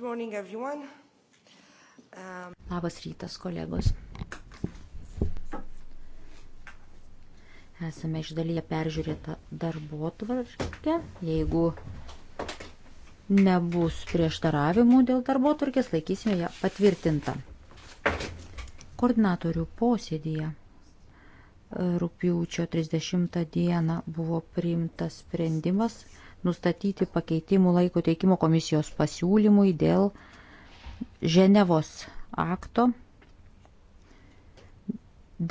Good morning, everyone. Um... Labas rytas, kolegos. Esame iš dalyje peržiūrėta darbo tvarkė. Jeigu nebus prieštaravimų dėl darbo tvarkės, laikysime ją patvirtintą. Koordinatorių posėdėje rūpjūčio 30 dieną buvo priimtas sprendimas nustatyti pakeitimų laiko teikimo komisijos pasiūlymui dėl Ženevos akto,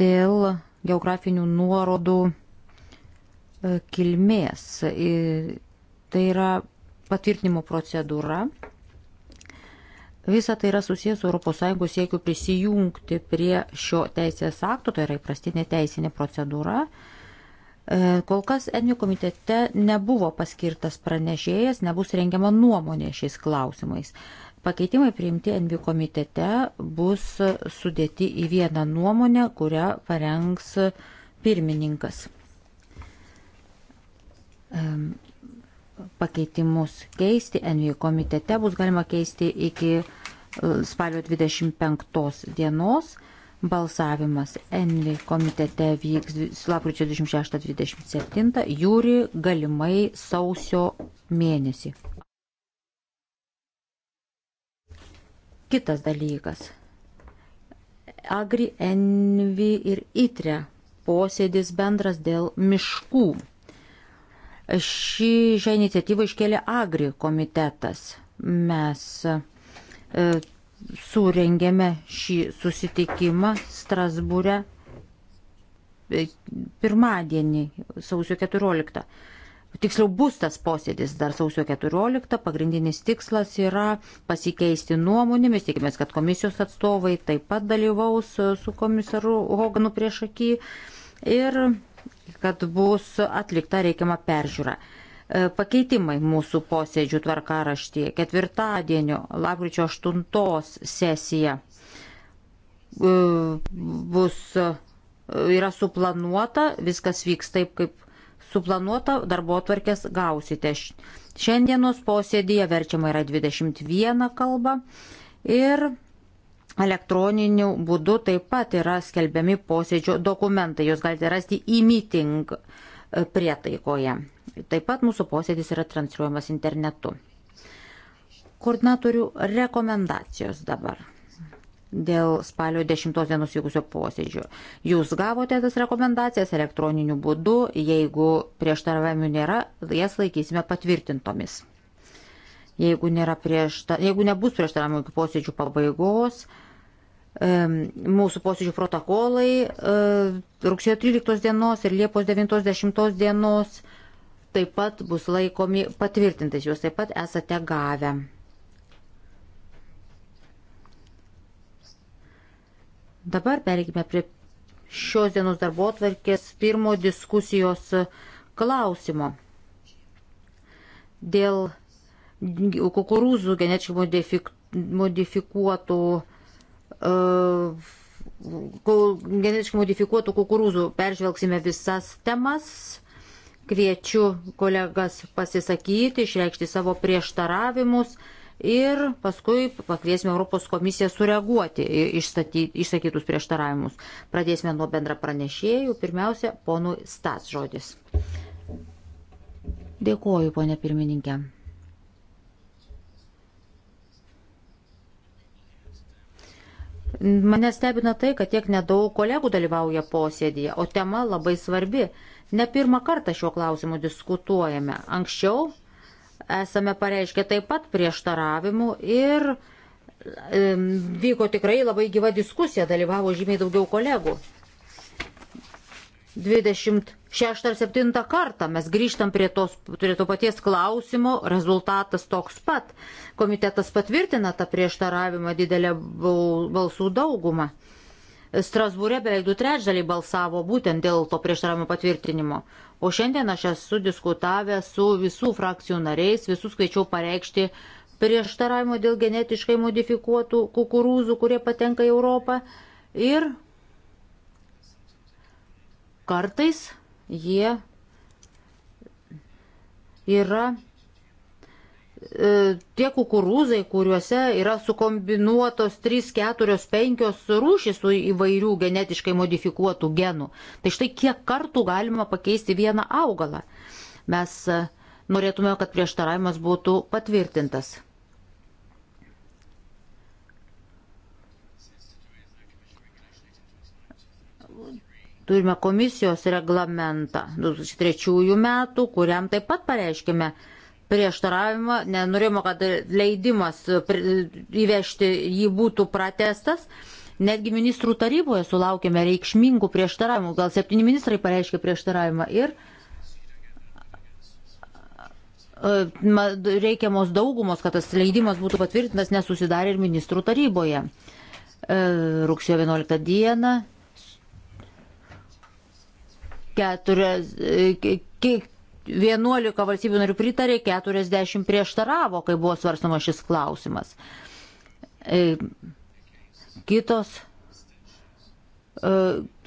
dėl geografinių nuorodų e, kilmės. E, tai yra patvirtinimo procedūra. Visa tai yra susijęs su ES siekiu prisijungti prie šio teisės akto, tai yra įprastinė teisinė procedūra. E, kol kas Ennių komitete nebuvo paskirtas pranešėjas, nebus rengiama nuomonė šiais klausimais. Pakeitimai priimti Envi komitete bus sudėti į vieną nuomonę, kurią parengs pirmininkas. E, pakeitimus keisti Envi komitete bus galima keisti iki e, spalio 25 dienos. Balsavimas Envi komitete vyks lapkričio 26-27, jūri galimai sausio mėnesį. Kitas dalykas. Agri Envi ir Itre posėdis bendras dėl miškų. Šį šią iniciatyvą iškėlė Agri komitetas. Mes e, surengėme šį susitikimą Strasbūre e, pirmadienį, sausio 14. Tiksliau bus tas posėdis dar sausio 14. Pagrindinis tikslas yra pasikeisti nuomonėmis. Tikimės, kad komisijos atstovai taip pat dalyvaus su komisaru Hoganu prieš akį ir kad bus atlikta reikiama peržiūra. E, pakeitimai mūsų posėdžių tvarkaraštyje. Ketvirtadienio, lapkričio 8 sesija e, bus, e, yra suplanuota, viskas vyks taip, kaip suplanuota, darbo atvarkės gausite. Šiandienos posėdėje verčiama yra 21 kalba ir elektroniniu būdu taip pat yra skelbiami posėdžio dokumentai. Jūs galite rasti e-meeting prietaikoje. Taip pat mūsų posėdis yra transliuojamas internetu. Koordinatorių rekomendacijos dabar dėl spalio 10 dienos vykusio posėdžio. Jūs gavote tas rekomendacijas elektroniniu būdu, jeigu prieštaravimų nėra, jas laikysime patvirtintomis. Jeigu, priešta, jeigu nebus prieštaravimų iki posėdžių pabaigos, mūsų posėdžių protokolai e, rugsėjo 13 dienos ir Liepos 90 dienos taip pat bus laikomi patvirtintais, juos taip pat esate gavę. Dabar pereikime prie šios dienos darbo atvarkės pirmo diskusijos klausimo. Dėl kukurūzų genetiškai modifik, modifikuotų uh, genetiškai modifikuotų kukurūzų peržvelgsime visas temas Kviečiu kolegas pasisakyti, išreikšti savo prieštaravimus ir paskui pakviesime Europos komisiją sureaguoti į išsakytus prieštaravimus. Pradėsime nuo bendra pranešėjų. Pirmiausia, ponui Stas žodis. Dėkuoju, ponė pirmininkė. Mane stebina tai, kad tiek nedaug kolegų dalyvauja posėdėje, o tema labai svarbi. Ne pirmą kartą šiuo klausimu diskutuojame. Anksčiau esame pareiškę taip pat prieštaravimų ir vyko tikrai labai gyva diskusija, dalyvavo žymiai daugiau kolegų. 26 ar 7 kartą mes grįžtam prie, tos, prie to paties klausimo, rezultatas toks pat. Komitetas patvirtina tą prieštaravimą didelę balsų daugumą. Strasbūrė beveik du trečdaliai balsavo būtent dėl to prieštaravimo patvirtinimo. O šiandien aš esu diskutavęs su visų frakcijų nariais, visus kviečiau pareikšti prieštaravimo dėl genetiškai modifikuotų kukurūzų, kurie patenka į Europą. Ir kartais jie yra E, tie kukurūzai, kuriuose yra sukombinuotos 3, 4, 5 rūšys su įvairių genetiškai modifikuotų genų. Tai štai kiek kartų galima pakeisti vieną augalą. Mes e, norėtume, kad prieštaravimas būtų patvirtintas. Turime komisijos reglamentą 2003 metų, kuriam taip pat pareiškime, prieštaravimą, nenorėjome, kad leidimas įvežti jį būtų pratestas. Netgi ministrų taryboje sulaukėme reikšmingų prieštaravimų, gal septyni ministrai pareiškė prieštaravimą ir e, reikiamos daugumos, kad tas leidimas būtų patvirtintas, nesusidarė ir ministrų taryboje. E, Rūksėjo 11 dieną. Keturias, e, 11 valstybių narių pritarė, 40 prieštaravo, kai buvo svarstama šis klausimas. E, kitos e,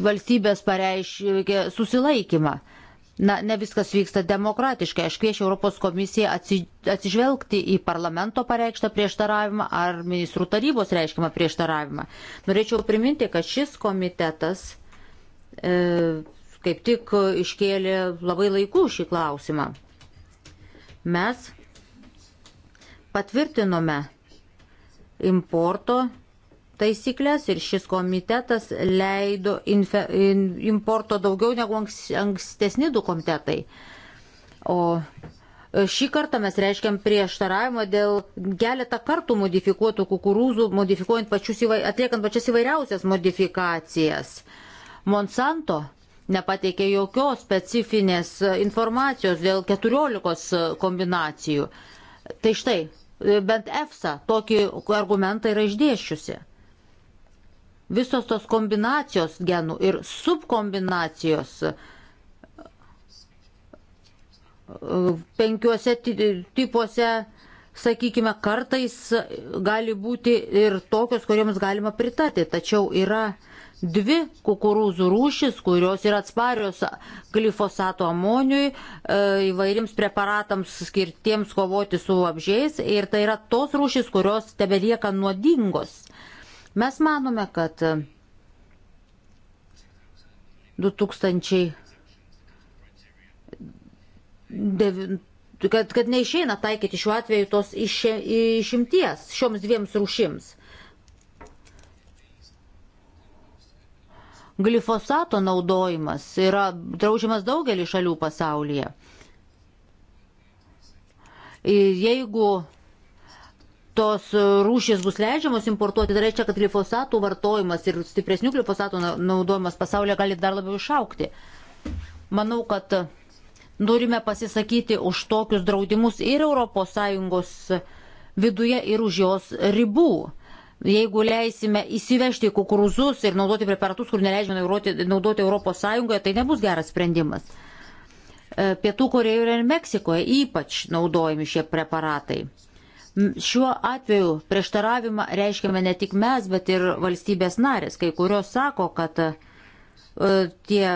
valstybės pareiškė susilaikymą. Na, ne viskas vyksta demokratiškai. Aš kviečiu Europos komisiją atsi, atsižvelgti į parlamento pareikštą prieštaravimą ar ministrų tarybos reiškimą prieštaravimą. Norėčiau priminti, kad šis komitetas e, kaip tik iškėlė labai laikų šį klausimą. Mes patvirtinome importo taisyklės ir šis komitetas leido infe, in, importo daugiau negu anks, ankstesni du komitetai. O šį kartą mes reiškiam prieštaravimą dėl keletą kartų modifikuotų kukurūzų, modifikuojant pačius, atliekant pačias įvairiausias modifikacijas. Monsanto nepateikė jokios specifinės informacijos dėl 14 kombinacijų. Tai štai, bent EFSA tokį argumentą yra išdėščiusi. Visos tos kombinacijos genų ir subkombinacijos penkiuose tipuose, sakykime, kartais gali būti ir tokios, kuriuoms galima pritarti, tačiau yra dvi kukurūzų rūšis, kurios yra atsparios glifosato amoniui, e, įvairiams preparatams skirtiems kovoti su apžiais ir tai yra tos rūšis, kurios tebelieka nuodingos. Mes manome, kad 2000 devin, kad, kad neišeina taikyti šiuo atveju tos iš, išimties šioms dviems rūšims. Glifosato naudojimas yra draudžiamas daugelį šalių pasaulyje. Ir jeigu tos rūšys bus leidžiamos importuoti, tai reiškia, kad glifosatų vartojimas ir stipresnių glifosatų naudojimas pasaulyje gali dar labiau išaukti. Manau, kad norime pasisakyti už tokius draudimus ir ES viduje, ir už jos ribų. Jeigu leisime įsivežti kukurūzus ir naudoti preparatus, kur neleidžiame naudoti, naudoti ES, tai nebus geras sprendimas. E, Pietų Korejoje ir Meksikoje ypač naudojami šie preparatai. Šiuo atveju prieštaravimą reiškiame ne tik mes, bet ir valstybės narės, kai kurios sako, kad e, tie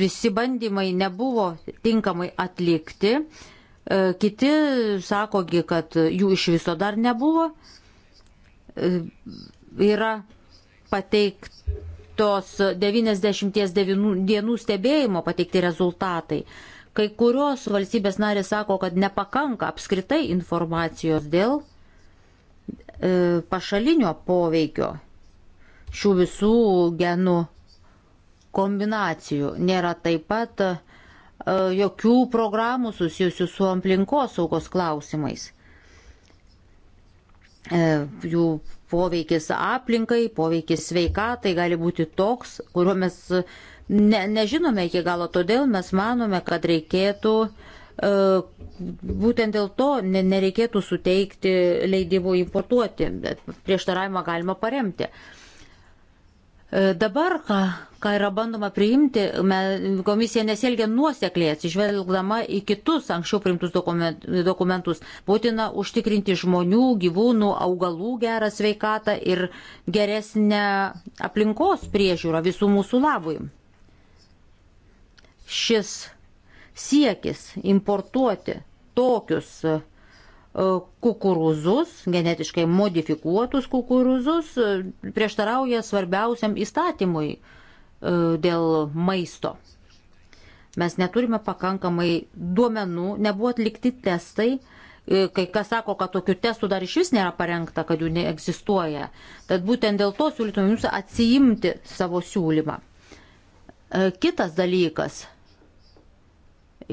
visi bandymai nebuvo tinkamai atlikti, e, kiti sakogi, kad jų iš viso dar nebuvo. E, yra pateiktos 90 dienų stebėjimo pateikti rezultatai. Kai kurios valstybės narės sako, kad nepakanka apskritai informacijos dėl e, pašalinio poveikio šių visų genų kombinacijų. Nėra taip pat e, jokių programų susijusių su aplinkosaugos klausimais. E, jų poveikis aplinkai, poveikis sveikatai gali būti toks, kuriuo mes ne, nežinome iki galo, todėl mes manome, kad reikėtų e, būtent dėl to nereikėtų suteikti leidimų importuoti, bet prieštaravimą galima paremti. E, dabar, ką, ką yra bandoma priimti, komisija nesielgia nuosekliai, atsižvelgdama į kitus anksčiau priimtus dokumentus. Būtina užtikrinti žmonių, gyvūnų, augalų gerą sveikatą ir geresnę aplinkos priežiūrą visų mūsų labui. Šis siekis importuoti tokius E, kukurūzus, genetiškai modifikuotus kukurūzus, e, prieštarauja svarbiausiam įstatymui e, dėl maisto. Mes neturime pakankamai duomenų, nebuvo atlikti testai, kai kas sako, kad tokių testų dar iš vis nėra parengta, kad jų neegzistuoja. Tad būtent dėl to siūlytum jums atsiimti savo siūlymą. Kitas dalykas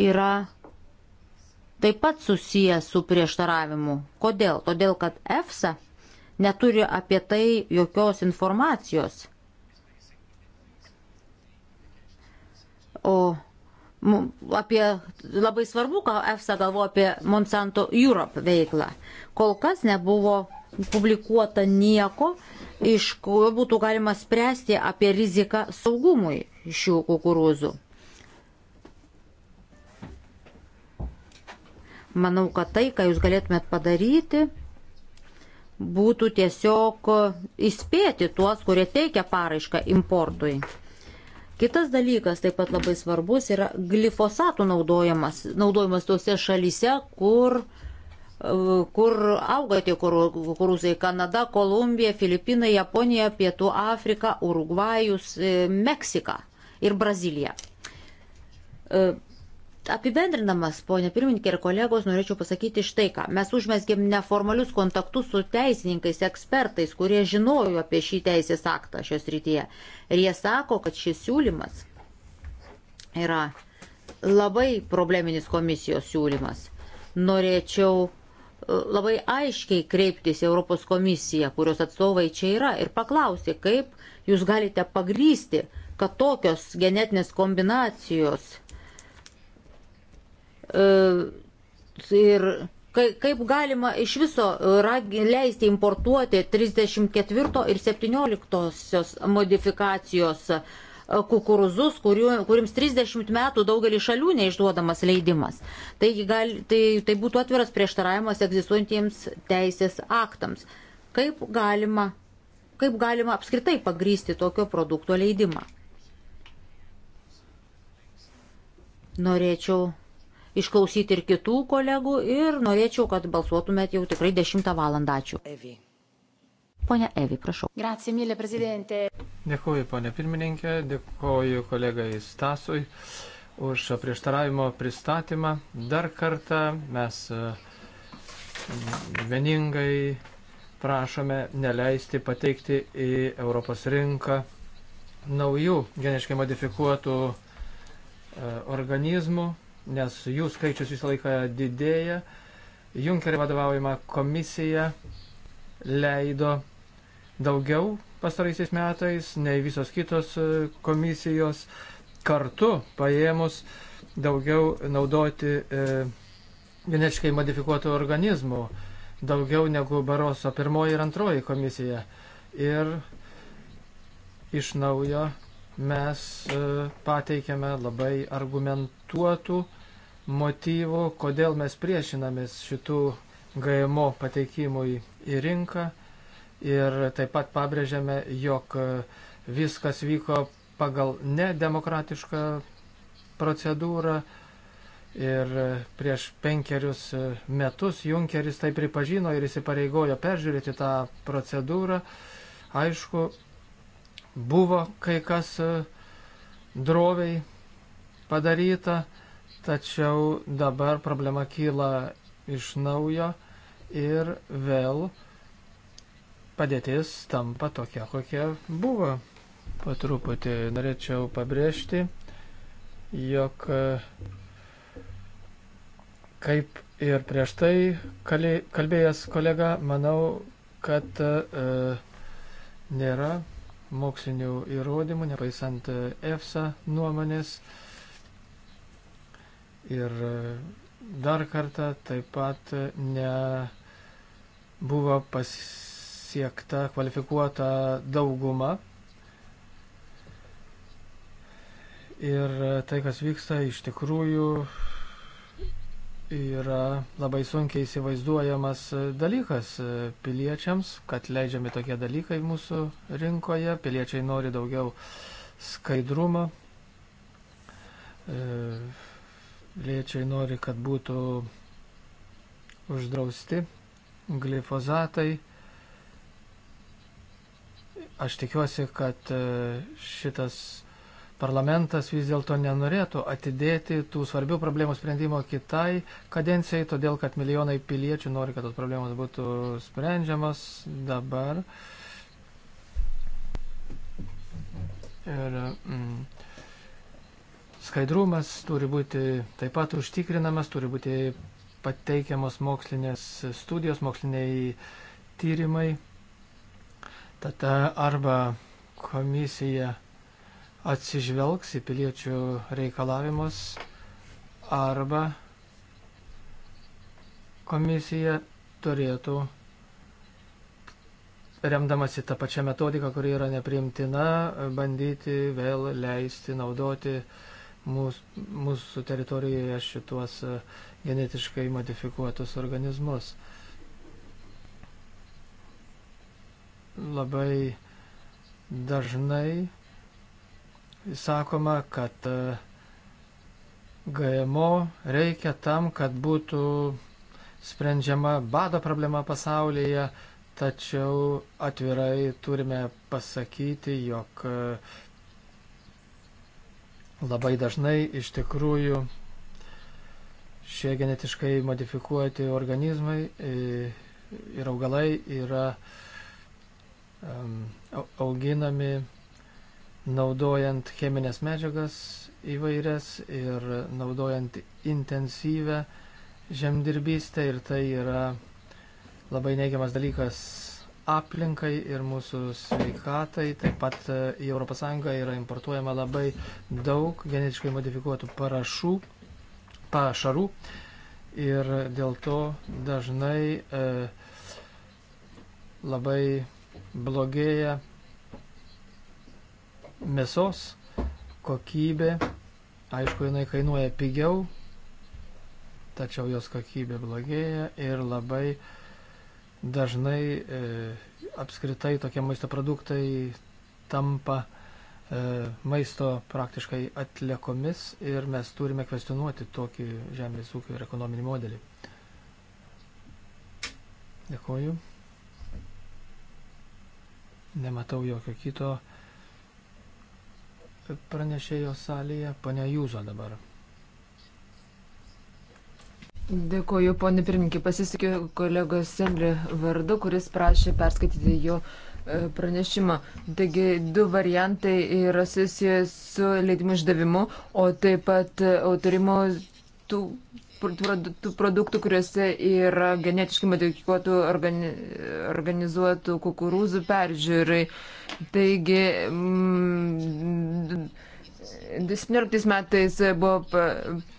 yra taip pat susijęs su prieštaravimu. Kodėl? Todėl, kad EFSA neturi apie tai jokios informacijos. O apie labai svarbu, ką EFSA galvo apie Monsanto Europe veiklą. Kol kas nebuvo publikuota nieko, iš ko būtų galima spręsti apie riziką saugumui šių kukurūzų. Manau, kad tai, ką jūs galėtumėt padaryti, būtų tiesiog įspėti tuos, kurie teikia paraišką importui. Kitas dalykas taip pat labai svarbus yra glifosatų naudojimas, naudojimas tose šalyse, kur, kur auga tie kukurūzai - Kanada, Kolumbija, Filipinai, Japonija, Pietų Afrika, Urugvajus, e, Meksika ir Brazilija e, Apibendrinamas, ponė pirmininkė ir kolegos, norėčiau pasakyti štai ką. Mes užmesgėm neformalius kontaktus su teisininkais, ekspertais, kurie žinojo apie šį teisės aktą šios rytyje. Ir jie sako, kad šis siūlymas yra labai probleminis komisijos siūlymas. Norėčiau e, labai aiškiai kreiptis į Europos komisiją, kurios atstovai čia yra, ir paklausti, kaip jūs galite pagrysti, kad tokios genetinės kombinacijos E, ir kaip galima iš viso leisti importuoti 34 ir 17 modifikacijos e, kukurūzus, kuriems 30 metų daugelį šalių neišduodamas leidimas. Tai, gal, tai, tai būtų atviras prieštaravimas egzistuojantiems teisės aktams. Kaip galima, kaip galima apskritai pagrysti tokio produkto leidimą? Norėčiau išklausyti ir kitų kolegų ir norėčiau, kad balsuotumėt jau tikrai 10 valandą. Ačiū. Evi. Pone Evi, prašau. Grazie mille, prezidente. Dėkuoju, ponė pirmininkė, dėkuoju kolegai Stasui už prieštaravimo pristatymą. Dar kartą mes e, vieningai prašome neleisti pateikti į Europos rinką naujų geniškai modifikuotų e, organizmų nes jų skaičius visą laiką didėja. Junkerio vadovaujama komisija leido daugiau pastaraisiais metais nei visos kitos e, komisijos kartu paėmus daugiau naudoti e, genetiškai modifikuotų organizmų, daugiau negu Baroso pirmoji ir antroji komisija. Ir iš naujo mes e, pateikėme labai argumentuotų motyvų, kodėl mes priešinamės šitų GMO pateikimui į rinką ir taip pat pabrėžiame, jog e, viskas vyko pagal nedemokratišką procedūrą ir e, prieš penkerius metus Junkeris tai pripažino ir įsipareigojo peržiūrėti tą procedūrą. Aišku, buvo kai kas e, droviai padaryta, tačiau dabar problema kyla iš naujo ir vėl padėtis tampa tokia, kokia buvo. Patruputį norėčiau pabrėžti, jog e, kaip ir prieš tai kalbėjęs kolega, manau, kad e, nėra mokslinių įrodymų, nepaisant EFSA nuomonės. Ir dar kartą taip pat nebuvo pasiekta kvalifikuota dauguma. Ir tai, kas vyksta, iš tikrųjų yra labai sunkiai įsivaizduojamas dalykas piliečiams, kad leidžiami tokie dalykai mūsų rinkoje, piliečiai nori daugiau skaidrumo, e, piliečiai nori, kad būtų uždrausti glifozatai. Aš tikiuosi, kad e, šitas parlamentas vis dėlto nenorėtų atidėti tų svarbių problemų sprendimo kitai kadencijai, todėl kad milijonai piliečių nori, kad tos problemos būtų sprendžiamas dabar. Ir mm, skaidrumas turi būti taip pat užtikrinamas, turi būti pateikiamos mokslinės studijos, moksliniai tyrimai. Tada arba komisija atsižvelgs į piliečių reikalavimus arba komisija turėtų, remdamasi tą pačią metodiką, kuri yra nepriimtina, bandyti vėl leisti naudoti mūsų, mūsų teritorijoje šituos e, genetiškai modifikuotus organizmus. Labai dažnai sakoma, kad e, GMO reikia tam, kad būtų sprendžiama bado problema pasaulyje, tačiau atvirai turime pasakyti, jog e, labai dažnai iš tikrųjų šie genetiškai modifikuoti organizmai e, ir augalai yra auginami naudojant cheminės medžiagas įvairias ir naudojant intensyvę žemdirbystę ir tai yra labai neigiamas dalykas aplinkai ir mūsų sveikatai. Taip pat e, į ES yra importuojama labai daug genetiškai modifikuotų parašų, pašarų ir dėl to dažnai e, labai blogėja mėsos kokybė, aišku, jinai kainuoja pigiau, tačiau jos kokybė blogėja ir labai dažnai e, apskritai tokie maisto produktai tampa e, maisto praktiškai atliekomis ir mes turime kvestionuoti tokį žemės ūkio ir ekonominį modelį. Dėkuoju. Nematau jokio kito pranešėjo salėje, ponia Jūzo dabar. Dėkuoju, ponė pirmininkė, pasisikiu kolegos Semri vardu, kuris prašė perskaityti jo e, pranešimą. Taigi du variantai yra susijęs su leidimų išdavimu, o taip pat autorimo tų produktų, kuriuose yra genetiškai modifikuotų organi, organizuotų kukurūzų peržiūrai. Taigi, mm, 2017 metais buvo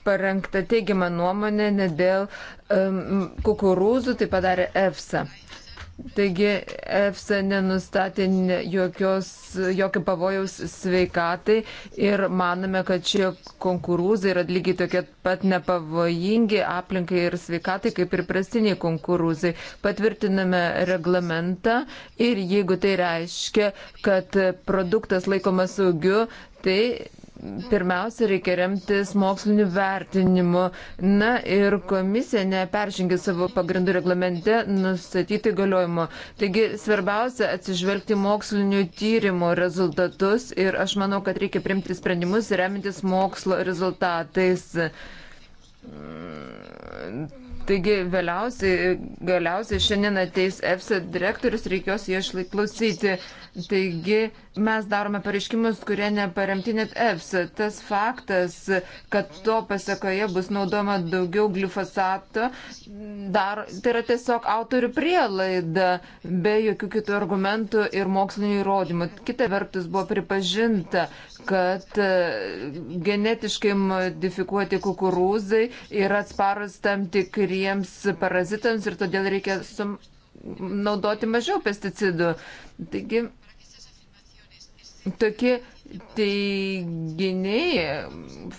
parengta teigiama nuomonė ne dėl um, kukurūzų, tai padarė EFSA. Taigi EFSA nenustatė jokios, jokio pavojaus sveikatai ir manome, kad šie konkurūzai yra lygiai tokie pat nepavojingi aplinkai ir sveikatai kaip ir prastiniai konkurūzai. Patvirtiname reglamentą ir jeigu tai reiškia, kad produktas laikomas saugiu, tai pirmiausia reikia remtis moksliniu vertinimu. Na ir komisija neperžengė savo pagrindų reglamente nustatyti galiojimo. Taigi svarbiausia atsižvelgti mokslinių tyrimų rezultatus ir aš manau, kad reikia primti sprendimus remintis mokslo rezultatais. Taigi vėliausiai, galiausiai šiandien ateis EFSA direktorius, reikės jo išlaikklausyti. Taigi mes darome pareiškimus, kurie neparemti net EFSA. Tas faktas, kad to pasakoje bus naudojama daugiau glifosato, dar, tai yra tiesiog autorių prielaida, be jokių kitų argumentų ir mokslinio įrodymų. Kita vertus buvo pripažinta, kad e, genetiškai modifikuoti kukurūzai yra atsparus tam tikriems parazitams ir todėl reikia naudoti mažiau pesticidų. Taigi, tokie teiginiai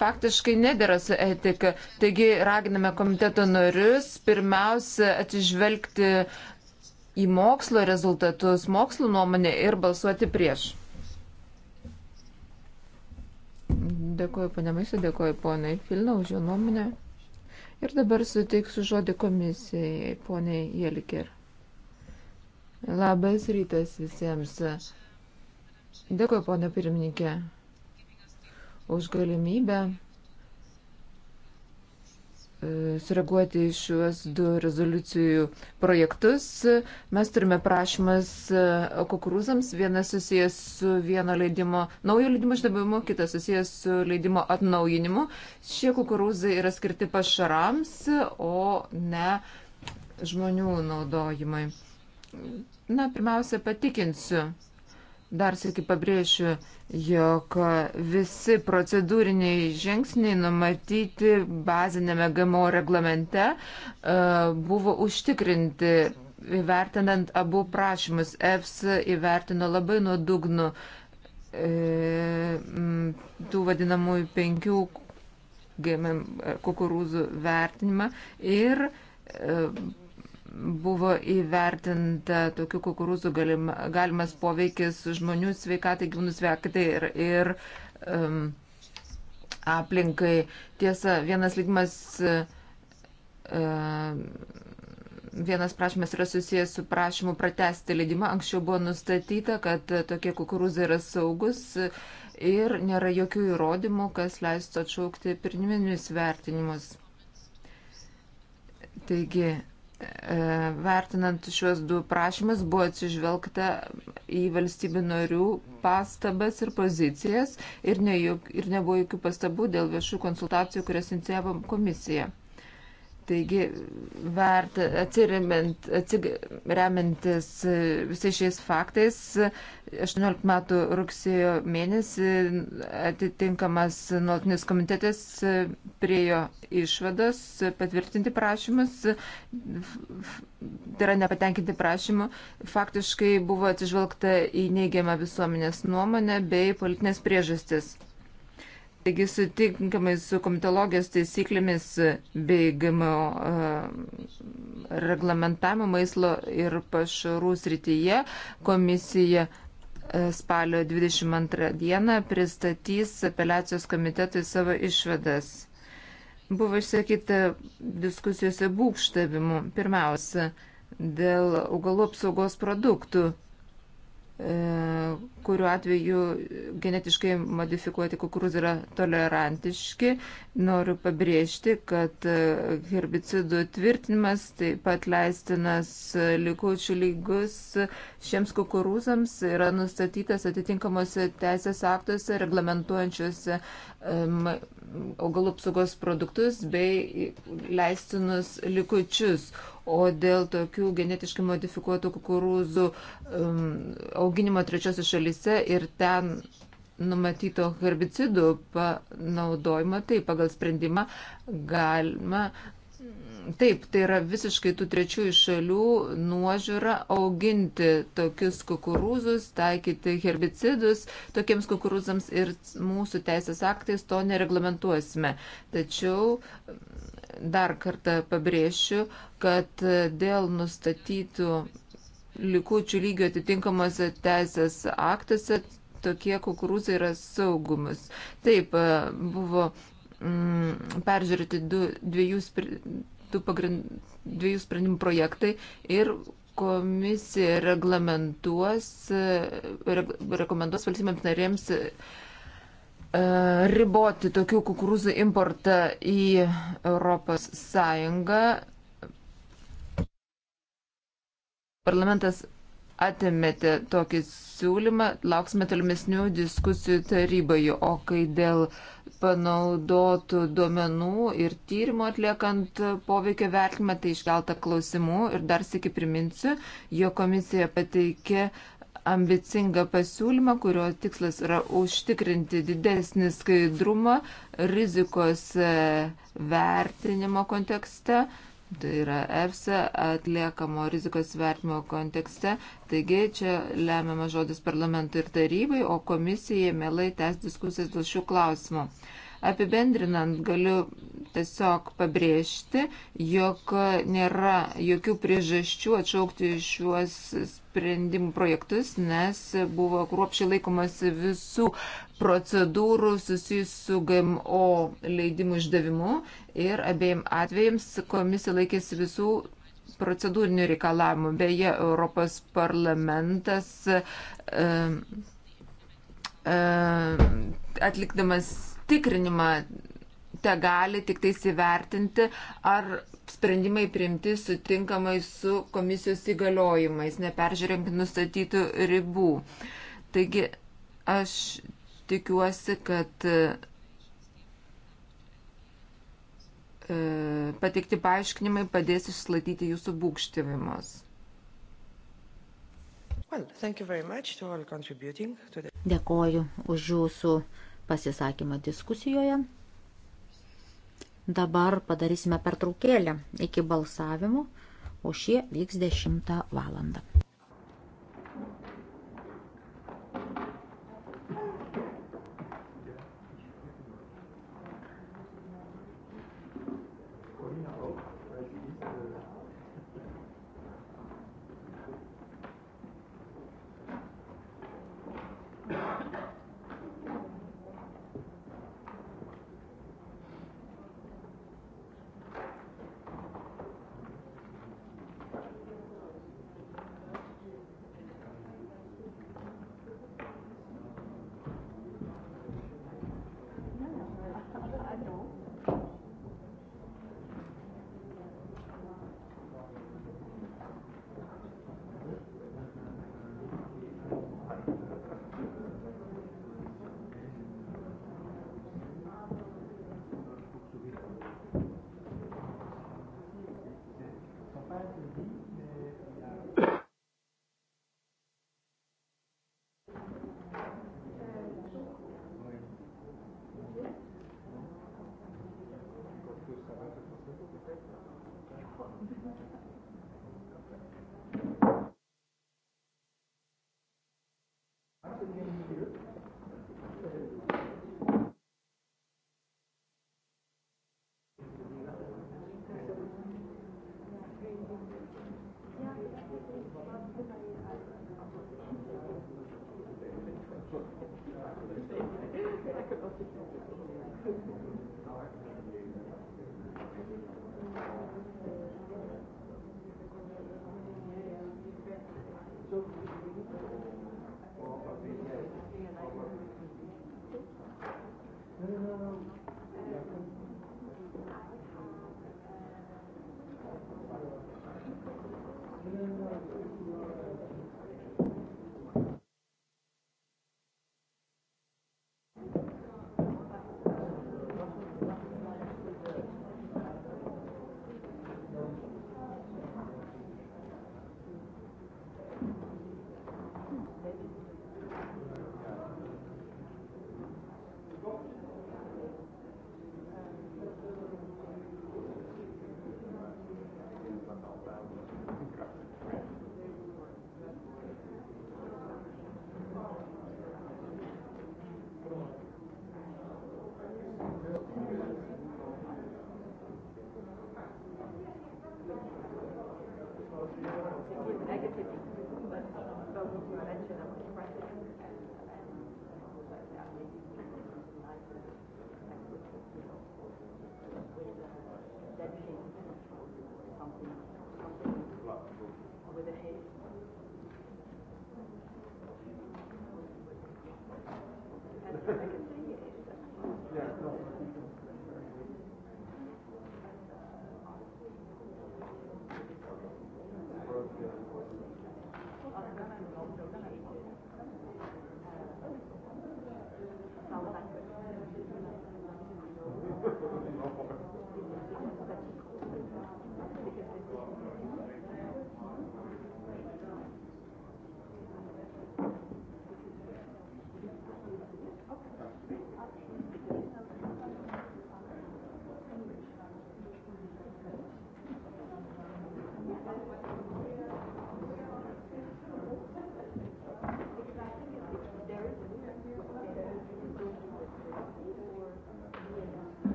faktiškai nedėra su etika. Taigi, raginame komiteto norius pirmiausia atsižvelgti į mokslo rezultatus, mokslo nuomonę ir balsuoti prieš. Dėkuoju panemaisiu, dėkuoju ponai Filna už jo nuomonę. Ir dabar suteiksiu žodį komisijai, poniai Jelikir. Labas rytas visiems. Dėkuoju, ponė pirmininkė, už galimybę sureaguoti šiuos du rezoliucijų projektus. Mes turime prašymas e, kukurūzams, vienas susijęs su vieno leidimo, naujo leidimo išdavimu, kitas susijęs su leidimo atnaujinimu. Šie kukurūzai yra skirti pašarams, o ne žmonių naudojimai. Na, pirmiausia, patikinsiu Dar sėki pabrėšiu, jog visi procedūriniai žingsniai numatyti bazinėme GMO reglamente e, buvo užtikrinti įvertinant abu prašymus. EFS įvertino labai nuodugnų e, tų vadinamųjų penkių e, kukurūzų vertinimą ir buvo įvertinta tokių kukurūzų galim, galimas poveikis žmonių sveikatai, gyvūnų sveikatai ir, ir um, aplinkai. Tiesa, vienas lygimas, um, vienas prašymas yra susijęs su prašymu pratesti leidimą. Anksčiau buvo nustatyta, kad tokie kukurūzai yra saugus ir nėra jokių įrodymų, kas leistų atšaukti pirminius vertinimus. Taigi, E, vertinant šiuos du prašymus buvo atsižvelgta į valstybių narių pastabas ir pozicijas ir, ne, ir nebuvo jokių pastabų dėl viešų konsultacijų, kurias inicijavo komisija. Taigi, vert, atsiriamintis e, visais šiais faktais, 18 metų rugsėjo mėnesį atitinkamas nuolatinis komitetas e, priejo išvados patvirtinti prašymus, tai yra nepatenkinti prašymų. Faktiškai buvo atsižvelgta į neigiamą visuomenės nuomonę bei politinės priežastis. Taigi sutinkamai su komitologijos taisyklėmis bei GMO e, reglamentavimu maislo ir pašarų srityje komisija e, spalio 22 dieną pristatys apeliacijos komitetui savo išvadas. Buvo išsakyta diskusijose būkštavimų. Pirmiausia, dėl augalų apsaugos produktų E, kuriuo atveju genetiškai modifikuoti kukurūzai yra tolerantiški. Noriu pabrėžti, kad e, herbicidų tvirtinimas taip pat leistinas likučių lygus šiems kukurūzams yra nustatytas atitinkamuose teisės aktuose reglamentuojančiuose um, augalų apsaugos produktus bei leistinus likučius. O dėl tokių genetiškai modifikuotų kukurūzų um, auginimo trečiosios šalyse ir ten numatyto herbicidų panaudojimo, tai pagal sprendimą galima. Taip, tai yra visiškai tų trečiųjų šalių nuožiūra auginti tokius kukurūzus, taikyti herbicidus tokiems kukurūzams ir mūsų teisės aktais to nereglamentuosime. Tačiau dar kartą pabrėšiu, kad dėl nustatytų likučių lygio atitinkamuose teisės aktuose tokie kukurūzai yra saugumus. Taip, buvo mm, peržiūrėti du, dviejų, du pagrind, dviejų sprendimų projektai ir komisija reglamentuos, re, rekomenduos valstybėms narėms E, riboti tokių kukurūzų importą į Europos Sąjungą. Parlamentas atmetė tokį siūlymą, lauksime tolimesnių diskusijų taryboje, o kai dėl panaudotų duomenų ir tyrimo atliekant poveikio vertimą, tai iškelta klausimų ir dar sėki priminsiu, jo komisija pateikė ambicingą pasiūlymą, kurio tikslas yra užtikrinti didesnį skaidrumą rizikos e, vertinimo kontekste. Tai yra EFSA atliekamo rizikos vertimo kontekste. Taigi čia lemiamas žodis parlamentui ir tarybai, o komisija mielai tęs diskusijas dėl šių klausimų. Apibendrinant, galiu tiesiog pabrėžti, jog nėra jokių priežasčių atšaukti šiuos sprendimų projektus, nes buvo kruopšiai laikomasi visų procedūrų susijusių su GMO leidimų išdavimu ir abiem atvejams komisija laikėsi visų procedūrinių reikalavimų. Beje, Europos parlamentas e, e, atlikdamas patikrinimą te gali tik tais įvertinti, ar sprendimai priimti sutinkamai su komisijos įgaliojimais, neperžiūrint nustatytų ribų. Taigi aš tikiuosi, kad e, pateikti paaiškinimai padės išslatyti jūsų būkštivimus. Well, the... Dėkoju už jūsų pasisakymą diskusijoje. Dabar padarysime pertraukėlę iki balsavimo, o šie vyks 10 valandą.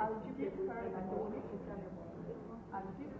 I'll give you her and the will tell you about it. I'll give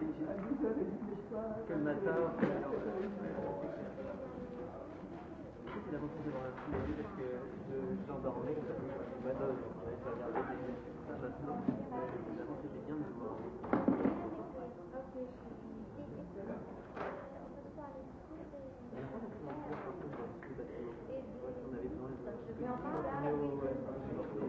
Quel matin la repoussée dans la foulée parce que je, j'endormais comme ça comme une madone. Je regardais des ça maintenant. Évidemment, c'était bien de le voir. Mais enfin, là, oui.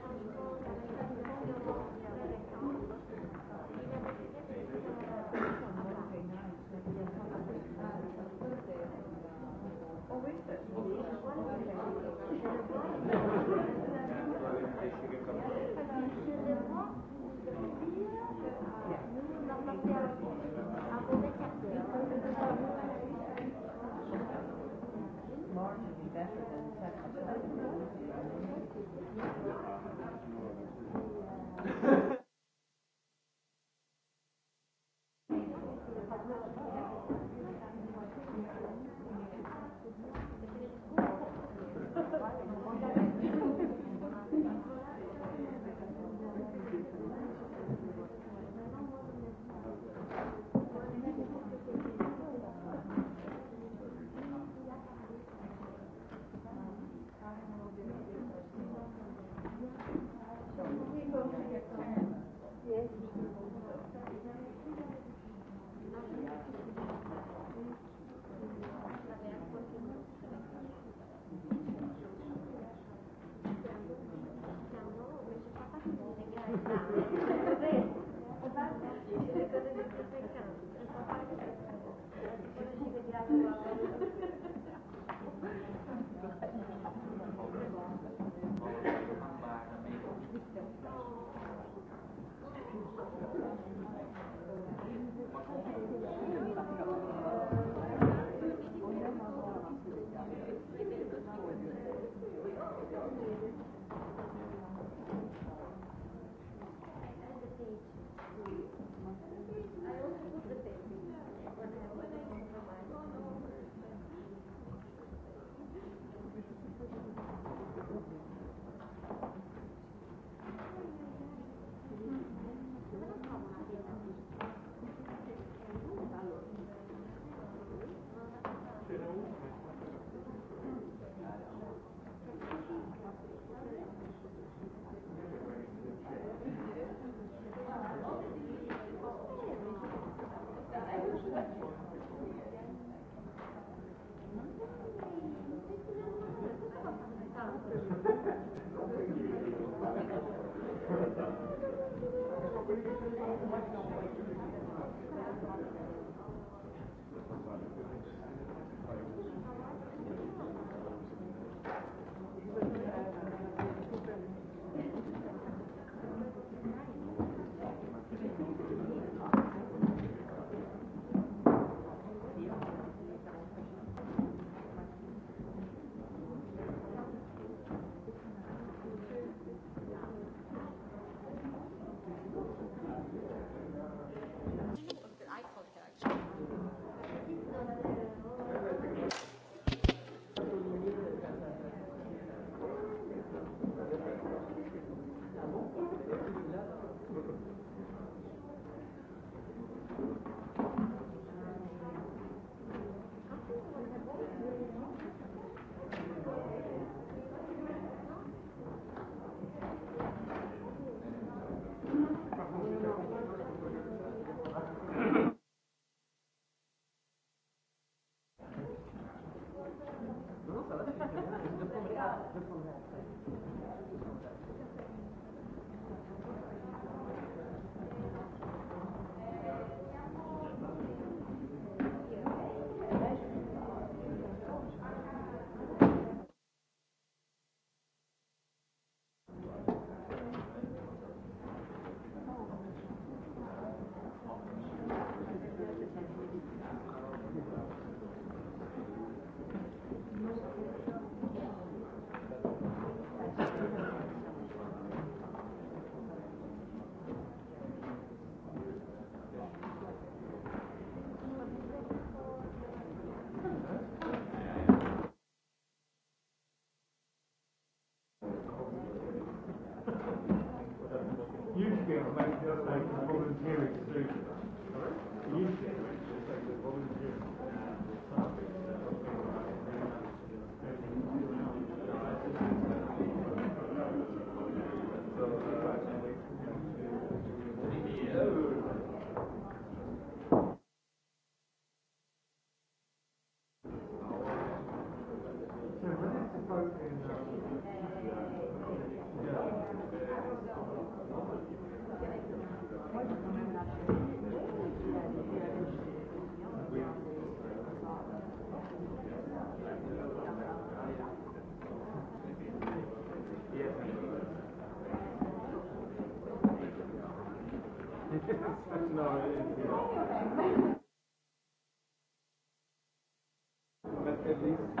please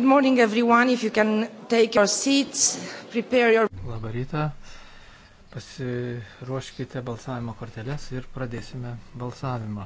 Good morning, everyone. If you can take your seats, prepare your. Labą rytą. Pasiruoškite balsavimo korteles ir pradėsime balsavimą.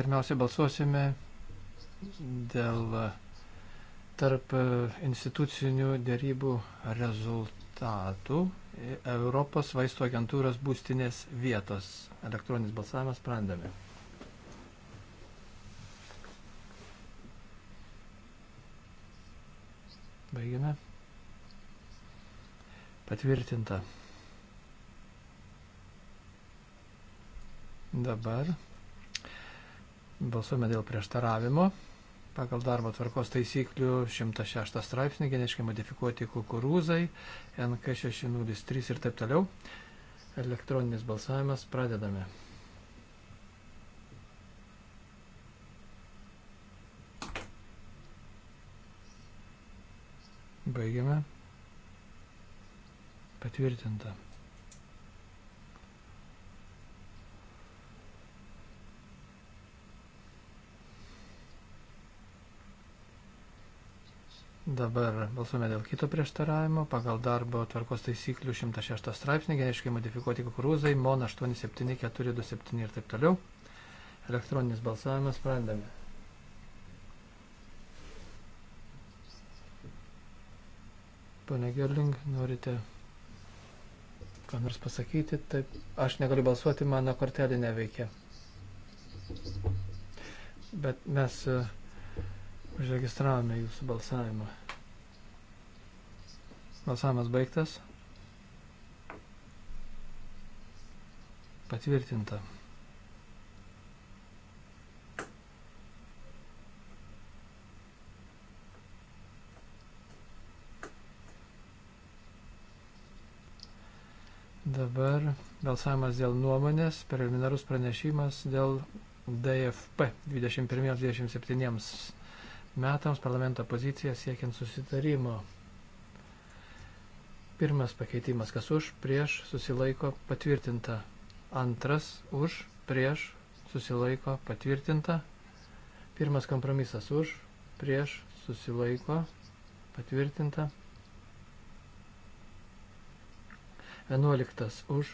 Pirmiausia, balsuosime dėl tarp institucinių dėrybų rezultatų Europos vaisto agentūros būstinės vietos. Elektroninis balsavimas sprendami. Baigiame. Patvirtinta. Dabar Balsuojame dėl prieštaravimo. Pagal darbo tvarkos taisyklių 106 straipsnį geniškai modifikuoti kukurūzai, NK603 ir taip toliau. Elektroninis balsavimas pradedame. Baigiame. Patvirtinta. Dabar balsuome dėl kito prieštaravimo. Pagal darbo tvarkos taisyklių 106 straipsnį geniškai modifikuoti kukurūzai MON 87427 ir taip toliau. Elektroninis balsavimas pradedame. Pane Gerling, norite ką nors pasakyti? Taip, aš negaliu balsuoti, mano kortelė neveikia. Bet mes uh, užregistravome jūsų balsavimą. Balsavimas baigtas. Patvirtinta. Dabar balsavimas dėl nuomonės, preliminarus pranešimas dėl DFP 21-27 metams parlamento poziciją siekiant susitarimo. Pirmas pakeitimas, kas už, prieš, susilaiko, patvirtinta. Antras, už, prieš, susilaiko, patvirtinta. Pirmas kompromisas už, prieš, susilaiko, patvirtinta. Vienuoliktas už,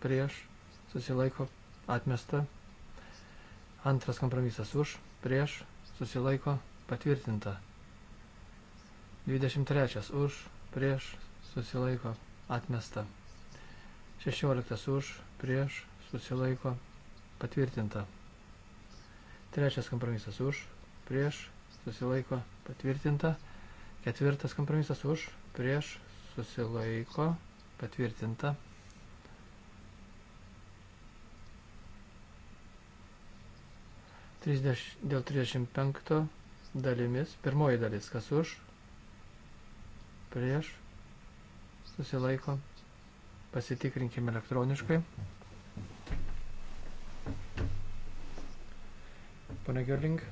prieš, susilaiko, atmesta. Antras kompromisas už, prieš, susilaiko, patvirtinta. 23 už, prieš susilaiko atmesta. 16 už prieš susilaiko patvirtinta. Trečias kompromisas už prieš susilaiko patvirtinta. Ketvirtas kompromisas už prieš susilaiko patvirtinta. Dėl 35 dalimis, pirmoji dalis, kas už, prieš, susilaiko, pasitikrinkime elektroniškai. Pane Gerling,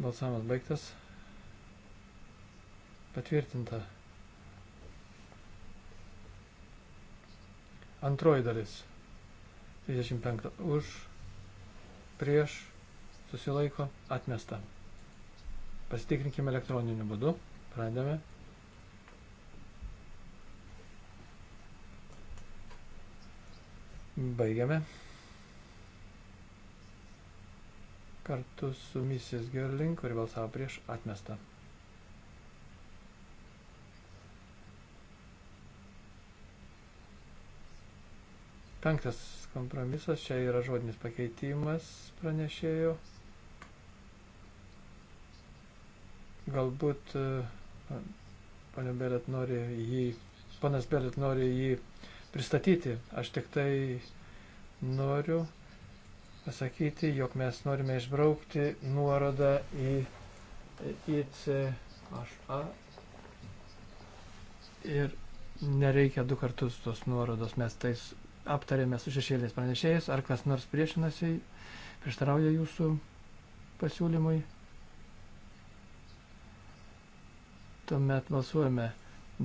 balsamas baigtas, patvirtinta. Antroji dalis. 35 už, prieš, susilaiko, atmesta. Pasitikrinkime elektroniniu būdu. Pradame. Baigiame. Kartu su Mrs. Gerling, kuri balsavo prieš, atmestą. Penktas kompromisas, čia yra žodinis pakeitimas pranešėjo. Galbūt e, ponė Belet nori jį, panas Belet nori jį pristatyti. Aš tik tai noriu pasakyti, jog mes norime išbraukti nuorodą į ICHA e, ir nereikia du kartus tos nuorodos, mes tais aptarėme su šešėliais pranešėjais, ar kas nors priešinasi, prieštarauja jūsų pasiūlymui. Tuomet balsuojame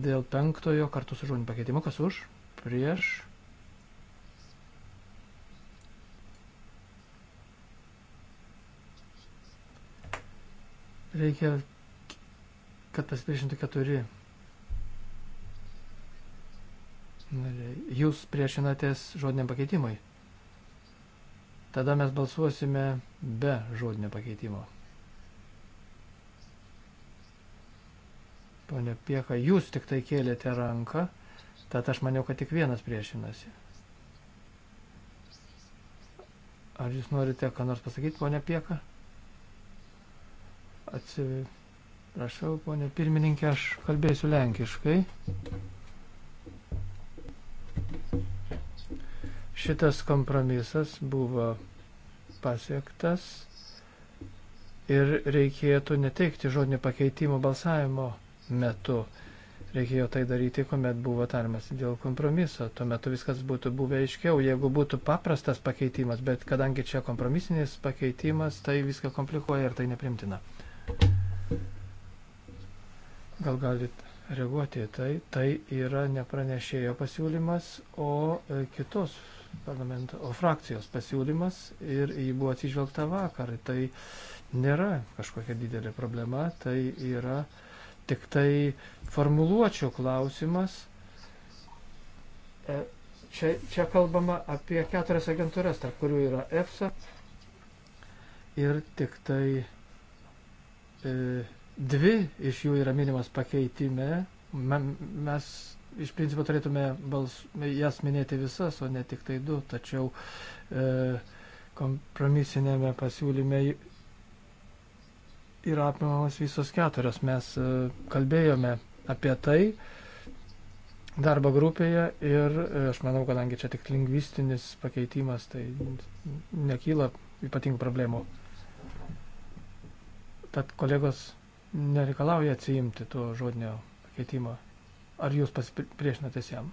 dėl penktojo kartu su žodiniu pakeitimu. Kas už? Prieš. Reikia, kad pasipriešintų keturi. Jūs priešinatės žodiniam pakeitimui. Tada mes balsuosime be žodinio pakeitimo. Pone Pieka, jūs tik tai kėlėte ranką, tad aš maniau, kad tik vienas priešinasi. Ar jūs norite ką nors pasakyti, ponė Pieka? Atsiprašau, ponė pirmininkė, aš kalbėsiu lenkiškai. Šitas kompromisas buvo pasiektas ir reikėtų neteikti žodinio pakeitimo balsavimo metu. Reikėjo tai daryti, kuomet buvo tarimas dėl kompromiso. Tuo metu viskas būtų buvę aiškiau, jeigu būtų paprastas pakeitimas, bet kadangi čia kompromisinis pakeitimas, tai viską komplikuoja ir tai neprimtina. Gal galit reaguoti į tai? Tai yra nepranešėjo pasiūlymas, o e, kitos parlamento, o frakcijos pasiūlymas ir jį buvo atsižvelgta vakar. Tai nėra kažkokia didelė problema, tai yra tik tai formuluočio klausimas. E, čia, čia kalbama apie keturias agentūras, tarp kurių yra EFSA ir tik tai e, dvi iš jų yra minimas pakeitime. Mes iš principo turėtume bals, jas minėti visas, o ne tik tai du, tačiau e, kompromisinėme pasiūlyme yra apimamos visos keturios. Mes e, kalbėjome apie tai darbo grupėje ir e, aš manau, kadangi čia tik lingvistinis pakeitimas, tai nekyla ypatingų problemų. Tad kolegos nereikalauja atsiimti to žodinio pakeitimo. Ar jūs pasipriešinatės jam?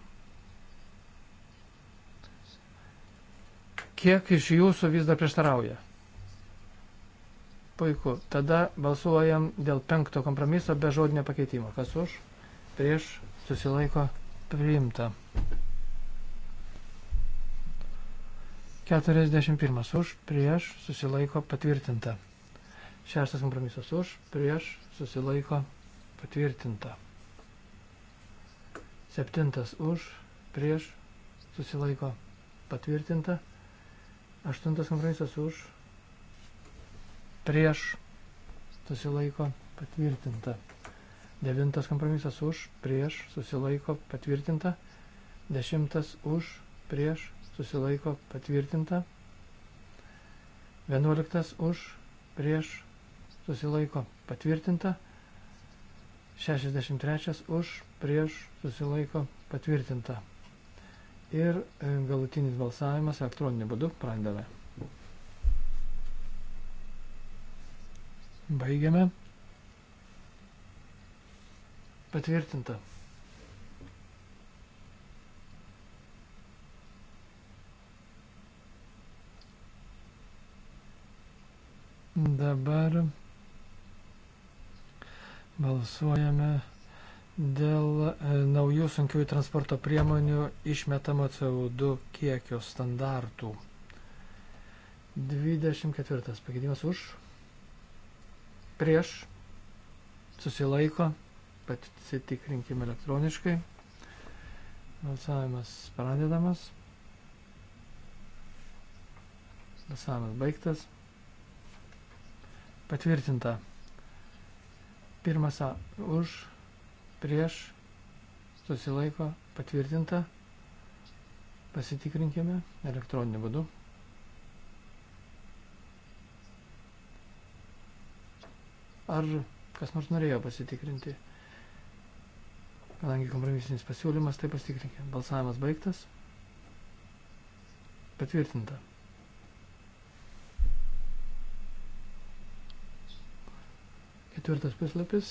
Kiek iš jūsų vis dar prieštarauja? Puiku. Tada balsuojam dėl penkto kompromiso be žodinio pakeitimo. Kas už? Prieš susilaiko priimta. 41 už, prieš susilaiko patvirtinta. Šeštas kompromisas už, prieš susilaiko patvirtinta. Septintas už, prieš susilaiko patvirtinta. Aštuntas kompromisas už, prieš susilaiko patvirtinta. Devintas kompromisas už, prieš, susilaiko, patvirtinta. Dešimtas už, prieš, susilaiko, patvirtinta. Vienuoliktas už, prieš, susilaiko, patvirtinta. Šešiasdešimt trečias už, prieš, susilaiko, patvirtinta. Ir e, galutinis balsavimas elektroniniu būdu pradedame. Baigiame. Patvirtinta. Dabar balsuojame dėl e, naujų sunkiųjų transporto priemonių išmetamo CO2 kiekio standartų. 24 pakeitimas už prieš, susilaiko, pasitikrinkime elektroniškai. Balsavimas pradedamas. Balsavimas baigtas. Patvirtinta. Pirmas A už, prieš, susilaiko, patvirtinta. Pasitikrinkime elektroniniu būdu. Ar kas nors norėjo pasitikrinti? Kadangi kompromisinis pasiūlymas, tai pasitikrinkime. Balsavimas baigtas. Patvirtinta. Ketvirtas puslapis.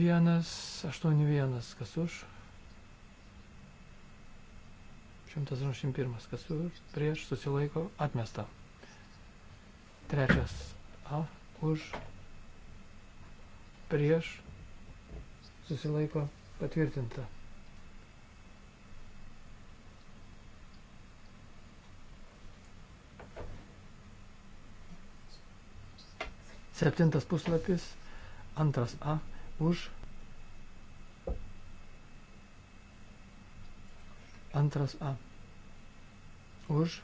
Vienas, aštuoni vienas, kas už. 181, kas už, prieš, susilaiko, atmesta. Trečias A už prieš susilaiko patvirtinta. Septintas puslapis, antras A už antras A už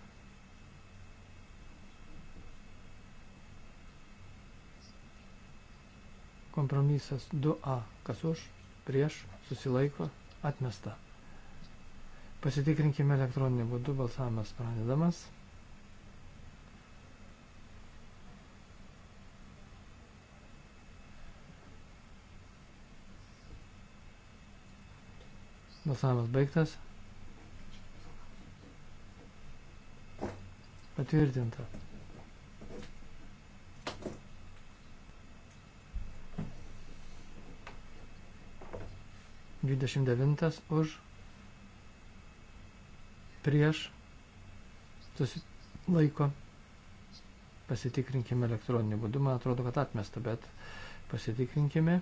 Kompromisas 2a. Kas už, prieš, susilaiko, atmesta. Pasitikrinkime elektroninį būdų. Balsavimas pradedamas. Balsavimas baigtas. Patvirtinta. 29 už, prieš, susilaiko, pasitikrinkime elektroninį būdų, man atrodo, kad atmesta, bet pasitikrinkime,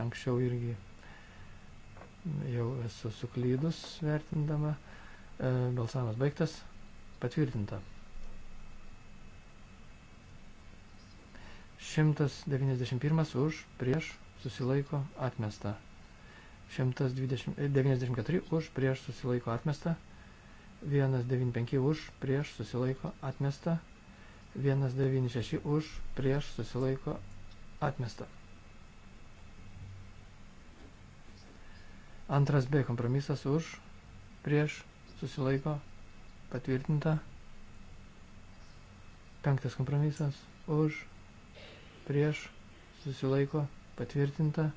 anksčiau irgi jau esu suklydus vertindama, e, balsavimas baigtas, patvirtinta. 191 už, prieš, susilaiko, atmesta. 194 e, už prieš susilaiko atmesta, 195 už prieš susilaiko atmesta, 196 už prieš susilaiko atmesta. Antras B kompromisas už prieš susilaiko patvirtinta. Penktas kompromisas už prieš susilaiko patvirtinta.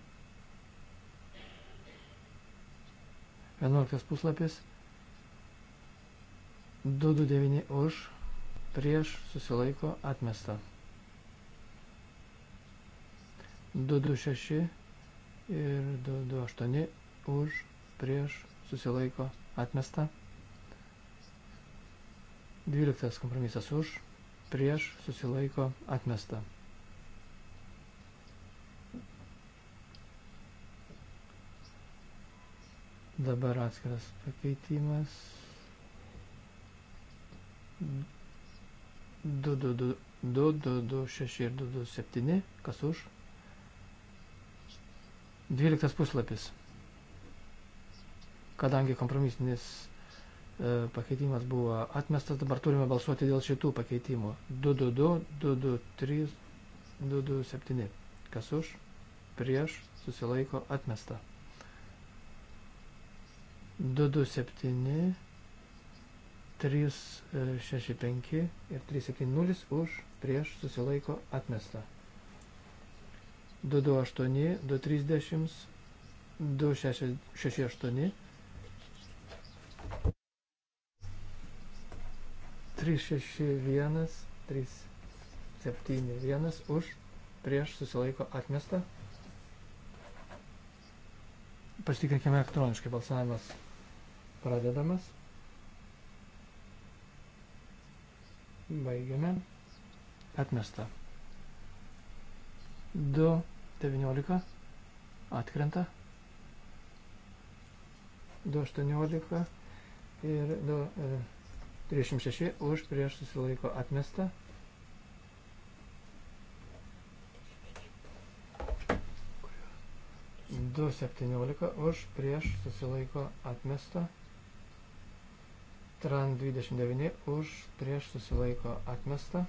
11 puslapis. 229 už, prieš susilaiko atmesta. 226 ir 228 už, prieš susilaiko atmesta. 12 kompromisas už, prieš susilaiko atmesta. Dabar atskiras pakeitimas. 2226 ir 227. Kas už? 12 puslapis. Kadangi kompromisinis e, pakeitimas buvo atmestas, dabar turime balsuoti dėl šitų pakeitimų. 222, 223, 227. Kas už? Prieš susilaiko atmesta. 227, 365 ir 370 už prieš susilaiko atmesta. 228, 230, 268, 361, 371 už prieš susilaiko atmesta. Pasitikrinkime elektroniškai balsavimas Pradedamas. Baigiame. Atmesta. 2, 19. Atkrenta. 2, 18. Ir 2, e, 36 už prieš susilaiko atmesta. Du septyniolika už prieš susilaiko atmesta. Tran 29 už prieš susilaiko atmesta.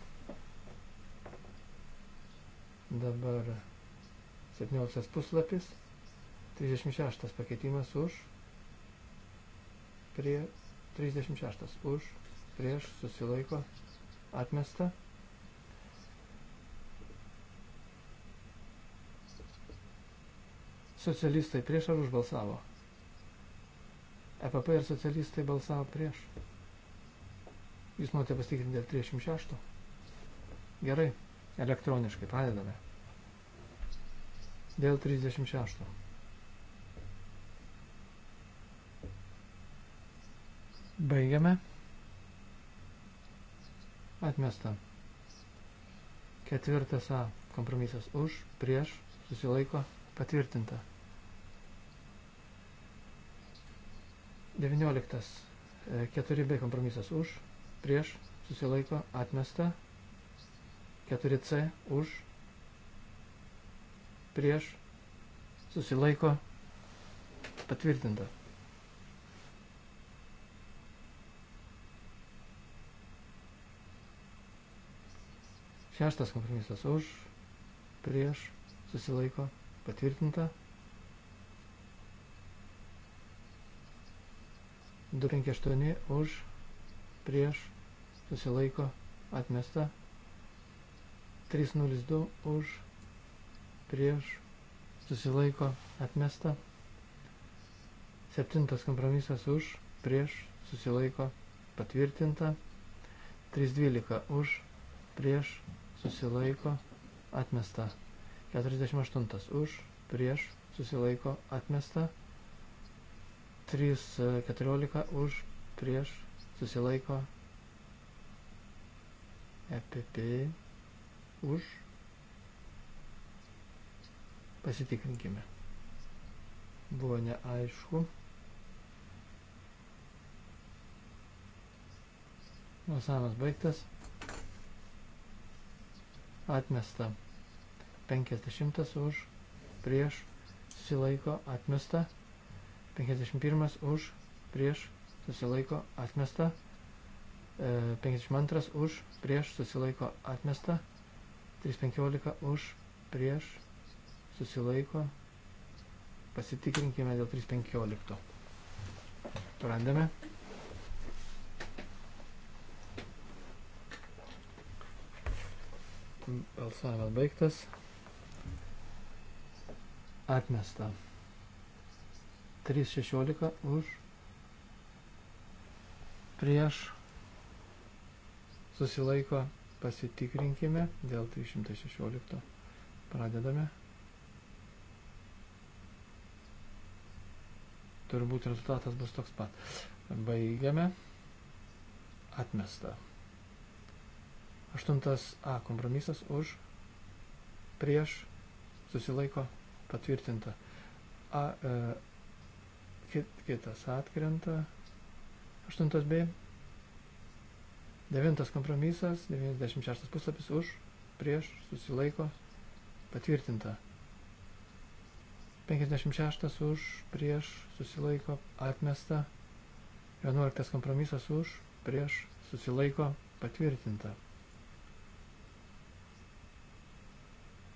Dabar 17 puslapis, 36 pakeitimas už, prie 36 už, prieš susilaiko atmesta. Socialistai prieš ar užbalsavo? EPP ir socialistai balsavo prieš. Jūs norite pasitikrinti dėl 36? Gerai, elektroniškai pradedame. Dėl 36. Baigiame. Atmesta. Ketvirtas A. Kompromisas už, prieš, susilaiko, patvirtinta. 19. 4b e, kompromisas už, prieš, susilaiko, atmesta. 4c už, prieš, susilaiko, patvirtinta. Šeštas kompromisas už, prieš, susilaiko, patvirtinta. 258 už, prieš, susilaiko, atmesta. 302 už, prieš, susilaiko, atmesta. 7 kompromisas už, prieš, susilaiko, patvirtinta. 312 už, prieš, susilaiko, atmesta. 48 už, prieš, susilaiko, atmesta. 3.14 e, už prieš susilaiko EPP už pasitikrinkime buvo neaišku nusamas baigtas atmesta 50 už prieš susilaiko atmesta 51 už, prieš, susilaiko, atmesta. 52 e, už, prieš, susilaiko, atmesta. 315 už, prieš, susilaiko. Pasitikrinkime dėl 315. Randame. Balsavimas baigtas. Atmesta. 3.16 už prieš susilaiko pasitikrinkime dėl 316 pradedame turbūt rezultatas bus toks pat baigiame atmesta 8a kompromisas už prieš susilaiko patvirtinta A, e, kitas atkrenta. 8b. 9 kompromisas, 96 puslapis už, prieš, susilaiko, patvirtinta. 56 už, prieš, susilaiko, atmesta. 11 kompromisas už, prieš, susilaiko, patvirtinta.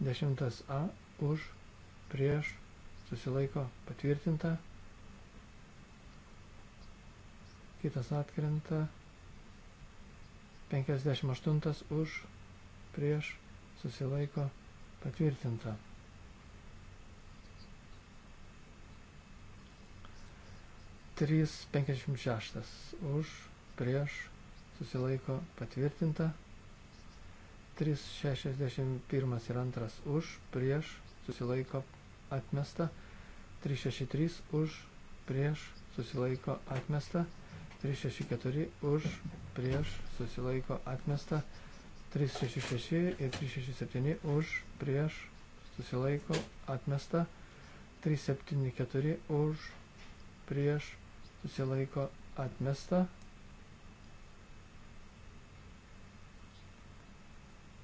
10a už, prieš, susilaiko, patvirtinta. kitas atkrenta, 58 už, prieš, susilaiko, patvirtinta. Trys, penkiasdešimt šeštas, už, prieš, susilaiko, patvirtinta. Trys, šešiasdešimt pirmas ir antras, už, prieš, susilaiko, atmesta. Trys, šeši, trys, už, prieš, susilaiko, atmesta. 3, 6, 3, 364 už, prieš, susilaiko atmesta. 366 ir 367 už, prieš, susilaiko atmesta. 374 už, prieš, susilaiko atmesta.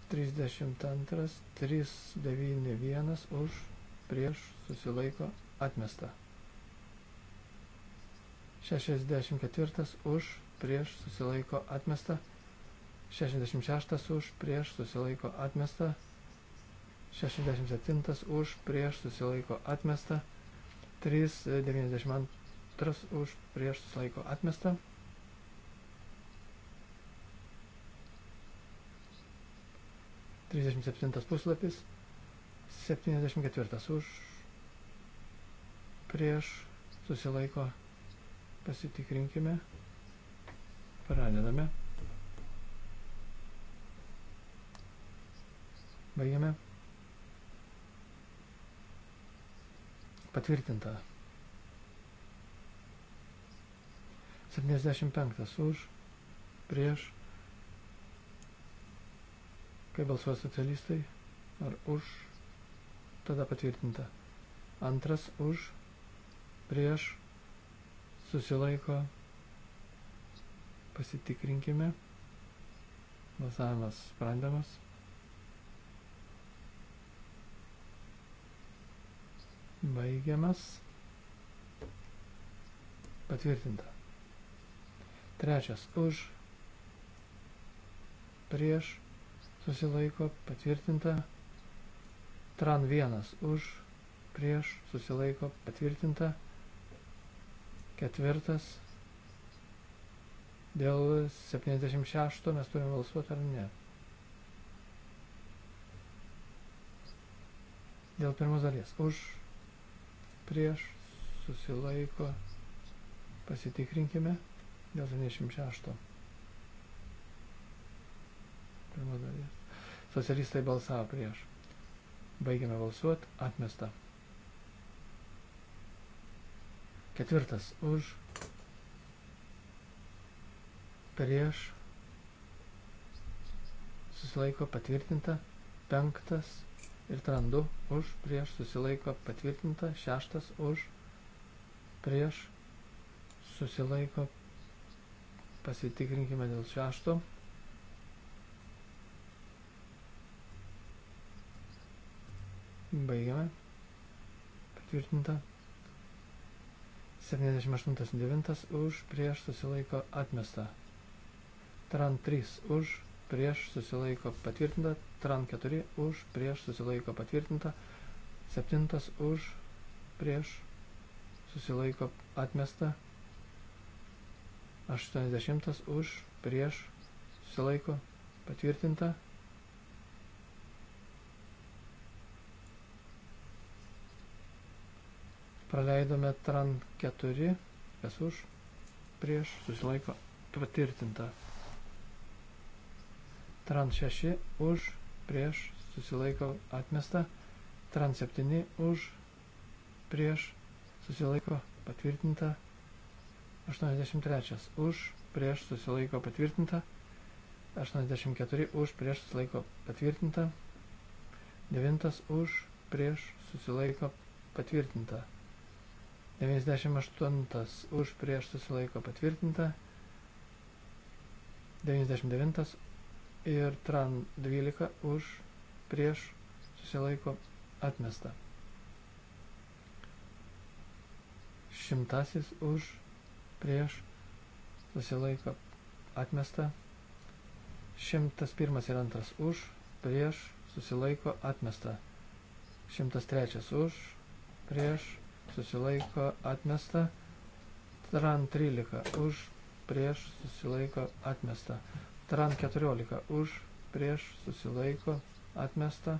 32, 391 už, prieš, susilaiko atmesta. 64 už prieš susilaiko atmesta, 66 už prieš susilaiko atmesta, 67 už prieš susilaiko atmesta, 392 už prieš susilaiko atmesta. Trisdešimt septintas puslapis, septyniasdešimt ketvirtas už, prieš, susilaiko, atmesta. Pasitikrinkime. Pradedame. Baigiame. Patvirtinta. 75 už, prieš. Kai balsuoja socialistai, ar už, tada patvirtinta. Antras už, prieš, susilaiko. Pasitikrinkime. Balsavimas sprendiamas. Baigiamas. Patvirtinta. Trečias už. Prieš. Susilaiko. Patvirtinta. Tran vienas už. Prieš. Susilaiko. Patvirtinta. Ketvirtas. Dėl 76 mes turime balsuoti ar ne? Dėl pirmos dalies. Už, prieš, susilaiko, pasitikrinkime dėl 76. Pirmos dalies. Socialistai balsavo prieš. Baigiame balsuoti, atmesta. Ketvirtas už, prieš, susilaiko patvirtinta. Penktas ir trandu už, prieš, susilaiko patvirtinta. Šeštas už, prieš, susilaiko pasitikrinkime dėl šešto. Baigiame. Patvirtinta. 78.9 už prieš susilaiko atmesta. Tran 3 už prieš susilaiko patvirtinta. Tran 4 už prieš susilaiko patvirtinta. 7 už prieš susilaiko atmesta. 80 už prieš susilaiko patvirtinta. Praleidome tran 4, kas už, prieš, susilaiko, patvirtinta. Tran 6, už, prieš, susilaiko, atmesta. Tran 7, už, prieš, susilaiko, patvirtinta. 83, už, prieš, susilaiko, patvirtinta. 84 už prieš susilaiko patvirtinta. 9 už prieš susilaiko patvirtinta. 98 už prieš susilaiko patvirtinta. 99 ir tran 12 už prieš susilaiko atmesta. Šimtasis už prieš susilaiko atmesta. Šimtas pirmas ir antras už prieš susilaiko atmesta. Šimtas trečias už prieš susilaiko atmesta. Tran 13 už, prieš susilaiko atmesta. Tran 14 už, prieš susilaiko atmesta.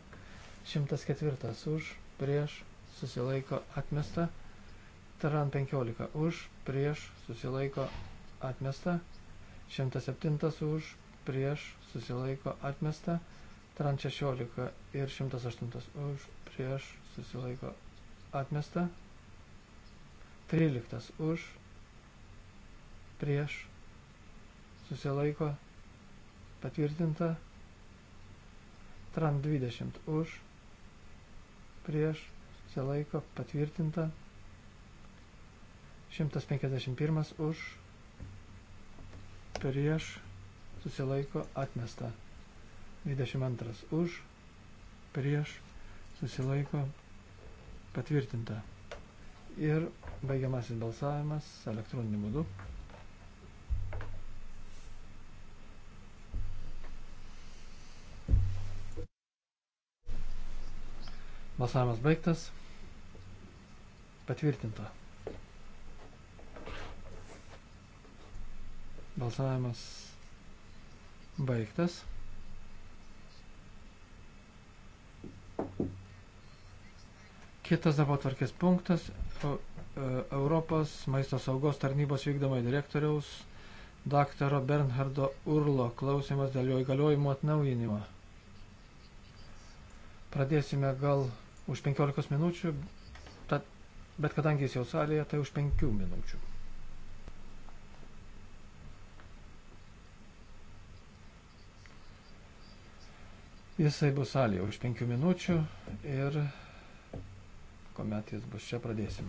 104 už, prieš susilaiko atmesta. Tran 15 už, prieš susilaiko atmesta. 107 už, prieš susilaiko atmesta. Tran 16 ir 108 už, prieš susilaiko atmesta. 13 už, prieš, susilaiko, patvirtinta, tran 20 už, prieš, susilaiko, patvirtinta, 151 už, prieš, susilaiko, atmesta, 22 už, prieš, susilaiko, patvirtinta. Ir baigiamasis balsavimas elektroniniu būdu. Balsavimas baigtas. Patvirtinta. Balsavimas baigtas. Kitas darbo tvarkės punktas E, Europos maisto saugos tarnybos vykdomo direktoriaus daktaro Bernhardo Urlo klausimas dėl jo įgaliojimo atnaujinimo. Pradėsime gal už 15 minučių, tad, bet kadangi jis jau salėje, tai už 5 minučių. Jisai bus salėje už 5 minučių ir kuomet jis bus čia pradėsim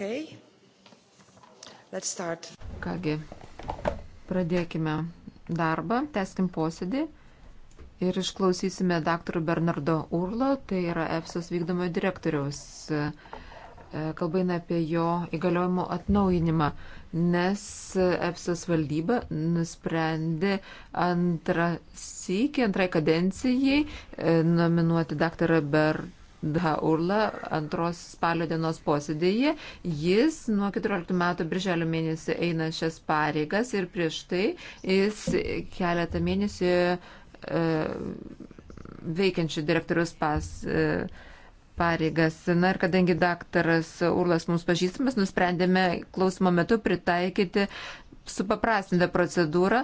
Okay. Let's start. Kągi, pradėkime darbą, teskim posėdį ir išklausysime dr. Bernardo Urlo, tai yra EFSOS vykdomojo direktoriaus. E, Kalbaina apie jo įgaliojimo atnaujinimą, nes EFSOS valdyba nusprendė antrą sykį, antrai kadencijai e, nominuoti dr. Bernardo Daurla antros spalio dienos posėdėje. Jis nuo 14 metų birželio mėnesį eina šias pareigas ir prieš tai jis keletą mėnesių e, veikiančių direktorius pas. E, pareigas. Na ir kadangi daktaras Urlas mums pažįstamas, nusprendėme klausimo metu pritaikyti supaprastinta procedūra.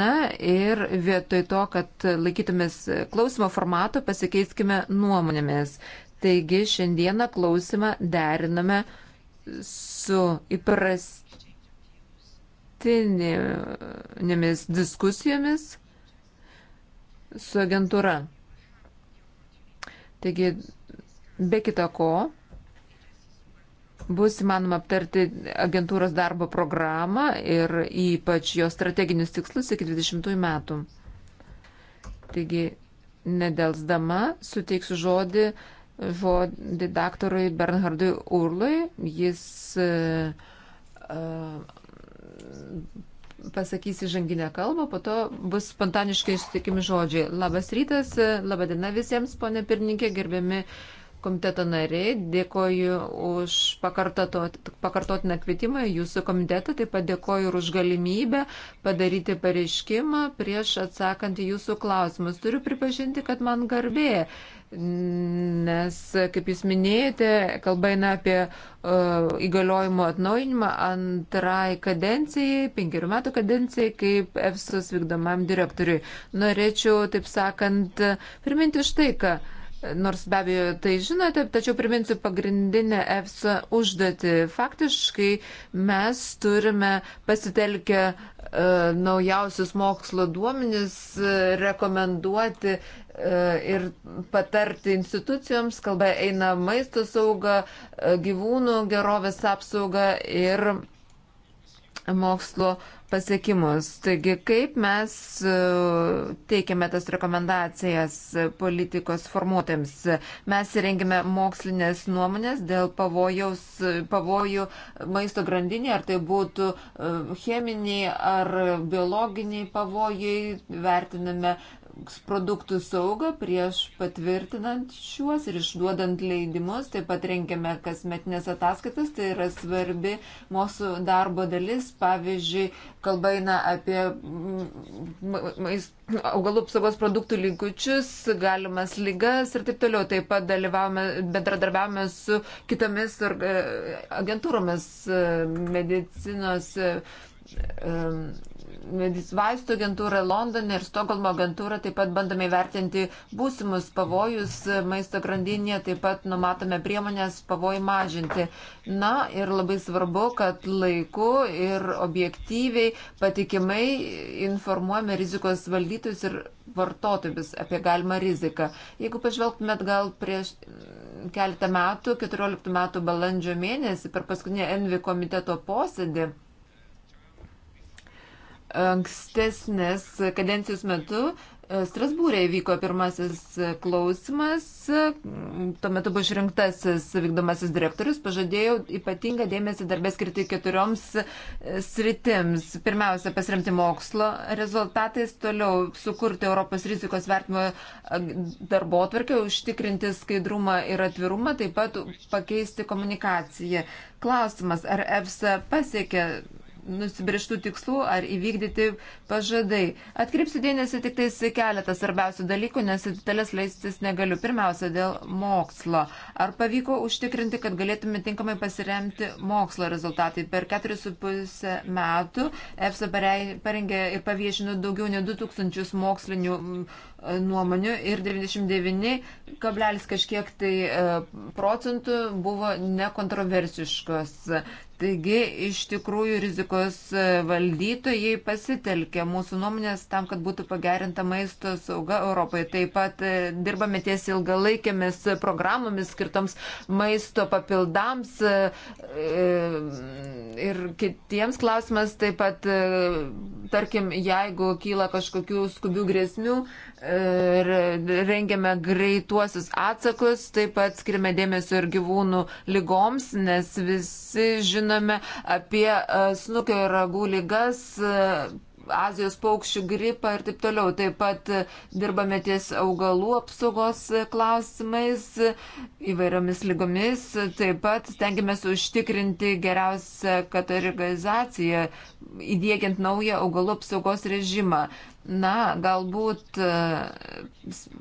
Na ir vietoj to, kad laikytumės klausimo formato, pasikeiskime nuomonėmis. Taigi šiandieną klausimą deriname su įprastinėmis diskusijomis su agentūra. Taigi, be kita ko, bus įmanoma aptarti agentūros darbo programą ir ypač jos strateginius tikslus iki 20 metų. Taigi, nedelsdama, suteiksiu žodį, žodį daktarui Bernhardui Urlui. Jis uh, pasakys įžanginę kalbą, po to bus spontaniškai sutikimi žodžiai. Labas rytas, e, laba diena visiems, ponė pirmininkė, gerbiami uh, komiteto nariai, dėkoju už pakartotiną kvietimą į jūsų komitetą, taip pat dėkoju ir už galimybę padaryti pareiškimą prieš atsakant į jūsų klausimus. Turiu pripažinti, kad man garbė, nes, kaip jūs minėjote, kalba eina apie uh, įgaliojimo atnaujinimą antrai kadencijai, penkerių metų kadencijai, kaip EFSUS vykdomam direktoriui. Norėčiau, taip sakant, priminti štai ką. Uh, Nors be abejo tai žinote, tačiau priminsiu pagrindinę EFSA užduotį. Faktiškai mes turime pasitelkę e, naujausius mokslo duomenis, e, rekomenduoti e, ir patarti institucijoms, kalba eina maisto sauga, e, gyvūnų gerovės apsauga ir mokslo pasiekimus. Taigi, kaip mes e, teikiame tas rekomendacijas politikos formuotėms? Mes rengime mokslinės nuomonės dėl pavojaus, pavojų maisto grandinė, ar tai būtų e, cheminiai ar biologiniai pavojai, vertiname produktų saugą prieš patvirtinant šiuos ir išduodant leidimus. Taip pat rengiame kasmetinės ataskaitas, tai yra svarbi mūsų darbo dalis. Pavyzdžiui, kalba eina apie augalų apsaugos produktų likučius, galimas lygas ir taip toliau. Taip pat dalyvavome, bendradarbiavome su kitomis e, agentūromis e, medicinos e, vaistų agentūra Londone ir Stokholmo agentūra taip pat bandome įvertinti būsimus pavojus maisto grandinėje, taip pat numatome priemonės pavojų mažinti. Na ir labai svarbu, kad laiku ir objektyviai patikimai informuojame rizikos valdytojus ir vartotojus apie galimą riziką. Jeigu pažvelgtumėt gal prieš keletą metų, 14 metų balandžio mėnesį per paskutinį Envi komiteto posėdį, ankstesnės kadencijos metu e, Strasbūrė įvyko pirmasis klausimas, e, tuo metu buvo išrinktasis vykdomasis direktorius, pažadėjau ypatingą dėmesį darbę skirti keturioms e, sritims. Pirmiausia, pasiremti mokslo rezultatais, toliau sukurti Europos rizikos vertimo darbo atvarkę, užtikrinti skaidrumą ir atvirumą, taip pat pakeisti komunikaciją. Klausimas, ar EFSA pasiekė nusibrieštų tikslų ar įvykdyti pažadai. Atkreipsiu dėmesį tik tais keletą svarbiausių dalykų, nes į detalės leistis negaliu. Pirmiausia, dėl mokslo. Ar pavyko užtikrinti, kad galėtume tinkamai pasiremti mokslo rezultatai? Per 4,5 metų EFSA parengė ir paviešino daugiau nei 2000 mokslinių nuomonių ir 99 kablelis kažkiek tai e, procentų buvo nekontroversiškos. Taigi iš tikrųjų rizikos e, valdytojai pasitelkė mūsų nuomonės tam, kad būtų pagerinta maisto sauga Europoje. Taip pat e, dirbame ties ilgalaikėmis programomis skirtoms maisto papildams ir kitiems klausimas. Taip pat, tarkim, jeigu kyla kažkokių skubių grėsmių, rengiame greituosius atsakus, taip pat skirime dėmesio ir gyvūnų lygoms, nes visi žinome apie e, snukio ragų lygas. E, Azijos paukščių gripą ir taip toliau. Taip pat e, dirbame ties augalų apsaugos klausimais, įvairiomis lygomis. Taip pat stengiamės užtikrinti geriausią kategorizaciją įdėkiant naują augalų apsaugos režimą. Na, galbūt e,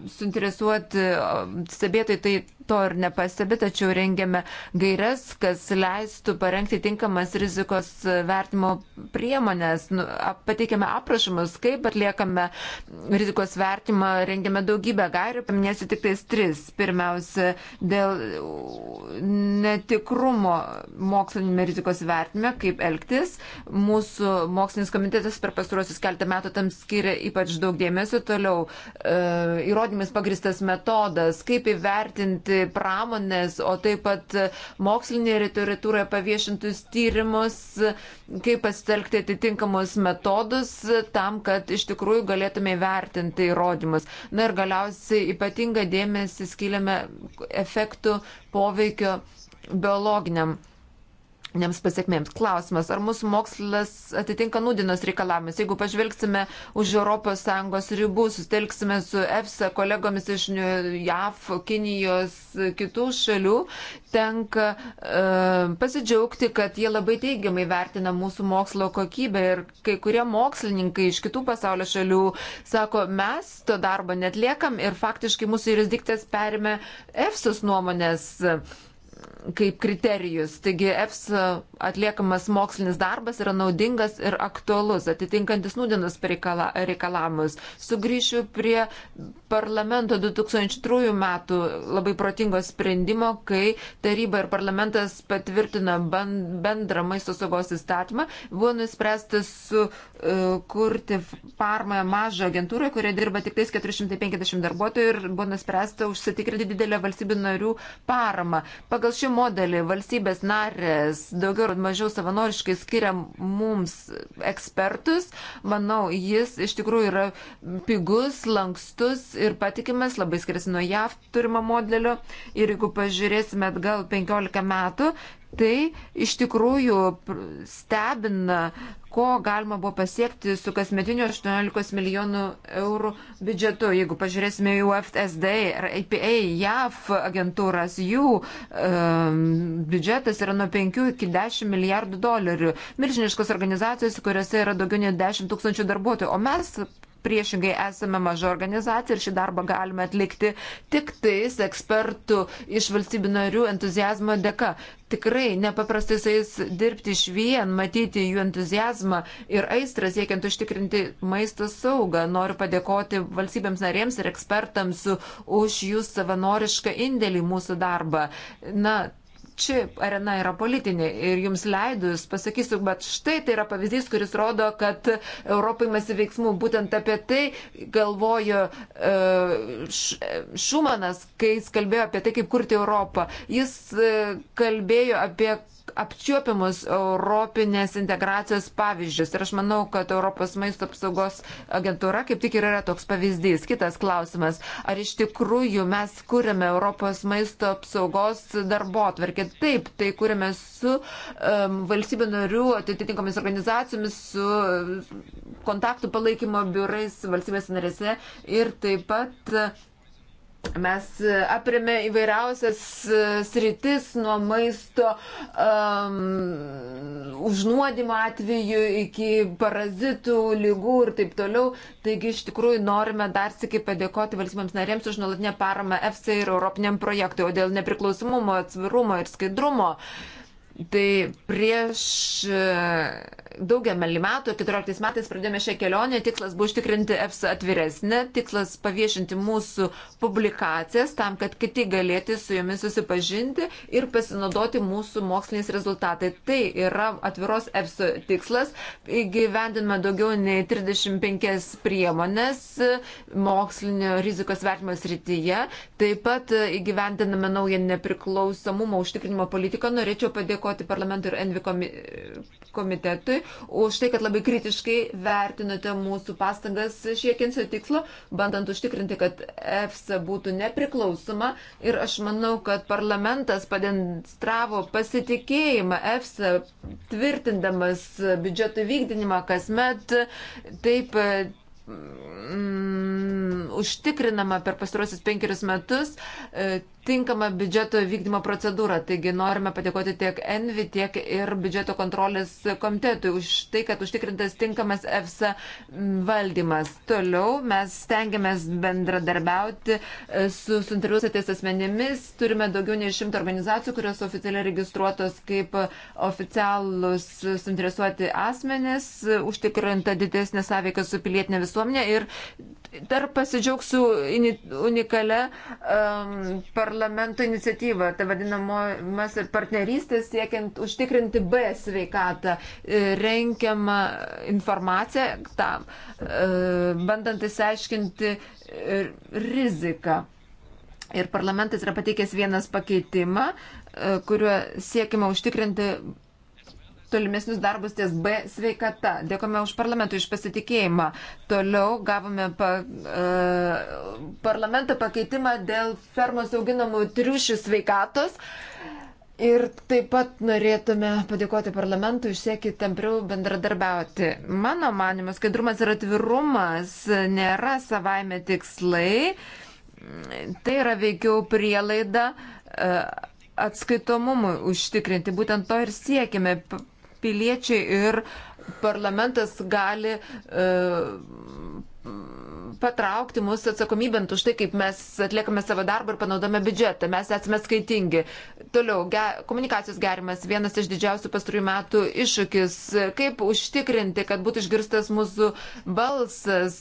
suinteresuoti e, stebėtojai tai to ir nepastebi, tačiau rengiame gairias, kas leistų parengti tinkamas rizikos e, vertimo priemonės. Nu, pateikėme aprašymus, kaip atliekame rizikos vertimą, rengiame daugybę gairių, paminėsiu tik tais tris. Pirmiausia, dėl netikrumo mokslinėme rizikos vertime, kaip elgtis. Mūsų mūsų mokslinis komitetas per pastaruosius keltą metų tam skiria ypač daug dėmesio. Toliau e, įrodymais pagristas metodas, kaip įvertinti pramonės, o taip pat mokslinėje literatūroje paviešintus tyrimus, kaip pasitelkti atitinkamus metodus tam, kad iš tikrųjų galėtume įvertinti įrodymus. Na ir galiausiai ypatingą dėmesį skiriame efektų poveikio biologiniam Nems pasiekmėms. Klausimas, ar mūsų mokslas atitinka nudinos reikalavimus? Jeigu pažvelgsime už ES ribų, sustelksime su EFSA kolegomis iš JAF, Kinijos, kitų šalių, tenka e, pasidžiaugti, kad jie labai teigiamai vertina mūsų mokslo kokybę ir kai kurie mokslininkai iš kitų pasaulio šalių sako, mes to darbo netliekam ir faktiškai mūsų jurisdikcijas perėmė EFSA nuomonės. E, kaip kriterijus. Taigi EFSA atliekamas mokslinis darbas yra naudingas ir aktualus, atitinkantis nūdienos reikalavimus. Sugryšiu prie parlamento 2003 metų labai protingo sprendimo, kai taryba ir parlamentas patvirtino bendrą maisto saugos įstatymą, buvo nuspręsta sukurti e, farmoje mažą agentūrą, kurioje dirba tik 450 darbuotojų ir buvo nuspręsta užsitikrinti didelę valstybių narių paramą. Pagal Pagal šį modelį valstybės narės daugiau ar mažiau savanoriškai skiria mums ekspertus. Manau, jis iš tikrųjų yra pigus, lankstus ir patikimas, labai skiriasi nuo JAV turimo modelio. Ir jeigu pažiūrėsime atgal 15 metų, tai iš tikrųjų stebina, ko galima buvo pasiekti su kasmetiniu 18 milijonų eurų biudžetu. Jeigu pažiūrėsime į UFSD ir APA, JAF agentūras, jų um, biudžetas yra nuo 5 iki 10 milijardų dolerių. Milžiniškos organizacijos, kuriuose yra daugiau nei 10 tūkstančių darbuotojų, o mes Priešingai esame maža organizacija ir šį darbą galime atlikti tik tais ekspertų iš valstybių narių entuzijazmo dėka. Tikrai nepaprastai su jais dirbti iš vien, matyti jų entuzijazmą ir aistrą siekiant užtikrinti maisto saugą. Noriu padėkoti valstybėms narėms ir ekspertams už jų savanorišką indėlį į mūsų darbą. Na, ši arena yra politinė ir jums leidus pasakysiu, bet štai tai yra pavyzdys, kuris rodo, kad Europai masi veiksmų. Būtent apie tai galvojo e, Šumanas, kai jis kalbėjo apie tai, kaip kurti Europą. Jis e, kalbėjo apie apčiuopiamus europinės integracijos pavyzdžius. Ir aš manau, kad Europos maisto apsaugos agentūra kaip tik ir yra toks pavyzdys. Kitas klausimas, ar iš tikrųjų mes kūrėme Europos maisto apsaugos darbo atverkį? Taip, tai kūrėme su um, valstybių narių atitinkomis organizacijomis, su kontaktų palaikymo biurais valstybės narėse ir taip pat Mes e, aprėmė įvairiausias e, sritis nuo maisto um, užnuodimo atveju iki parazitų, lygų ir taip toliau. Taigi iš tikrųjų norime dar sėkiai padėkoti valstybėms narėms už nuolatinę paramą EFSA ir Europiniam projektui, o dėl nepriklausomumo, atsvirumo ir skaidrumo. Tai prieš e, daugelį metų, 14 metais pradėjome šią kelionę, tikslas buvo užtikrinti EFSA atviresnę, tikslas paviešinti mūsų publikacijas tam, kad kiti galėtų su jomis susipažinti ir pasinaudoti mūsų moksliniais rezultatai. Tai yra atviros EFSA tikslas, gyvendiname daugiau nei 35 priemonės mokslinio rizikos vertimo srityje, taip pat įgyvendiname naują nepriklausomumo užtikrinimo politiką. Norėčiau padėkoti parlamentui ir Envi komitetui už tai, kad labai kritiškai vertinote mūsų pastangas siekiančio tikslo, bandant užtikrinti, kad EFSA būtų nepriklausoma. Ir aš manau, kad parlamentas pademonstravo pasitikėjimą EFSA, tvirtindamas biudžeto vykdinimą kasmet. Taip mm, užtikrinama per pastarosius penkerius metus e, tinkama biudžeto vykdymo procedūra. Taigi norime padėkoti tiek Envi, tiek ir biudžeto kontrolės komitetui už tai, kad užtikrintas tinkamas EFSA valdymas. Toliau mes stengiamės bendradarbiauti e, su suinteresuotės asmenimis. Turime daugiau nei šimtą organizacijų, kurios oficialiai registruotos kaip oficialus suinteresuoti asmenys, užtikrinta didesnė sąveika su pilietinė visuomenė visuomenę ir dar pasidžiaugsiu unikalią um, parlamento iniciatyvą, tai vadinamas partnerystės siekiant užtikrinti B sveikatą, e, renkiamą informaciją tam, e, bandant įsiaiškinti e, riziką. Ir parlamentas yra pateikęs vienas pakeitimą, kuriuo siekima užtikrinti tolimesnius darbus ties B sveikata. Dėkome už parlamentų iš pasitikėjimą. Toliau gavome pa, e, parlamento pakeitimą dėl fermos auginamų triušių sveikatos. Ir taip pat norėtume padėkoti parlamentui, išsiekit tampriau bendradarbiauti. Mano manimas, skaidrumas ir atvirumas nėra savaime tikslai, tai yra veikiau prielaida e, atskaitomumui užtikrinti. Būtent to ir siekime piliečiai ir parlamentas gali uh, patraukti mūsų atsakomybėn už tai, kaip mes atliekame savo darbą ir panaudome biudžetą. Mes esame skaitingi. Toliau, ge, komunikacijos gerimas vienas iš didžiausių pastarųjų metų iššūkis. Kaip užtikrinti, kad būtų išgirstas mūsų balsas,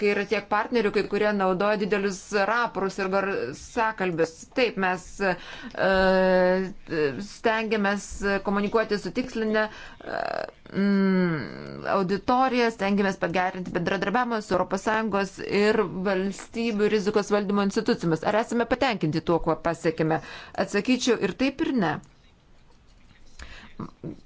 kai yra tiek partnerių, kai kurie naudoja didelius raporus ir garsakalbius. Taip, mes e, stengiamės komunikuoti su tikslinė. E, Mm, auditorijas, tengiamės pagerinti bendradarbiavimą su ES ir valstybių rizikos valdymo institucijomis. Ar esame patenkinti tuo, kuo pasiekime? Atsakyčiau ir taip, ir ne.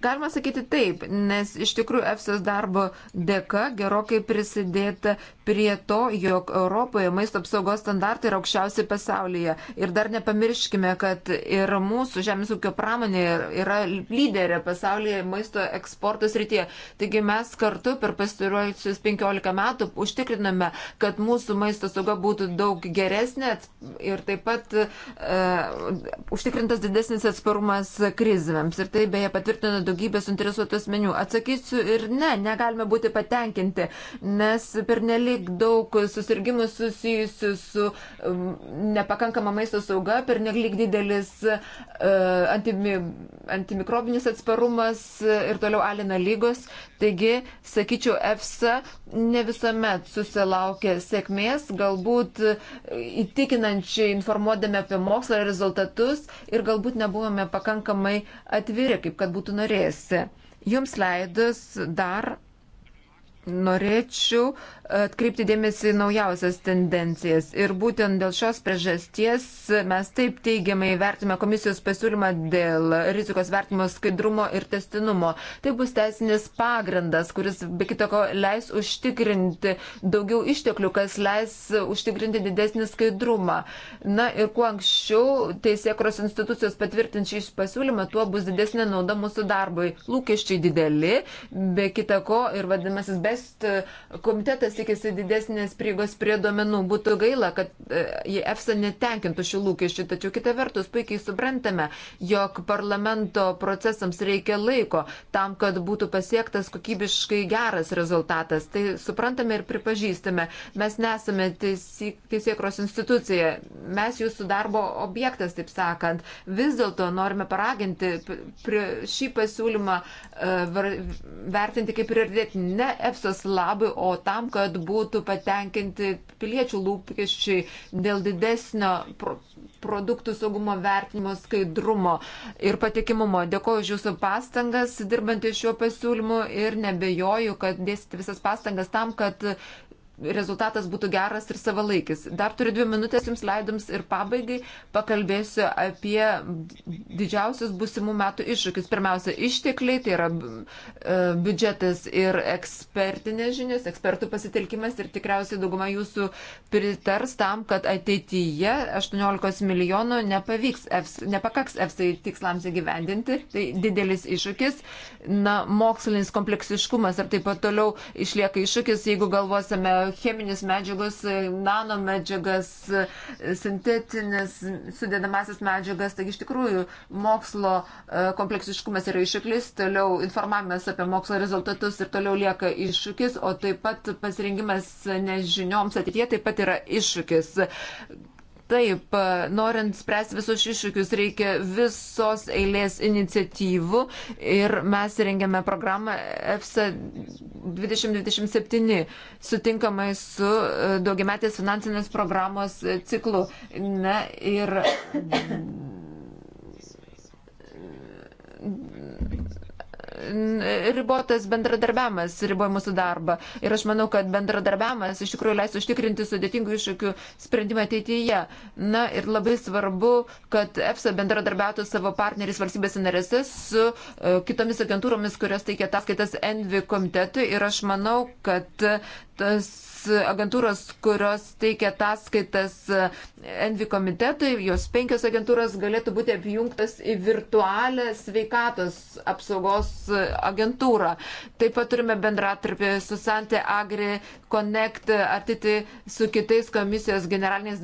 Galima sakyti taip, nes iš tikrųjų EFSAS darbo dėka gerokai prisidėta prie to, jog Europoje maisto apsaugos standartai yra aukščiausi pasaulyje. Ir dar nepamirškime, kad ir mūsų žemės ūkio pramonė yra lyderė pasaulyje maisto eksportos rytyje. Taigi mes kartu per pastaruosius 15 metų užtikriname, kad mūsų maisto sauga būtų daug geresnė ir taip pat uh, užtikrintas didesnis atsparumas krizėms. Ir tai beje patvirtina daugybė suinteresuotų asmenių. Atsakysiu ir ne, negalime būti patenkinti, nes pernelik daug susirgymų susijusių su um, nepakankama maisto sauga, pernelik didelis uh, antimi, antimikrobinis atsparumas ir toliau alina lygos. Taigi, sakyčiau, EFSA ne visuomet susilaukia sėkmės, galbūt įtikinančiai informuodami apie mokslo rezultatus ir galbūt nebuvome pakankamai atviri, kaip kad būtų norėjusi. Jums leidus dar norėčiau atkreipti dėmesį naujausias tendencijas. Ir būtent dėl šios priežasties mes taip teigiamai vertime komisijos pasiūlymą dėl rizikos vertimo skaidrumo ir testinumo. Tai bus teisinis pagrindas, kuris be kitoko leis užtikrinti daugiau išteklių, kas leis užtikrinti didesnį skaidrumą. Na ir kuo anksčiau teisėkros institucijos patvirtins šį pasiūlymą, tuo bus didesnė nauda mūsų darbui. Lūkesčiai dideli, be kitako ir vadinamasis best Euronest komitetas tikisi didesnės prieigos prie duomenų. Būtų gaila, kad e, jei EFSA netenkintų šių lūkesčių, tačiau kita vertus puikiai suprantame, jog parlamento procesams reikia laiko tam, kad būtų pasiektas kokybiškai geras rezultatas. Tai suprantame ir pripažįstame. Mes nesame teisėkros institucija, mes jūsų darbo objektas, taip sakant. Vis dėlto norime paraginti šį pasiūlymą e, vertinti kaip prioritetinį. Ne, EFSA Saksijos labui, o tam, kad būtų patenkinti piliečių lūkesčiai dėl didesnio pro produktų saugumo vertinimo skaidrumo ir patikimumo. Dėkuoju už Jūsų pastangas dirbant ties šiuo pasiūlymu ir nebejoju, kad dėsite visas pastangas tam, kad rezultatas būtų geras ir savalaikis. Dar turiu dvi minutės jums leidums ir pabaigai pakalbėsiu apie didžiausius busimų metų iššūkius. Pirmiausia, ištekliai, tai yra e, biudžetas ir ekspertinės žinios, ekspertų pasitelkimas ir tikriausiai dauguma jūsų pritars tam, kad ateityje 18 milijonų nepavyks, nepakaks EFSA tikslams įgyvendinti. Tai didelis iššūkis. Na, mokslinis kompleksiškumas ir taip pat toliau išlieka iššūkis, jeigu galvosime cheminės medžiagos, nanomedžiagas, sintetinės sudėdamasis medžiagas. Taigi iš tikrųjų mokslo e, kompleksiškumas yra iššūklis, toliau informavimas apie mokslo rezultatus ir toliau lieka iššūkis, o taip pat pasirinkimas nežinioms ateitie taip pat yra iššūkis. Taip, e, norint spręsti visus iššūkius, reikia visos eilės iniciatyvų ir mes rengiame programą EFSA 2027 sutinkamai su e, daugiametės finansinės programos e, ciklu. Na, ir ribotas bendradarbiavimas riboja mūsų darbą. Ir aš manau, kad bendradarbiavimas iš tikrųjų leis užtikrinti sudėtingų iššūkių sprendimą ateityje. Na ir labai svarbu, kad EFSA bendradarbiautų savo partneriais valstybės narėse su e, kitomis agentūromis, kurios teikia ataskaitas ENVI komitetui. Ir aš manau, kad tas agentūros, kurios teikia ataskaitas Envi komitetui, jos penkios agentūros galėtų būti apjungtas į virtualią sveikatos apsaugos agentūrą. Taip pat turime bendratarpį su Sante Agri Connect, atiti su kitais komisijos generaliniais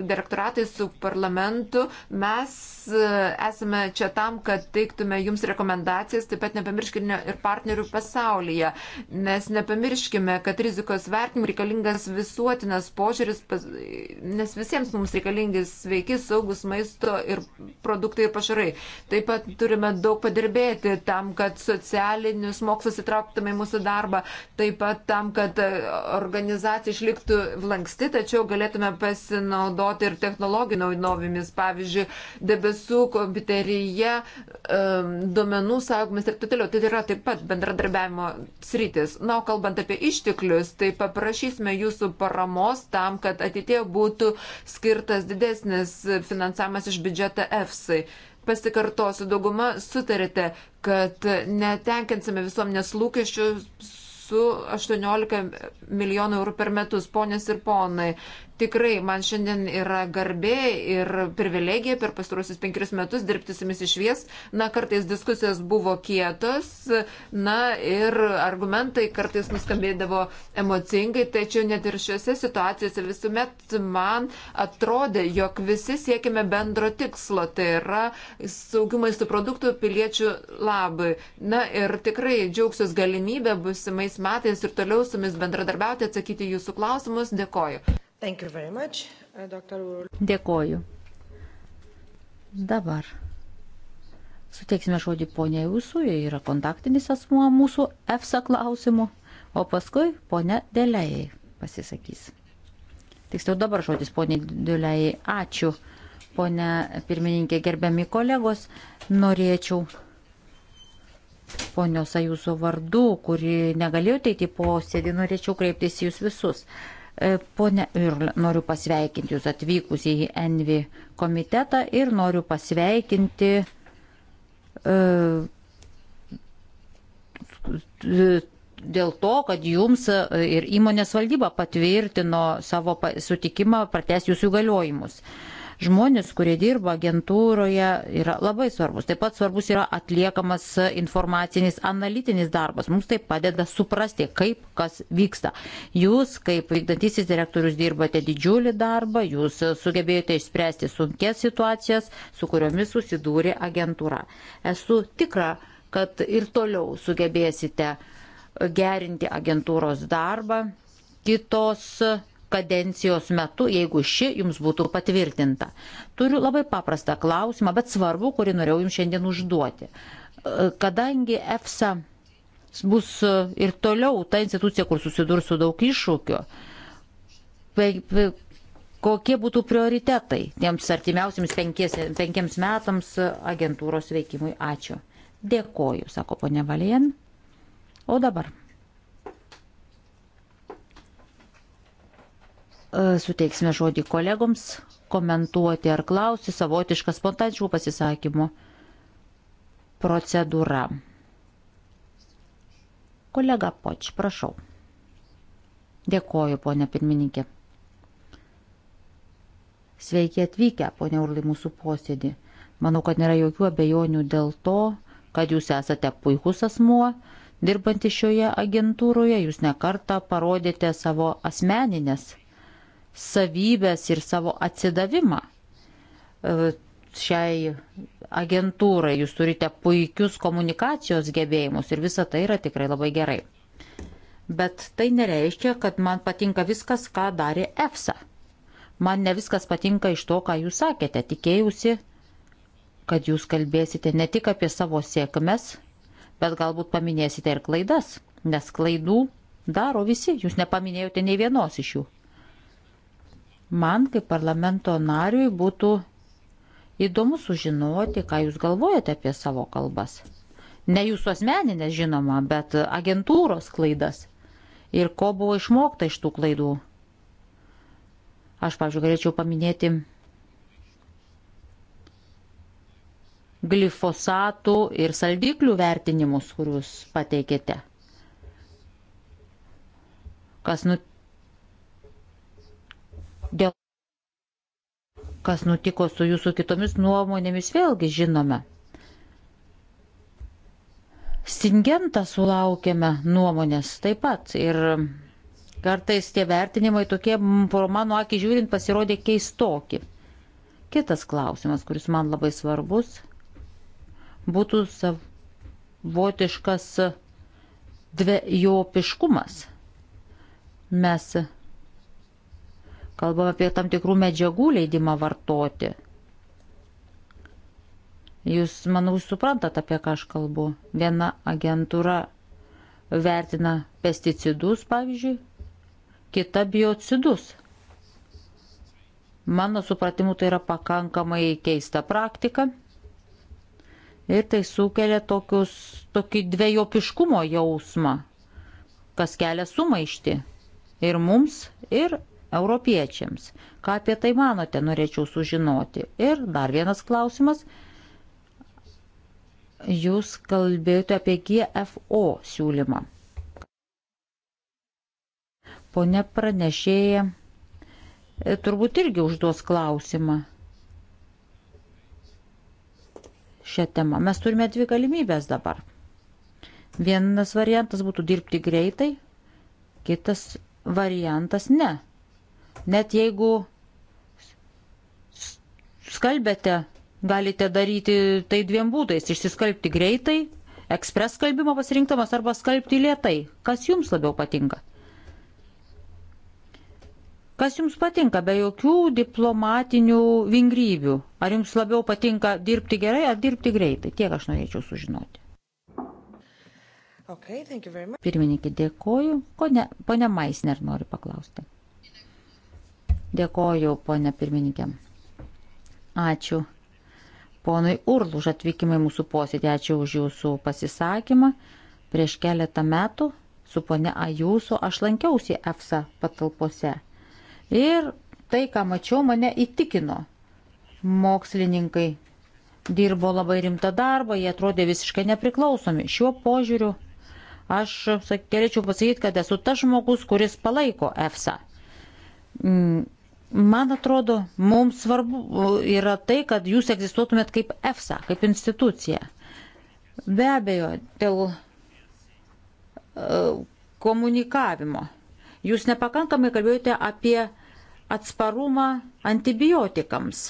direktoratais, su parlamentu. Mes e, esame čia tam, kad teiktume jums rekomendacijas, taip pat nepamirškime ir partnerių pasaulyje, nes nepamirškime, kad rizikos rizikos vertinimu reikalingas visuotinas požiūris, nes visiems mums reikalingi sveiki, saugus maisto ir produktai ir pašarai. Taip pat turime daug padirbėti tam, kad socialinius mokslus įtrauktume į mūsų darbą, taip pat tam, kad organizacija išliktų lanksti, tačiau galėtume pasinaudoti ir technologinio įnovimis, pavyzdžiui, debesų kompiuteryje, duomenų saugomis ir taip toliau. Tai yra taip pat bendradarbiavimo sritis. Na, o kalbant apie išteklius, tai tai paprašysime jūsų paramos tam, kad ateitie būtų skirtas didesnis finansavimas iš biudžeto EFSA. Pasikartosiu, dauguma sutarėte, kad netenkinsime visuomenės lūkesčių su 18 milijonų eurų per metus, ponės ir ponai. Tikrai man šiandien yra garbė ir privilegija per pastarosius penkerius metus dirbti su jumis iš vies. Na, kartais diskusijos buvo kietos, na ir argumentai kartais nuskambėdavo emocingai, tačiau net ir šiuose situacijose visuomet man atrodė, jog visi siekime bendro tikslo, tai yra saugių maisto produktų piliečių labai. Na ir tikrai džiaugsiuos galimybę busimais metais ir toliau su jumis bendradarbiauti, atsakyti jūsų klausimus. Dėkoju. Much, uh, Dr. Dėkoju. Dabar suteiksime žodį ponia Jūsų, jie yra kontaktinis asmuo mūsų EFSA klausimų, o paskui ponia Dėlėjai pasisakys. Tiksliau dabar žodis ponia Dėlėjai. Ačiū, ponia pirmininkė, gerbiami kolegos. Norėčiau ponios Ajūso vardu, kuri negalėjo teiti posėdį, norėčiau kreiptis į jūs visus. E, pone Irl, noriu pasveikinti Jūs atvykus į Envi komitetą ir noriu pasveikinti e, dėl to, kad jums ir įmonės valdyba patvirtino savo sutikimą pratesti jūsų galiojimus. Uh, Žmonės, kurie dirba agentūroje, yra labai svarbus. Taip pat svarbus yra atliekamas informacinis, analitinis darbas. Mums tai padeda suprasti, kaip kas vyksta. Jūs, kaip vykdantisis direktorius, dirbate didžiulį darbą, jūs sugebėjote išspręsti sunkės situacijas, su kuriomis susidūrė agentūra. Esu tikra, kad ir toliau sugebėsite gerinti agentūros darbą. Kitos kadencijos metu, jeigu ši jums būtų patvirtinta. Turiu labai paprastą klausimą, bet svarbu, kurį norėjau jums šiandien užduoti. E, kadangi EFSA bus e, ir toliau ta institucija, kur susidurs su daug iššūkių, kokie būtų prioritetai tiems artimiausiams penkies, penkiems metams agentūros veikimui. Ačiū. Dėkoju, sako ponė Valien. O dabar E, suteiksime žodį kolegoms komentuoti ar klausti savotišką spontaniškų pasisakymų procedūra. Kolega Poč, prašau. Dėkoju, ponė pirmininkė. Sveiki atvykę, ponė Urlai, mūsų posėdį. Manau, kad nėra jokių abejonių dėl to, kad jūs esate puikus asmuo, dirbantis šioje agentūroje, jūs nekartą parodėte savo asmeninės savybės ir savo atsidavimą e, šiai agentūrai. Jūs turite puikius komunikacijos gebėjimus ir visa tai yra tikrai labai gerai. Bet tai nereiškia, kad man patinka viskas, ką darė EFSA. Man ne viskas patinka iš to, ką jūs sakėte. Tikėjausi, kad jūs kalbėsite ne tik apie savo sėkmes, bet galbūt paminėsite ir klaidas, nes klaidų daro visi, jūs nepaminėjote nei vienos iš jų. Man kaip parlamento nariui būtų įdomu sužinoti, ką jūs galvojate apie savo kalbas. Ne jūsų asmeninės, žinoma, bet agentūros klaidas. Ir ko buvo išmokta iš tų klaidų. Aš, pavyzdžiui, galėčiau paminėti glifosatų ir saldiklių vertinimus, kuriuos pateikėte. Kas nutiko? kas nutiko su jūsų kitomis nuomonėmis, vėlgi žinome. Singentą sulaukėme nuomonės taip pat ir kartais tie vertinimai tokie, pro mano akį žiūrint, pasirodė keistoki. Kitas klausimas, kuris man labai svarbus, būtų savotiškas dviejopiškumas. Mes Kalbam apie tam tikrų medžiagų leidimą vartoti. Jūs, manau, suprantat, apie ką aš kalbu. Viena agentūra vertina pesticidus, pavyzdžiui, kita biocidus. Mano supratimu, tai yra pakankamai keista praktika. Ir tai sukelia tokius, tokį dviejopiškumo jausmą, kas kelia sumaišti ir mums, ir europiečiams. Ką apie tai manote, norėčiau sužinoti. Ir dar vienas klausimas. Jūs kalbėjote apie GFO siūlymą. Pone pranešėja, e, turbūt irgi užduos klausimą. Šią temą mes turime dvi galimybės dabar. Vienas variantas būtų dirbti greitai, kitas variantas ne. Net jeigu skalbėte, galite daryti tai dviem būdais - išsiskalbti greitai, ekspres skalbimo pasirinktamas arba skalbti lietai. Kas jums labiau patinka? Kas jums patinka be jokių diplomatinių vingrybių? Ar jums labiau patinka dirbti gerai ar dirbti greitai? Tiek aš norėčiau sužinoti. Okay, Pirmininkė, dėkoju. Pone Maisner nori paklausti. Dėkoju, ponė pirmininkė. Ačiū. Ponui Url už atvykimą į mūsų posėdį, ačiū už jūsų pasisakymą. Prieš keletą metų su ponė Ajūso aš lankiausi EFSA patalpose. Ir tai, ką mačiau, mane įtikino. Mokslininkai dirbo labai rimtą darbą, jie atrodė visiškai nepriklausomi. Šiuo požiūriu aš galėčiau pasakyti, kad esu tas žmogus, kuris palaiko EFSA. Mm, Man atrodo, mums svarbu yra tai, kad jūs egzistuotumėt kaip EFSA, kaip institucija. Be abejo, dėl e, komunikavimo. Jūs nepakankamai kalbėjote apie atsparumą antibiotikams.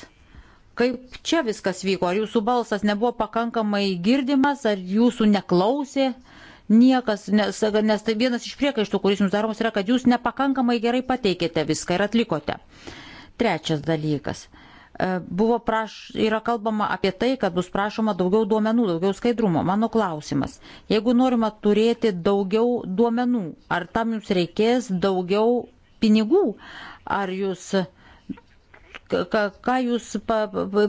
Kaip čia viskas vyko? Ar jūsų balsas nebuvo pakankamai girdimas, ar jūsų neklausė? Uh, Niekas, nes, nes tai vienas iš priekaištų, kuris jums daromas, yra, kad jūs nepakankamai gerai pateikėte viską ir atlikote. Trečias dalykas. E, buvo praš, yra kalbama apie tai, kad bus prašoma daugiau duomenų, daugiau skaidrumo. Mano klausimas, jeigu norima turėti daugiau duomenų, ar tam jums reikės daugiau pinigų, ar jūs ką, ką jūs pa,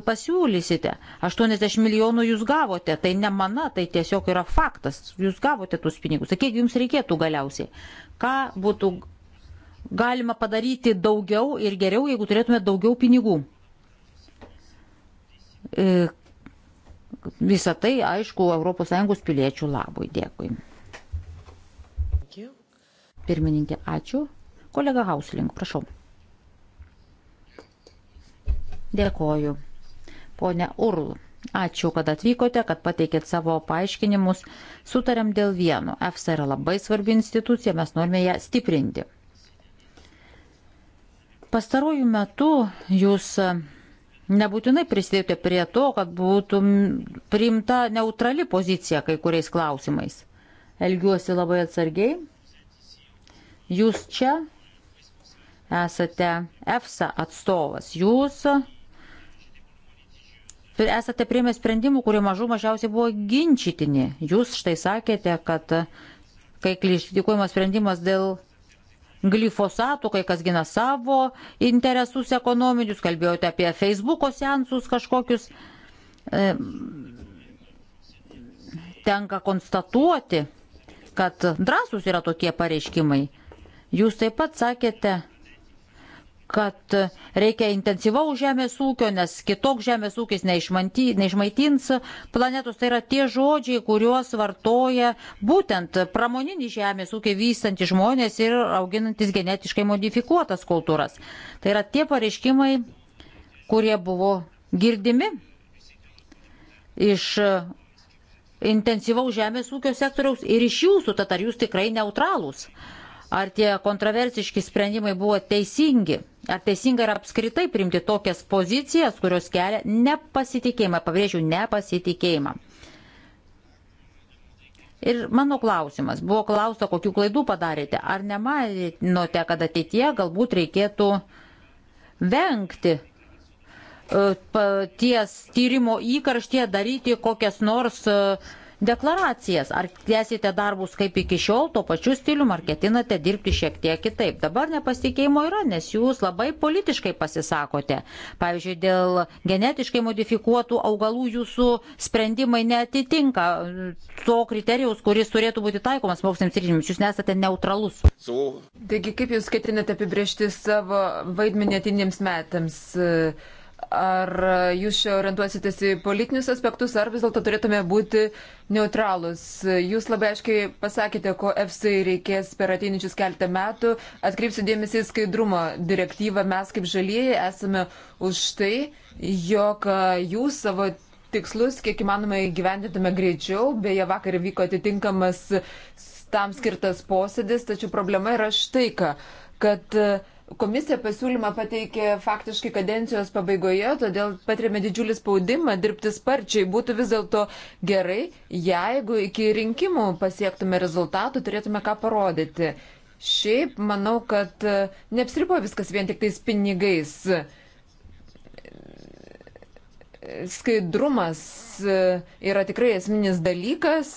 pasiūlysite. 80 milijonų jūs gavote, tai ne mana, tai tiesiog yra faktas, jūs gavote tuos pinigus. Tai kiek jums reikėtų galiausiai? Ką būtų galima padaryti daugiau ir geriau, jeigu turėtume daugiau pinigų? E, Visą tai, aišku, ES piliečių labui. Dėkui. Pirmininkė, ačiū. Kolega Hausling, prašau. Dėkoju. Pone Url, ačiū, kad atvykote, kad pateikėt savo paaiškinimus. Sutarėm dėl vieno. EFSA yra labai svarbi institucija, mes norime ją stiprinti. Pastarųjų metų jūs nebūtinai prisidėjote prie to, kad būtų priimta neutrali pozicija kai kuriais klausimais. Elgiuosi labai atsargiai. Jūs čia esate EFSA atstovas. Jūs esate priėmę sprendimų, kurie mažų mažiausiai buvo ginčytini. Jūs štai sakėte, kad kai kritikuojamas sprendimas dėl glifosatų, kai kas gina savo interesus ekonominius, kalbėjote apie Facebook'o sensus kažkokius. E, tenka konstatuoti, kad drąsus yra tokie pareiškimai. Jūs taip pat sakėte, kad reikia intensyvaus žemės ūkio, nes kitoks žemės ūkis neišmanty, neišmaitins planetos. Tai yra tie žodžiai, kuriuos vartoja būtent pramoninį žemės ūkį vystanti žmonės ir auginantis genetiškai modifikuotas kultūras. Tai yra tie pareiškimai, kurie buvo girdimi iš intensyvaus žemės ūkio sektoriaus ir iš jūsų, tad ar jūs tikrai neutralūs? Ar tie kontroversiški sprendimai buvo teisingi? Ar teisinga yra apskritai priimti tokias pozicijas, kurios kelia nepasitikėjimą, pabrėžiu, nepasitikėjimą. Ir mano klausimas, buvo klausta, kokių klaidų padarėte, ar nemanote, kad ateitie galbūt reikėtų vengti e, ties tyrimo įkarštie daryti kokias nors uh, deklaracijas. Ar tęsite darbus kaip iki šiol, tuo pačiu stiliumi, ar ketinate dirbti šiek tiek kitaip. Dabar nepasikeimo yra, nes jūs labai politiškai pasisakote. Pavyzdžiui, dėl genetiškai modifikuotų augalų jūsų sprendimai netitinka to kriterijaus, kuris turėtų būti taikomas moksliniams tyrimams. Jūs nesate neutralus. Taigi, kaip jūs ketinate apibriežti savo vaidmenį atinėms metams? Uh Ar jūs čia orientuositės į politinius aspektus, ar vis dėlto turėtume būti neutralus? Jūs labai aiškiai pasakėte, ko EFSA reikės per ateinančius keltą metų. Atkreipsiu dėmesį į skaidrumo direktyvą. Mes kaip žalieji esame už tai, jog jūs savo tikslus kiek įmanoma įgyvendintume greičiau. Beje, vakar vyko atitinkamas tam skirtas posėdis, tačiau problema yra štai ką, kad uh, Komisija pasiūlymą pateikė faktiškai kadencijos pabaigoje, todėl patirėme didžiulį spaudimą dirbti sparčiai. Būtų vis dėlto gerai, jeigu iki rinkimų pasiektume rezultatų, turėtume ką parodyti. Šiaip manau, kad e, neapsiripo viskas vien tik tais pinigais. Skaidrumas e, yra tikrai esminis dalykas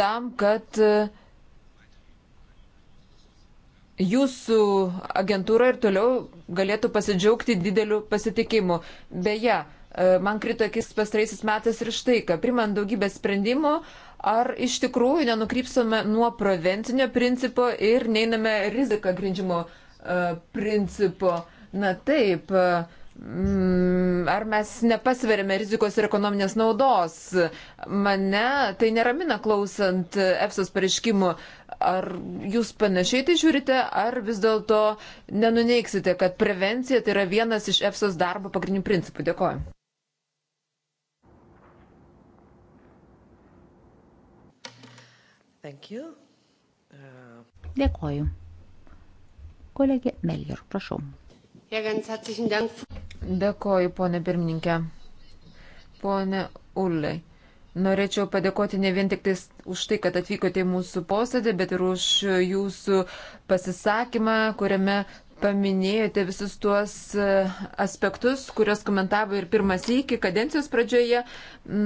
tam, kad uh, jūsų agentūra ir toliau galėtų pasidžiaugti dideliu pasitikimu. Beje, e, man krito akis pastaraisiais metais ir štai, kad primant daugybę sprendimų, ar iš tikrųjų nenukrypsome nuo prevencinio principo ir neiname riziką grindžimo e, principo. Na taip, e, mm, ar mes nepasveriame rizikos ir ekonominės naudos. Mane tai neramina klausant EFSOS pareiškimų. Ar jūs panašiai tai žiūrite, ar vis dėlto nenuneiksite, kad prevencija tai yra vienas iš EFSOS darbo pagrindinių principų? Dėkoju. Uh... Dėkoju. Kolegė Meljer, prašau. Dėkoju, ponė pirmininkė. Pone Ullai. Norėčiau padėkoti ne vien tik už tai, kad atvykote į mūsų posėdį, bet ir už jūsų pasisakymą, kuriame paminėjote visus tuos e, aspektus, kuriuos komentavo ir pirmas iki kadencijos pradžioje.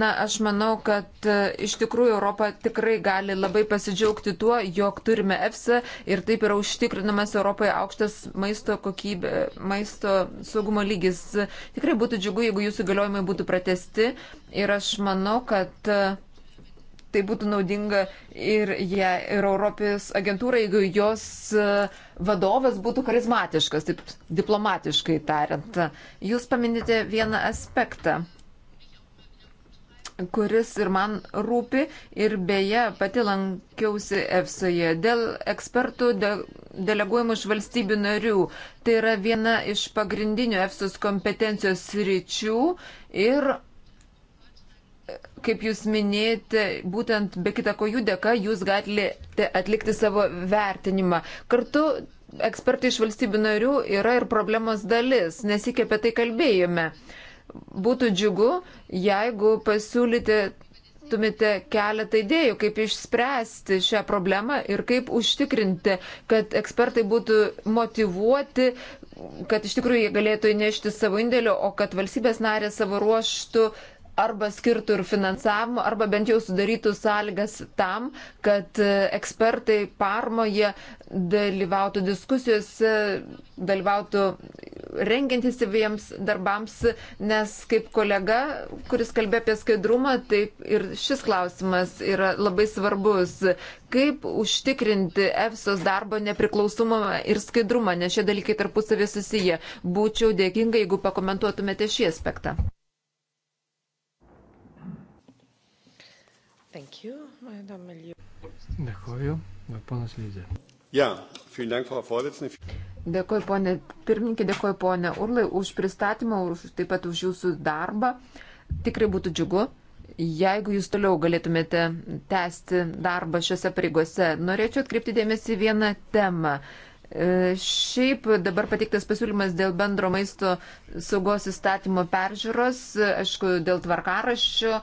Na, aš manau, kad e, iš tikrųjų Europa tikrai gali labai pasidžiaugti tuo, jog turime EFSA ir taip yra užtikrinamas Europoje aukštas maisto kokybė, maisto saugumo lygis. Tikrai būtų džiugu, jeigu jūsų galiojimai būtų pratesti ir aš manau, kad e, tai būtų naudinga ir, ja, ir Europės agentūrai, jeigu jos e, vadovas būtų charizmatiškas, taip diplomatiškai tariant. Jūs paminite vieną aspektą kuris ir man rūpi ir beje pati lankiausi EFSA dėl ekspertų de, deleguojamų iš valstybių narių. Tai yra viena iš pagrindinių EFSA kompetencijos ryčių ir kaip jūs minėjote, būtent be kita ko jų dėka jūs galite atlikti savo vertinimą. Kartu ekspertai iš valstybių narių yra ir problemos dalis, nes iki apie tai kalbėjome. Būtų džiugu, jeigu pasiūlytumėte keletą idėjų, kaip išspręsti šią problemą ir kaip užtikrinti, kad ekspertai būtų motivuoti, kad iš tikrųjų jie galėtų įnešti savo indėlio, o kad valstybės narė savo ruoštų uh, arba skirtų ir finansavimo, arba bent jau sudarytų sąlygas tam, kad e, ekspertai parmoje dalyvautų diskusijose, dalyvautų rengiantis įviems darbams, nes kaip kolega, kuris kalbė apie skaidrumą, taip ir šis klausimas yra labai svarbus. Kaip užtikrinti EFSOS darbo nepriklausomumą ir skaidrumą, nes šie dalykai tarpusavį susiję. Būčiau dėkinga, jeigu pakomentuotumėte šį aspektą. Dėkuoju. Ponas Lyzė. Ja, Dank, dėkuoju, ponė pirmininkė, dėkuoju, ponė Urlai, už pristatymą, už, taip pat už jūsų darbą. Tikrai būtų džiugu, jeigu jūs toliau galėtumėte tęsti darbą šiuose pareigose. Norėčiau atkreipti dėmesį vieną temą. E, šiaip dabar pateiktas pasiūlymas dėl bendro maisto saugos įstatymo peržiūros, aišku, dėl tvarkaraščio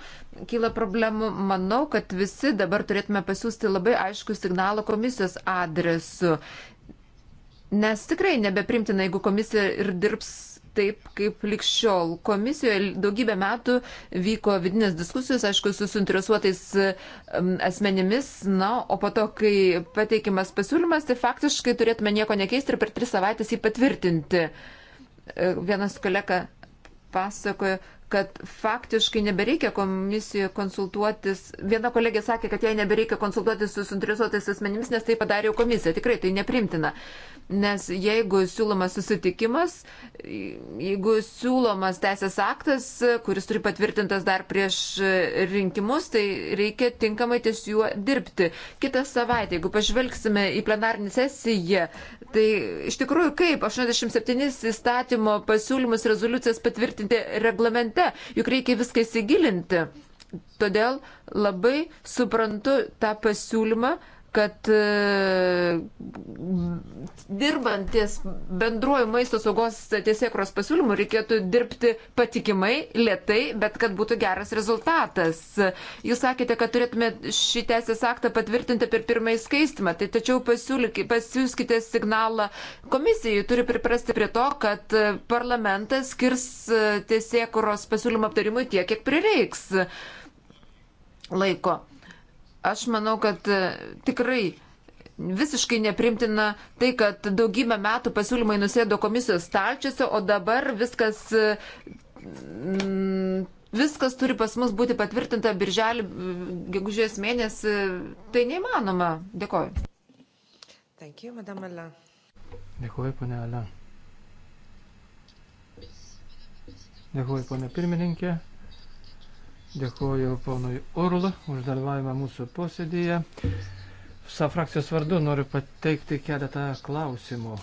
kyla problemų. Manau, kad visi dabar turėtume pasiūsti labai aišku signalą komisijos adresu. Nes tikrai nebeprimtina, jeigu komisija ir dirbs taip, kaip likščiol. Komisijoje daugybę metų vyko vidinės diskusijos, aišku, su suinteresuotais asmenimis, na, o po to, kai pateikimas pasiūlymas, tai faktiškai turėtume nieko nekeisti ir per tris savaitės jį patvirtinti. E, vienas kolega pasakojo, kad faktiškai nebereikia komisijoje konsultuotis. Viena kolegė sakė, kad jai nebereikia konsultuotis su suinteresuotais asmenimis, nes tai padarė jau komisija. Tikrai tai neprimtina. Nes jeigu siūlomas susitikimas, jeigu siūlomas teisės aktas, kuris turi patvirtintas dar prieš rinkimus, tai reikia tinkamai ties juo dirbti. Kitą savaitę, jeigu pažvelgsime į plenarinį sesiją, tai iš tikrųjų kaip 87 įstatymo pasiūlymus rezoliucijas patvirtinti reglamente kontekste, juk reikia viską įsigilinti. Todėl labai suprantu tą pasiūlymą, kad e, dirbantis bendruoju maisto saugos tiesiekros pasiūlymu reikėtų dirbti patikimai, lietai, bet kad būtų geras rezultatas. Jūs sakėte, kad turėtume šį teisės aktą patvirtinti per pirmąjį skaistimą, tai tačiau pasiūskite signalą komisijai, turi priprasti prie to, kad e, parlamentas skirs e, tiesiekros pasiūlymą aptarimui tiek, kiek prireiks laiko. Aš manau, kad e, tikrai visiškai neprimtina tai, kad daugybę metų pasiūlymai nusėdo komisijos stalčiuose, o dabar viskas, e, mm, viskas turi pas mus būti patvirtinta birželį, e, gegužės mėnesį. Tai neįmanoma. Dėkoju. Thank you, Madame Ala. Dėkoju, ponia Ala. Dėkoju, ponia pirmininkė. Dėkuoju ponui Url už dalyvavimą mūsų posėdėje. Sa frakcijos vardu noriu pateikti keletą klausimų,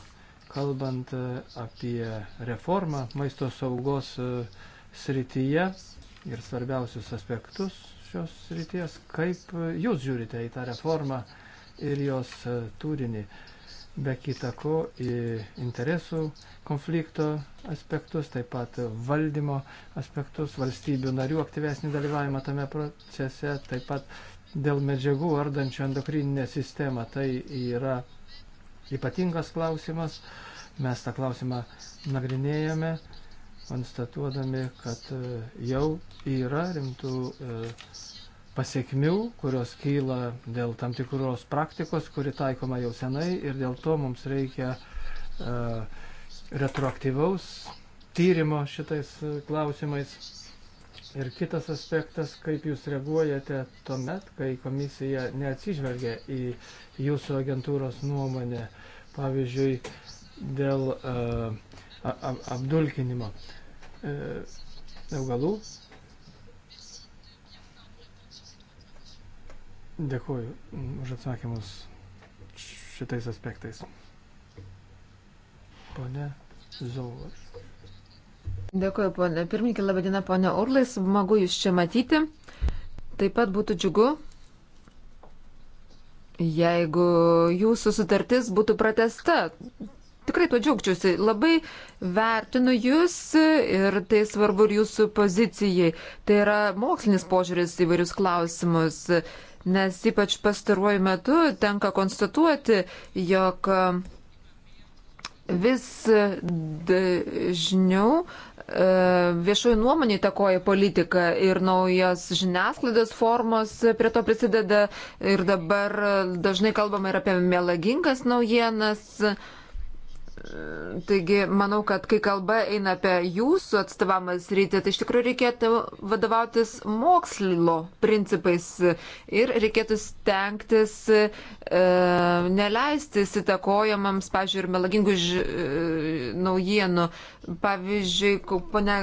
kalbant e, apie reformą maisto saugos e, srityje ir svarbiausius aspektus šios srities. Kaip e, jūs žiūrite į tą reformą ir jos turinį? be kitako į interesų konflikto aspektus, taip pat valdymo aspektus, valstybių narių aktyvesnį dalyvavimą tame procese, taip pat dėl medžiagų ardančių endokrininę sistemą. Tai yra ypatingas klausimas. Mes tą klausimą nagrinėjame, konstatuodami, kad jau yra rimtų. E, pasiekmių, kurios kyla dėl tam tikros praktikos, kuri taikoma jau senai ir dėl to mums reikia uh, retroaktyvaus tyrimo šitais e, klausimais. Ir kitas aspektas, kaip jūs reaguojate tuomet, kai komisija neatsižvelgia į jūsų agentūros nuomonę, pavyzdžiui, dėl uh, apdulkinimo uh, augalų Dėkuoju mm, už atsakymus šitais aspektais. Pone Zauvas. Dėkuoju, ponė. Pirmininkė, labadiena, ponė Urlai, smagu Jūs čia matyti. Taip pat būtų džiugu, jeigu Jūsų sutartis būtų pratesta. Tikrai tuo džiaugčiausi. Labai vertinu Jūs ir tai svarbu ir Jūsų pozicijai. Tai yra mokslinis požiūris įvairius klausimus nes ypač pastaruoju metu tenka konstatuoti, jog e, vis dažniau e, viešoji nuomonė įtakoja politiką ir naujos žiniasklaidos formos prie to prisideda ir dabar dažnai kalbama ir apie melagingas naujienas. Taigi, manau, kad kai kalba eina apie jūsų atstovamą sritį, tai iš tikrųjų reikėtų vadovautis mokslo principais ir reikėtų stengtis e, neleisti sitakojamams, pažiūrėjau, ir melagingų ž, e, naujienų. Pavyzdžiui, ponia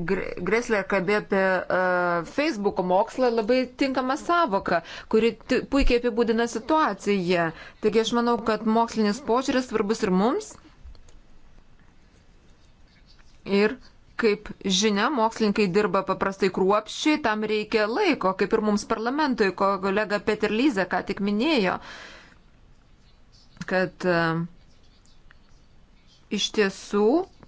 Greslė kalbėjo apie uh, Facebook'o mokslą labai tinkamą savoką, kuri puikiai apibūdina situaciją. Taigi aš manau, kad mokslinis požiūris svarbus ir mums. Uh, Ir kaip žinia, mokslininkai dirba paprastai kruopščiai, tam reikia laiko, kaip ir mums parlamentui, ko kolega Peter Lyze ką tik minėjo, kad e, iš tiesų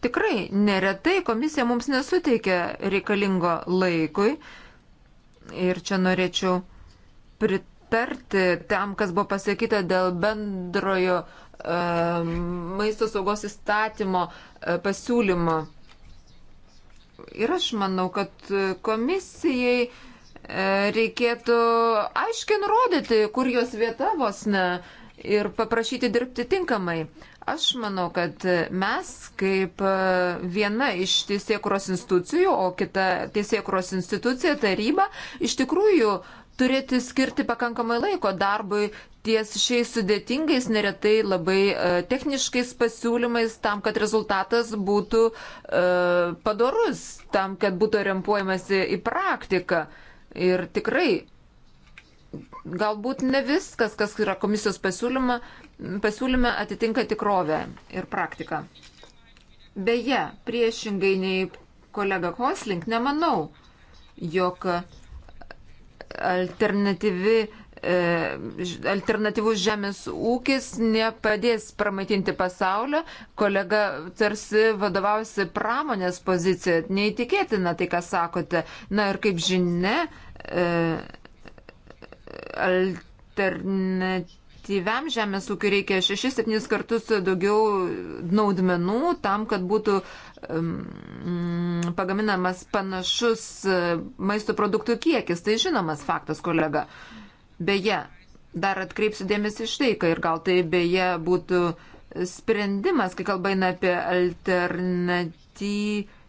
tikrai neretai komisija mums nesuteikia reikalingo laikui. Ir čia norėčiau pritarti tam, kas buvo pasakyta dėl bendrojo e, maisto saugos įstatymo e, pasiūlymo. Ir aš manau, kad komisijai e, reikėtų aiškiai nurodyti, kur jos vieta vos ne ir paprašyti dirbti tinkamai. Aš manau, kad mes kaip e, viena iš teisėkuros institucijų, o kita teisėkuros institucija taryba iš tikrųjų turėti skirti pakankamai laiko darbui ties šiais sudėtingais, neretai labai e, techniškais pasiūlymais tam, kad rezultatas būtų e, padorus, tam, kad būtų orientuojamasi į praktiką. Ir tikrai, galbūt ne viskas, kas yra komisijos pasiūlyme, pasiūlyme atitinka tikrovę ir praktiką. Beje, priešingai nei kolega Hoslink, nemanau, jog alternatyvi e, alternatyvus žemės ūkis nepadės pramaitinti pasaulio, kolega tarsi vadovausi pramonės poziciją, neįtikėtina tai, ką sakote. Na ir kaip žinia, e, alternatyvi aktyviam žemės ūkiu reikia 6-7 kartus daugiau naudmenų tam, kad būtų um, pagaminamas panašus e, maisto produktų kiekis. Tai žinomas faktas, kolega. Beje, dar atkreipsiu dėmesį iš tai, ir gal tai beje būtų sprendimas, kai kalba eina apie alternatyvą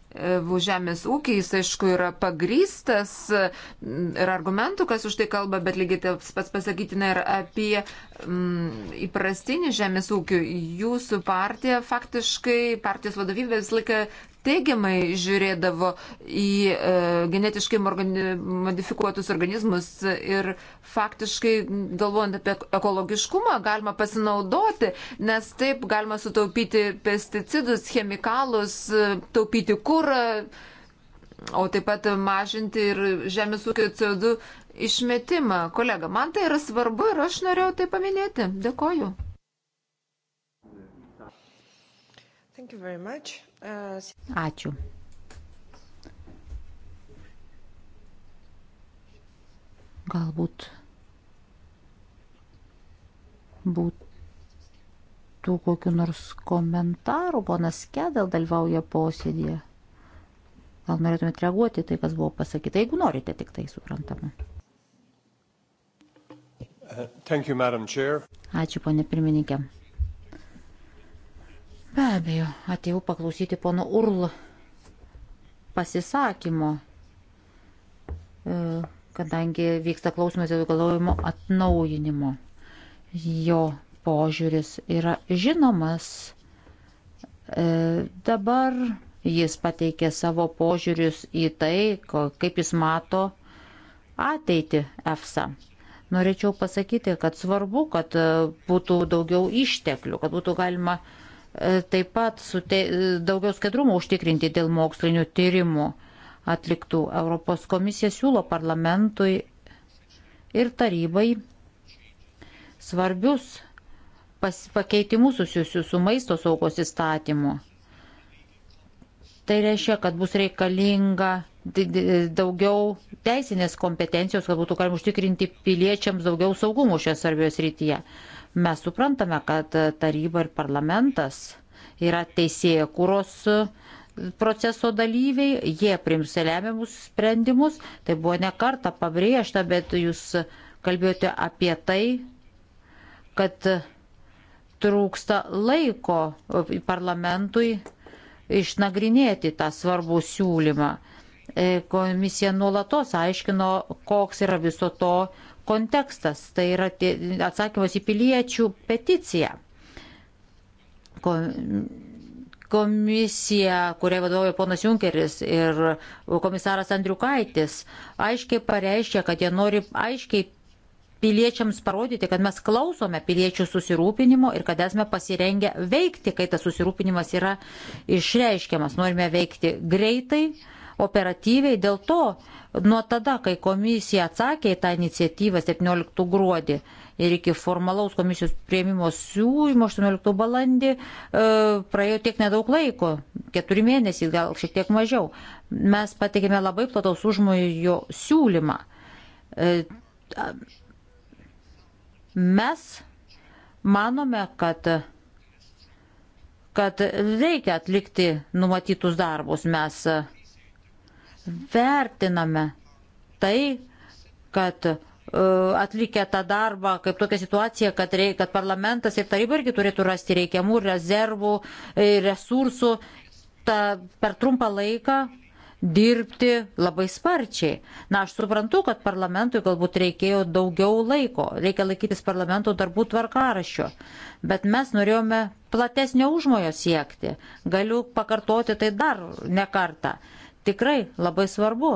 žemės ūkiais, aišku, yra pagrystas ir argumentų, kas už tai kalba, bet lygiai tas pats pasakytina ir apie mm, įprastinis žemės ūkiu, jūsų partija faktiškai, partijos vadovybė visą laiką teigiamai žiūrėdavo į e, genetiškai modifikuotus organizmus ir faktiškai, galvojant apie ekologiškumą, galima pasinaudoti, nes taip galima sutaupyti pesticidus, chemikalus, e, taupyti kūrą. O taip pat mažinti ir žemės ūkio CO2 išmetimą. Kolega, man tai yra svarbu ir aš norėjau tai paminėti. Dėkoju. Uh, Ačiū. Galbūt būtų kokiu nors komentaru, ponas Kedel dalyvauja posėdėje. Gal norėtumėte reaguoti tai, kas buvo pasakyta, jeigu norite, tik tai suprantama. Thank you, Madam Chair. Ačiū, ponė pirmininkė. Be abejo, atėjau paklausyti pono Url pasisakymo, e, kadangi vyksta klausimas dėl galvojimo atnaujinimo. Jo požiūris yra žinomas. E, dabar jis pateikė savo požiūrius į tai, kaip jis mato ateitį EFSA. Norėčiau pasakyti, kad svarbu, kad e, būtų daugiau išteklių, kad būtų galima e, taip pat sute, e, daugiau skaidrumo užtikrinti dėl mokslinių tyrimų atliktų. Europos komisija siūlo parlamentui ir tarybai svarbius pakeitimus susijusius su maisto saugos įstatymu Tai reiškia, kad bus reikalinga daugiau teisinės kompetencijos, kad būtų galima užtikrinti piliečiams daugiau saugumo šioje svarbioje srityje. Mes suprantame, kad taryba ir parlamentas yra teisėja kūros proceso dalyviai, jie prims lemiamus sprendimus, tai buvo ne kartą pabrėžta, bet jūs kalbėjote apie tai, kad trūksta laiko parlamentui išnagrinėti tą svarbų siūlymą. E, komisija nuolatos aiškino, koks yra viso to kontekstas. Tai yra atsakymas į piliečių peticiją. Komisija, kuriai vadovauja ponas Junkeris ir komisaras Andriukaitis, aiškiai pareiškia, kad jie nori aiškiai piliečiams parodyti, kad mes klausome piliečių susirūpinimo ir kad esame pasirengę veikti, kai tas susirūpinimas yra išreiškiamas. Norime veikti greitai, operatyviai. Dėl to nuo tada, kai komisija atsakė į tą iniciatyvą 17 gruodį ir iki formalaus komisijos prieimimo siūlymo 18 balandį e, praėjo tiek nedaug laiko, keturi mėnesiai, gal šiek tiek mažiau. Mes pateikėme labai plataus užmojo siūlymą. E, Mes manome, kad kad reikia atlikti numatytus darbus. Mes vertiname tai, kad e, atlikę tą darbą, kaip tokia situacija, kad, reik, kad parlamentas ir taryba irgi turėtų rasti reikiamų rezervų ir resursų ta, per trumpą laiką, dirbti labai sparčiai. Na, aš suprantu, kad parlamentui galbūt reikėjo daugiau laiko, reikia laikytis parlamento darbų tvarkaraščio, bet mes norėjome platesnio užmojo siekti. Galiu pakartoti tai dar ne kartą. Tikrai labai svarbu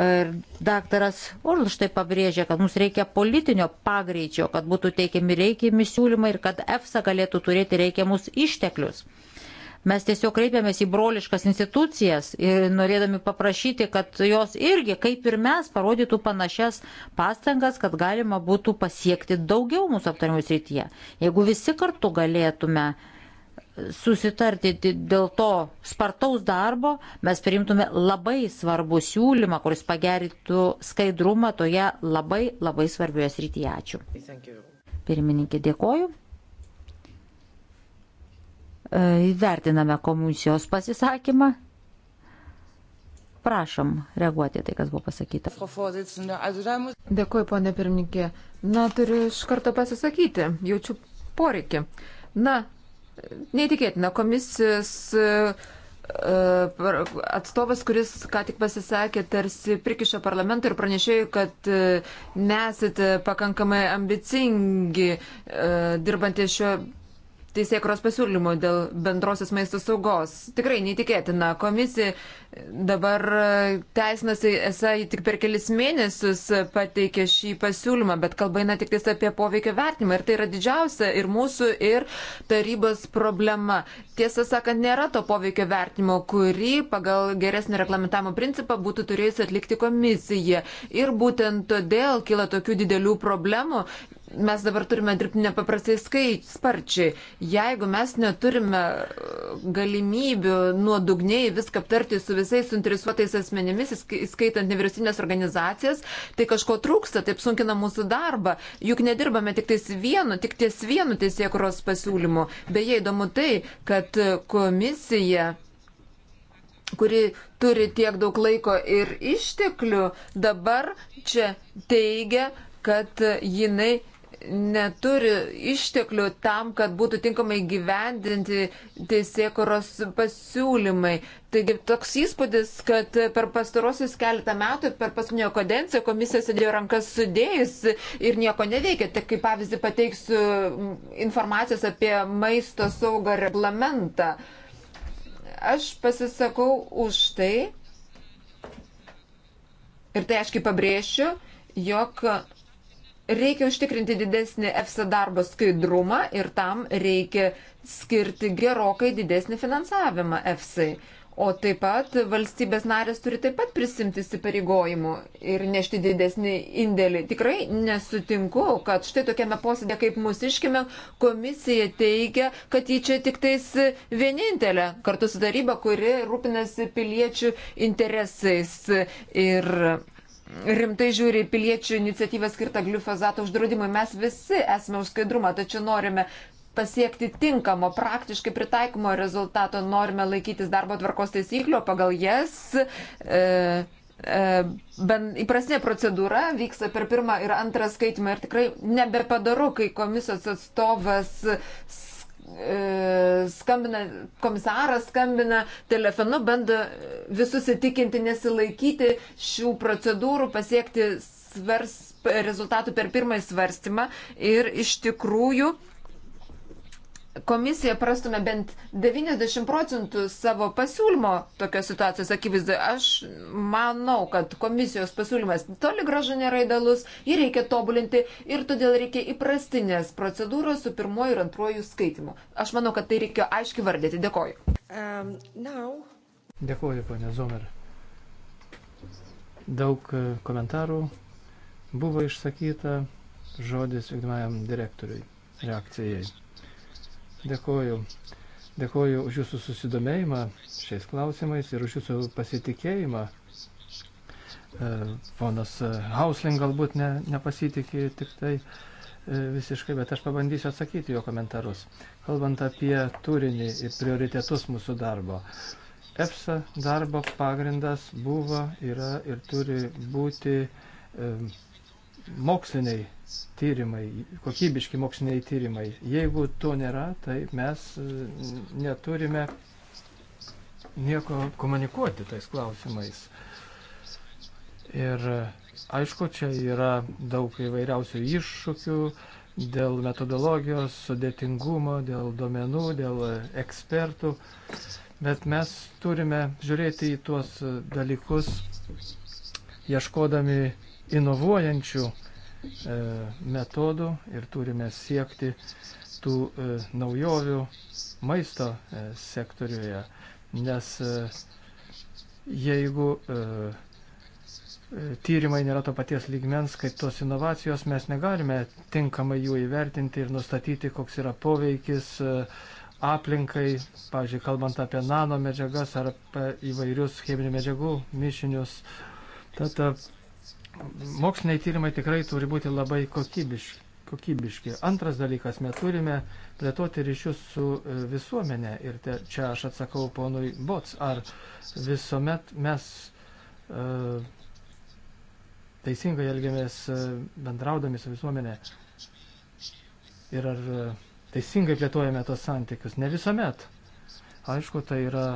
Ir daktaras Orlštai pabrėžė, kad mums reikia politinio pagreičio, kad būtų teikiami reikiami siūlymai ir kad EFSA galėtų turėti reikiamus išteklius. Mes tiesiog kreipiamės į broliškas institucijas ir norėdami paprašyti, kad jos irgi, kaip ir mes, parodytų panašias pastangas, kad galima būtų pasiekti daugiau mūsų aptariamų srityje. Jeigu visi kartu galėtume susitarti dėl to spartaus darbo, mes priimtume labai svarbų siūlymą, kuris pagerintų skaidrumą toje labai labai svarbioje srityje. Ačiū. Pirmininkė, dėkoju. E, įvertiname komisijos pasisakymą. Prašom reaguoti tai, kas buvo pasakyta. Dėkuoju, ponė pirmininkė. Na, turiu iš karto pasisakyti. Jaučiu poreikį. Na, neįtikėtina, komisijos e, e, atstovas, kuris ką tik pasisakė, tarsi prikišo parlamentą ir pranešėjo, kad nesate pakankamai ambicingi dirbantys šio teisėkros pasiūlymo dėl bendrosios maisto saugos. Tikrai neįtikėtina. Komisija dabar teisinasi, esai tik per kelis mėnesius pateikė šį pasiūlymą, bet kalba eina tik apie poveikio vertinimą. Ir tai yra didžiausia ir mūsų, ir tarybos problema. Tiesą sakant, nėra to poveikio vertinimo, kurį pagal geresnį reglamentavimo principą būtų turėjusi atlikti komisija. Ir būtent todėl kyla tokių didelių problemų mes dabar turime dirbti nepaprastai skait, sparčiai. Jeigu mes neturime uh, galimybių nuodugniai viską aptarti su visais suinteresuotais asmenimis, įskaitant nevyriausybinės organizacijas, tai kažko trūksta, taip sunkina mūsų darbą. Juk nedirbame tik ties vienu, tik ties vienu teisėkuros pasiūlymu. Beje, įdomu tai, kad komisija kuri turi tiek daug laiko ir išteklių, dabar čia teigia, kad jinai neturi išteklių tam, kad būtų tinkamai gyvendinti teisėkuros pasiūlymai. Taigi toks įspūdis, kad per pastarosius keletą metų, per paskutinio kadenciją komisija sėdėjo rankas sudėjus ir nieko neveikė. Tik kaip pavyzdį pateiksiu informacijos apie maisto saugą reglamentą. Aš pasisakau už tai, ir tai aiškiai pabrėšiu, jog Reikia užtikrinti didesnį EFSA darbo skaidrumą ir tam reikia skirti gerokai didesnį finansavimą EFSA. O taip pat valstybės narės turi taip pat prisimti įsipareigojimų ir nešti didesnį indėlį. Tikrai nesutinku, kad štai tokiame posėdė kaip mūsiškime komisija teigia, kad jį čia tik tais vienintelė kartu su taryba, kuri rūpinasi piliečių interesais. Ir rimtai žiūri piliečių iniciatyvą skirtą glifozato uždraudimui. Mes visi esame už skaidrumą, tačiau norime pasiekti tinkamo, praktiškai pritaikomo rezultato, norime laikytis darbo tvarkos taisyklių, pagal jas. E, e, Ben, įprasnė procedūra vyksta per pirmą ir antrą skaitimą ir tikrai nebepadaru, kai komisijos atstovas E, skambina, komisaras skambina telefonu, bando visus įtikinti nesilaikyti šių procedūrų, pasiekti svars, rezultatų per pirmąjį svarstymą ir iš tikrųjų komisija prastume bent 90 procentų savo pasiūlymo tokios situacijos akivaizdoje. Aš manau, kad komisijos pasiūlymas toli gražu nėra idealus, jį reikia tobulinti ir todėl reikia įprastinės procedūros su pirmoju ir antruoju skaitimu. Aš manau, kad tai reikia aiškiai vardyti. Dėkoju. Um, now... Dėkoju, ponė Zomer. Daug e, komentarų buvo išsakyta žodis vykdomajam direktoriui reakcijai. Dėkoju. Dėkoju už jūsų susidomėjimą šiais klausimais ir už jūsų pasitikėjimą. E, ponas Hausling galbūt ne, nepasitikė tik tai e, visiškai, bet aš pabandysiu atsakyti jo komentarus. Kalbant apie turinį ir prioritetus mūsų darbo. EFSA darbo pagrindas buvo, yra ir turi būti e, moksliniai tyrimai, kokybiški moksliniai tyrimai. Jeigu to nėra, tai mes e, neturime nieko komunikuoti tais klausimais. Ir e, aišku, čia yra daug įvairiausių iššūkių dėl metodologijos, sudėtingumo, dėl domenų, dėl e, ekspertų, bet mes turime žiūrėti į tuos dalykus, ieškodami inovuojančių e, metodų ir turime siekti tų e, naujovių maisto e, sektoriuje, nes jeigu tyrimai nėra to paties lygmens, kaip tos inovacijos, mes negalime tinkamai jų įvertinti ir nustatyti, koks yra poveikis aplinkai, pavyzdžiui, kalbant apie nano medžiagas ar įvairius cheminių medžiagų mišinius. Tad moksliniai tyrimai tikrai turi būti labai kokybiški. kokybiški. Antras dalykas, mes turime plėtoti ryšius su e, visuomenė ir te, čia aš atsakau ponui Bots, ar visuomet mes e, teisingai elgiamės e, bendraudami su visuomenė ir ar e, teisingai plėtojame tos santykius. Ne visuomet. Aišku, tai yra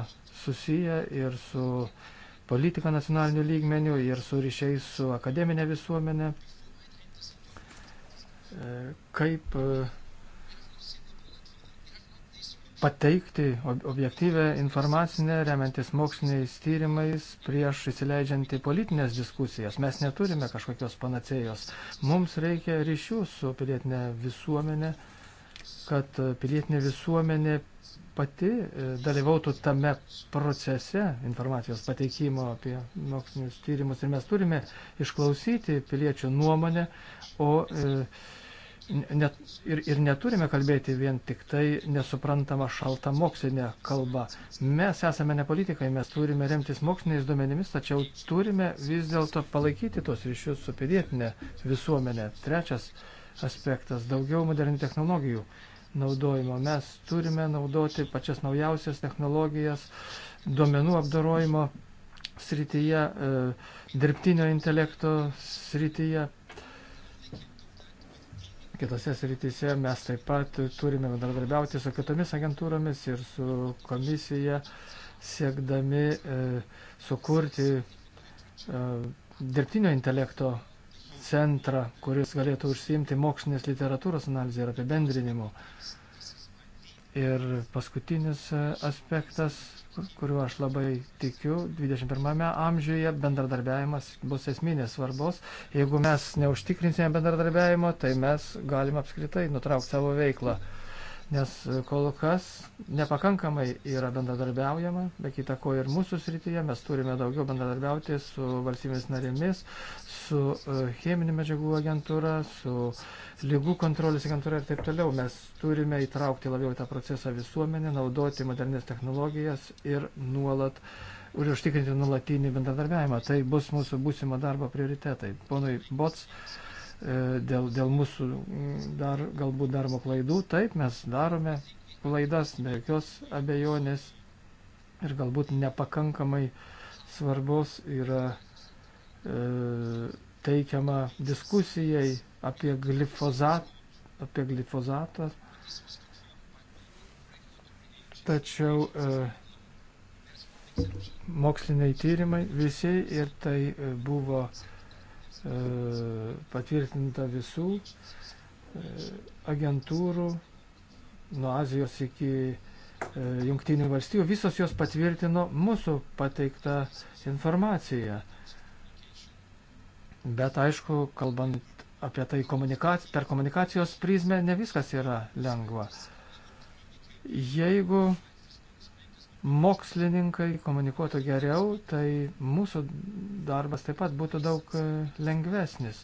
susiję ir su politiką nacionaliniu lygmeniu ir su ryšiais su akademinė visuomenė, e, kaip e, pateikti objektyvę informacinę, remiantis moksliniais tyrimais, prieš įsileidžiant į politinės diskusijas. Mes neturime kažkokios panacėjos. Mums reikia ryšių su pilietinė visuomenė, kad pilietinė visuomenė pati e, dalyvautų tame procese informacijos pateikimo apie mokslinius tyrimus. Ir mes turime išklausyti piliečių nuomonę, o e, net, ir, ir neturime kalbėti vien tik tai nesuprantama šalta mokslinė kalba. Mes esame ne politikai, mes turime remtis moksliniais duomenimis, tačiau turime vis dėlto palaikyti tos ryšius su pilietinė visuomenė. Trečias aspektas - daugiau modernių technologijų naudojimo. Mes turime naudoti pačias naujausias technologijas duomenų apdarojimo srityje, e, dirbtinio intelekto srityje. Kitose srityse mes taip pat turime bendradarbiauti su kitomis agentūromis ir su komisija, siekdami e, sukurti e, dirbtinio intelekto centrą, kuris galėtų užsiimti mokslinės literatūros analizę ir apibendrinimu. Ir paskutinis e, aspektas, kuriuo aš labai tikiu, 21 amžiuje bendradarbiavimas bus esminės svarbos. Jeigu mes neužtikrinsime bendradarbiavimo, tai mes galime apskritai nutraukti savo veiklą. Mhm nes kol kas nepakankamai yra bendradarbiaujama, be kita ko ir mūsų srityje mes turime daugiau bendradarbiauti su valstybės narėmis, su e, cheminių medžiagų agentūra, su lygų kontrolės agentūra ir taip toliau. Mes turime įtraukti labiau į tą procesą visuomenę, naudoti modernės technologijas ir nuolat ir užtikrinti nulatinį bendradarbiavimą. Tai bus mūsų būsimo darbo prioritetai. Ponui Bots E, dėl, dėl mūsų mm, dar, galbūt darbo klaidų. Taip, mes darome klaidas be jokios abejonės ir galbūt nepakankamai svarbos yra e, teikiama diskusijai apie, glifozat, apie glifozatą. Tačiau e, moksliniai tyrimai visi ir tai e, buvo e, E, patvirtinta visų e, agentūrų nuo Azijos iki e, Junktinių valstybių. Visos jos patvirtino mūsų pateiktą informaciją. Bet aišku, kalbant apie tai komunikac per komunikacijos prizmę, ne viskas yra lengva. Jeigu mokslininkai komunikuotų geriau, tai mūsų darbas taip pat būtų daug e, lengvesnis.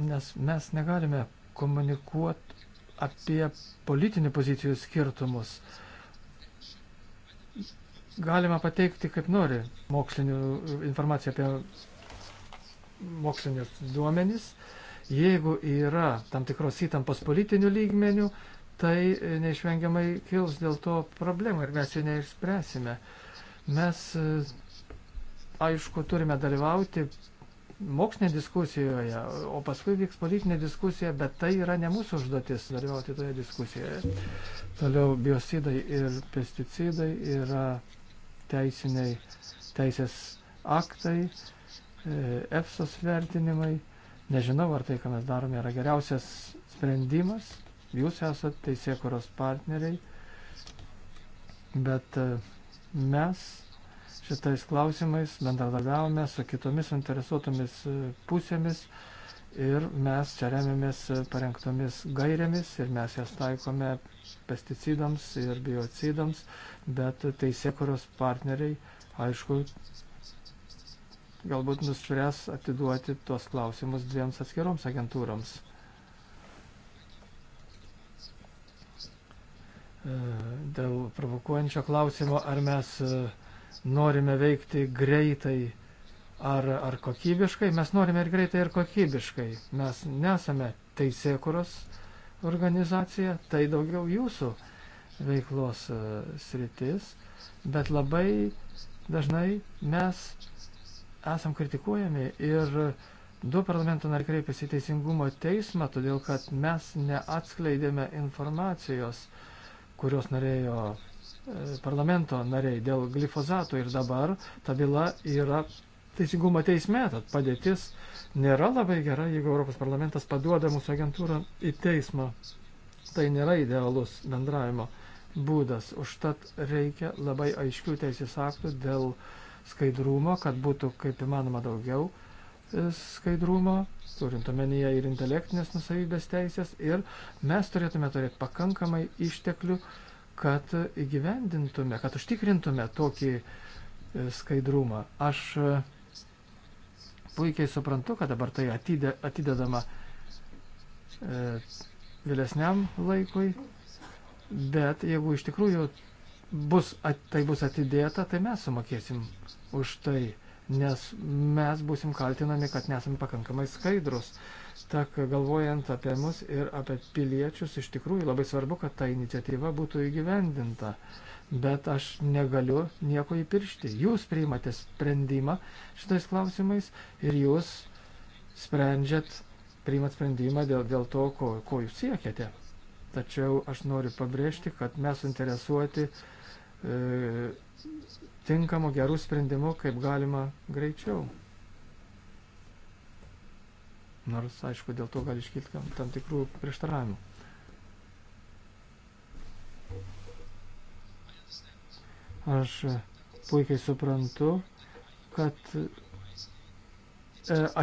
Nes mes negalime komunikuoti apie politinių pozicijų skirtumus. Galima pateikti kaip nori mokslinių informaciją apie mokslinius duomenis. Jeigu yra tam tikros įtampos politinių lygmenių, tai neišvengiamai kils dėl to problemų ir mes jų neišspręsime. Mes, e, aišku, turime dalyvauti mokslinė diskusijoje, o paskui vyks politinė diskusija, bet tai yra ne mūsų užduotis dalyvauti toje diskusijoje. Toliau biosidai ir pesticidai yra teisiniai, teisės aktai, e, EFSOS vertinimai. Nežinau, ar tai, ką mes darome, yra geriausias sprendimas, Jūs esat teisėkuros partneriai, bet e, mes šitais klausimais bendradarbiavome su kitomis interesuotomis e, pusėmis ir mes čia remiamės e, parengtomis gairėmis ir mes jas taikome pesticidams ir biocidams, bet teisėkuros partneriai, aišku, galbūt nuspręs atiduoti tuos klausimus dviems atskiroms agentūroms. E, dėl provokuojančio klausimo, ar mes e, norime veikti greitai ar, ar kokybiškai. Mes norime ir greitai, ir kokybiškai. Mes nesame teisėkuros organizacija, tai daugiau jūsų veiklos e, sritis, bet labai dažnai mes esam kritikuojami ir du parlamento nariai kreipėsi į teisingumo teismą, todėl kad mes neatskleidėme informacijos uh, kurios norėjo e, parlamento nariai dėl glifozato ir dabar ta byla yra teisingumo teisme, tad padėtis nėra labai gera, jeigu Europos parlamentas paduoda mūsų agentūrą į teismą. Tai nėra idealus bendravimo būdas, užtat reikia labai aiškių teisės aktų dėl skaidrumo, kad būtų kaip įmanoma daugiau skaidrumo, turint omenyje ir intelektinės nusavybės teisės, ir mes turėtume turėti pakankamai išteklių, kad įgyvendintume, kad užtikrintume tokį e, skaidrumą. Aš e, puikiai suprantu, kad dabar tai atidė, atidedama e, vėlesniam laikui, bet jeigu iš tikrųjų bus, at, tai bus atidėta, tai mes sumokėsim už tai. E, nes mes būsim kaltinami, kad nesam pakankamai skaidrus. Tak galvojant apie mus ir apie piliečius, iš tikrųjų labai svarbu, kad ta iniciatyva būtų įgyvendinta. Bet aš negaliu nieko įpiršti. Jūs priimate sprendimą šitais klausimais ir jūs sprendžiat, priimat sprendimą dėl, dėl to, ko, ko jūs siekiate. Tačiau aš noriu pabrėžti, kad mes interesuoti e, tinkamu, gerų sprendimu, kaip galima greičiau. Nors, aišku, dėl to gali iškilti tam tikrų prieštaravimų. Aš puikiai suprantu, kad e,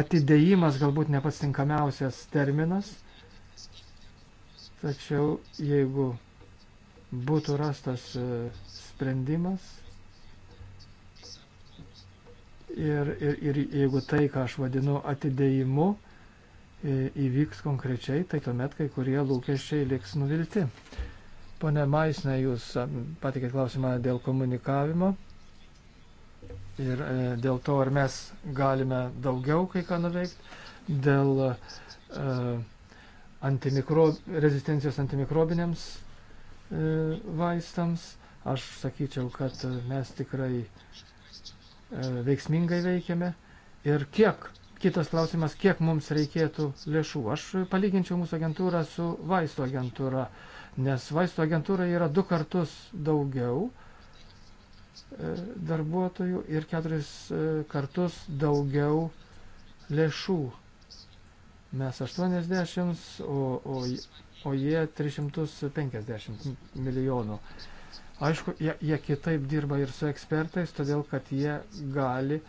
atidėjimas galbūt nepastinkamiausias terminas, tačiau jeigu būtų rastas e, sprendimas, ir, ir, ir jeigu tai, ką aš vadinu atidėjimu, e, įvyks konkrečiai, tai tuomet kai kurie lūkesčiai liks nuvilti. Pone Maisne, jūs e, patikėt klausimą dėl komunikavimo ir e, dėl to, ar mes galime daugiau kai ką nuveikti, dėl e, antimikro, rezistencijos antimikrobinėms e, vaistams. Aš sakyčiau, kad mes tikrai e, E, veiksmingai veikiame ir kiek, kitas klausimas, kiek mums reikėtų lėšų. Aš palyginčiau mūsų agentūrą su vaisto agentūra, nes vaisto agentūra yra du kartus daugiau e, darbuotojų ir keturis e, kartus daugiau lėšų. Mes 80, o, o, o jie 350 milijonų. Aišku, jie, jie kitaip dirba ir su ekspertais, todėl kad jie gali e,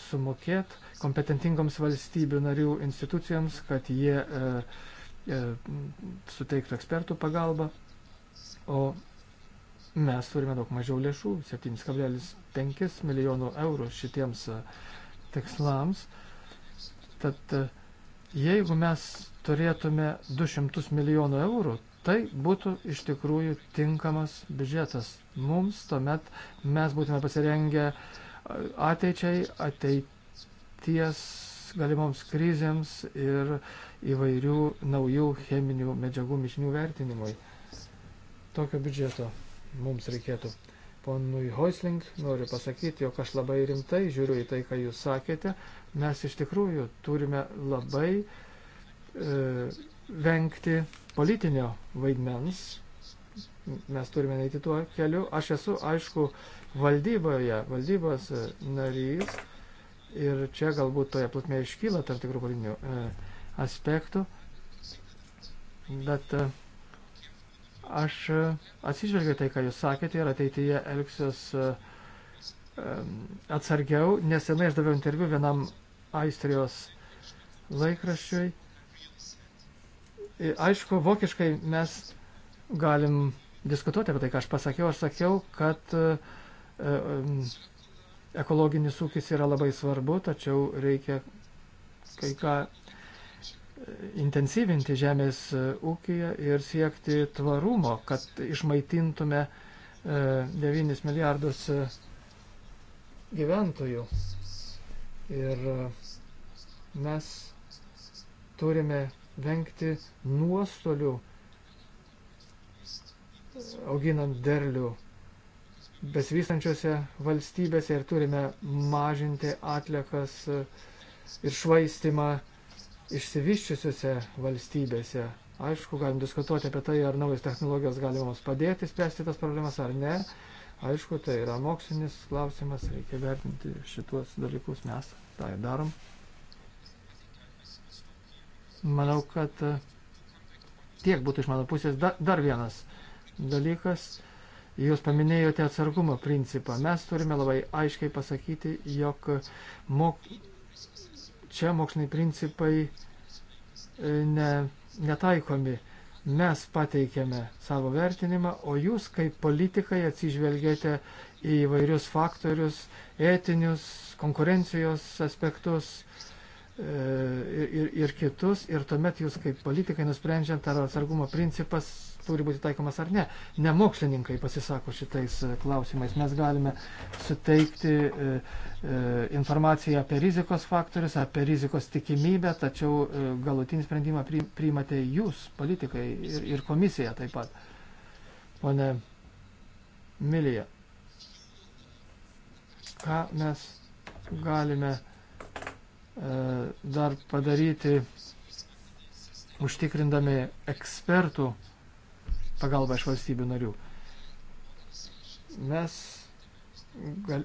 sumokėti kompetentingoms valstybių narių institucijoms, kad jie e, e, suteiktų ekspertų pagalbą. O mes turime daug mažiau lėšų, 7,5 milijonų eurų šitiems e, tikslams. Tad e, jeigu mes turėtume 200 milijonų eurų, Tai būtų iš tikrųjų tinkamas biudžetas. Mums tuomet mes būtume pasirengę ateičiai, ateities galimoms krizėms ir įvairių naujų cheminių medžiagų mišinių vertinimui. Tokio biudžeto mums reikėtų. Ponui Hoisling noriu pasakyti, jog aš labai rimtai žiūriu į tai, ką jūs sakėte. Mes iš tikrųjų turime labai e, vengti politinio vaidmens. Mes turime neiti tuo keliu. Aš esu, aišku, valdyboje, valdybos e, narys ir čia galbūt toje plotmėje iškyla tam tikrų politinių e, aspektų. Bet e, aš e, atsižvelgiu tai, ką jūs sakėte ir ateityje elgsiuos e, e atsargiau. Nesenai aš daviau interviu vienam Aistrijos laikraščiui E, aišku, vokiškai mes galim diskutuoti apie tai, ką aš pasakiau. Aš sakiau, kad e, e, ekologinis ūkis yra labai svarbu, tačiau reikia kai ką intensyvinti žemės ūkiją ir siekti tvarumo, kad išmaitintume 9 milijardus gyventojų. Ir mes turime vengti nuostolių auginant derlių besivystančiose valstybėse ir turime mažinti atlikas e, ir švaistimą išsivyščiusiuose valstybėse. Aišku, galim diskutuoti apie tai, ar naujas technologijos gali mums padėti spręsti tas problemas ar ne. Aišku, tai yra mokslinis klausimas, reikia vertinti šitos dalykus, mes tą tai darom. Manau, kad e, tiek būtų iš mano pusės. Da, dar vienas dalykas. Jūs paminėjote atsargumo principą. Mes turime labai aiškiai pasakyti, jog mok... čia moksliniai principai e, ne, netaikomi. Mes pateikėme savo vertinimą, o jūs kaip politikai atsižvelgėte į įvairius faktorius, etinius, konkurencijos aspektus E, ir, ir kitus, ir tuomet jūs kaip politikai nusprendžiant, ar atsargumo principas turi būti taikomas ar ne. Ne mokslininkai pasisako šitais e, klausimais. Mes galime suteikti e, e, informaciją apie rizikos faktorius, apie rizikos tikimybę, tačiau e, galutinį sprendimą priimate jūs, politikai ir, ir komisija taip pat. Pone Milija, ką mes galime E, dar padaryti užtikrindami ekspertų pagalbą iš valstybių narių. Mes, gal,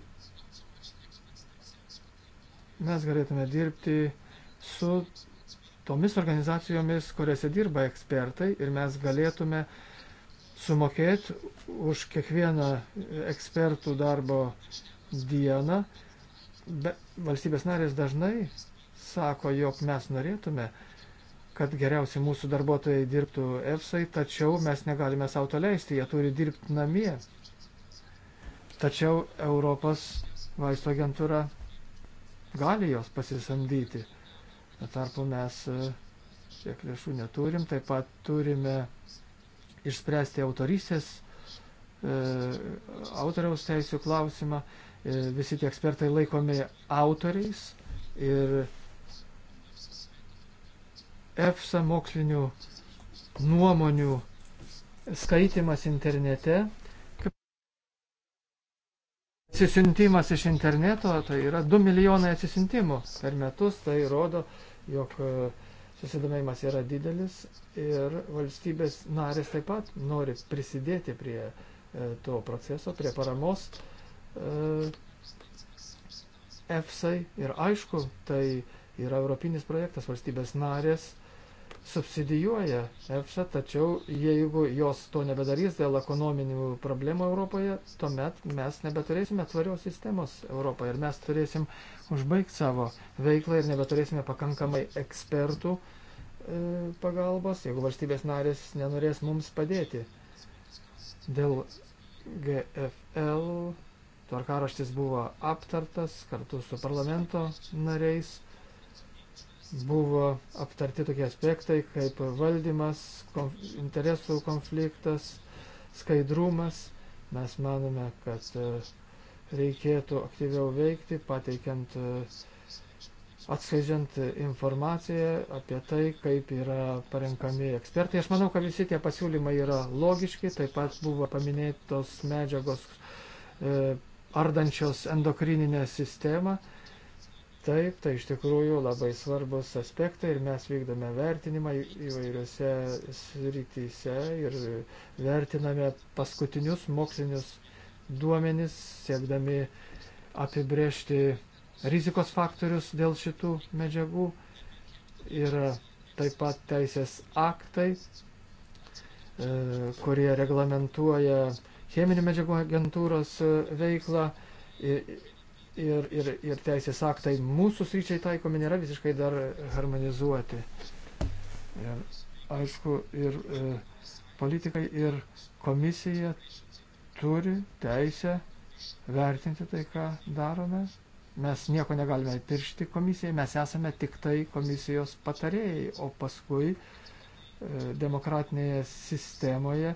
mes galėtume dirbti su tomis organizacijomis, kuriuose dirba ekspertai ir mes galėtume sumokėti už kiekvieną ekspertų darbo dieną be, valstybės narės dažnai sako, jog mes norėtume, kad geriausiai mūsų darbuotojai dirbtų EFSAI, tačiau mes negalime savo to leisti, jie turi dirbti namie. Tačiau Europos vaisto agentūra gali jos pasisamdyti. Tarpu mes e, tiek lėšų neturim, taip pat turime išspręsti autorystės, e, autoriaus teisų klausimą. E, E, visi tie ekspertai laikomi autoriais ir EFSA mokslinių nuomonių skaitimas internete, atsisintimas iš interneto, tai yra 2 milijonai atsisintimų per metus, tai rodo, jog e, susidomėjimas yra didelis ir valstybės narės taip pat nori prisidėti prie e, to proceso, prie paramos. EFSAI ir aišku, tai yra europinis projektas, valstybės narės subsidijuoja EFSA, tačiau jeigu jos to nebedarys dėl ekonominių problemų Europoje, tuomet mes nebeturėsime tvarios sistemos Europoje ir mes turėsim užbaigti savo veiklą ir nebeturėsime pakankamai ekspertų e, pagalbos, jeigu valstybės narės nenorės mums padėti. Dėl GFL Tvarkaraštis buvo aptartas kartu su parlamento nariais. Buvo aptarti tokie aspektai kaip valdymas, konf interesų konfliktas, skaidrumas. Mes manome, kad e, reikėtų aktyviau veikti, pateikiant e, atskleidžiant informaciją apie tai, kaip yra parenkami ekspertai. Aš manau, kad visi tie pasiūlymai yra logiški, taip pat buvo paminėtos medžiagos e, ardančios endokrininę sistemą. Taip, tai iš tikrųjų labai svarbus aspektai ir mes vykdome vertinimą įvairiose srityse ir vertiname paskutinius mokslinius duomenis, siekdami apibriežti rizikos faktorius dėl šitų medžiagų. Yra taip pat teisės aktai, e, kurie reglamentuoja cheminių medžiagų agentūros e, veiklą ir, ir, ir, ir teisės aktai mūsų sryčiai taikomi nėra visiškai dar harmonizuoti. Ir, aišku, ir e, politikai, ir komisija turi teisę vertinti tai, ką darome. Mes nieko negalime piršti komisijai, mes esame tik tai komisijos patarėjai, o paskui e, demokratinėje sistemoje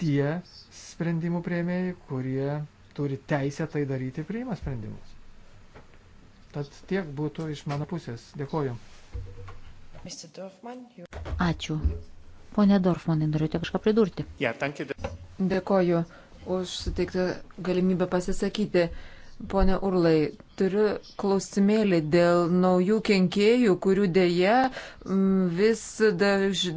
tie sprendimų prieimėjai, kurie turi teisę tai daryti, priima sprendimus. Tad tiek būtų iš mano pusės. Dėkoju. Ačiū. Pone Dorfmanai, norėjote kažką pridurti? Dėkoju už suteiktą galimybę pasisakyti. Pone Urlai, turiu klausimėlį dėl naujų kenkėjų, kurių dėje mm, vis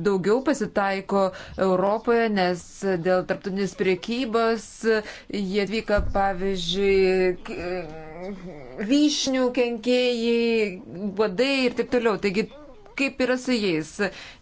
daugiau pasitaiko Europoje, nes dėl tarptautinės priekybos jie atvyka, pavyzdžiui, vyšnių kenkėjai, vadai ir taip toliau. Taigi kaip yra su jais.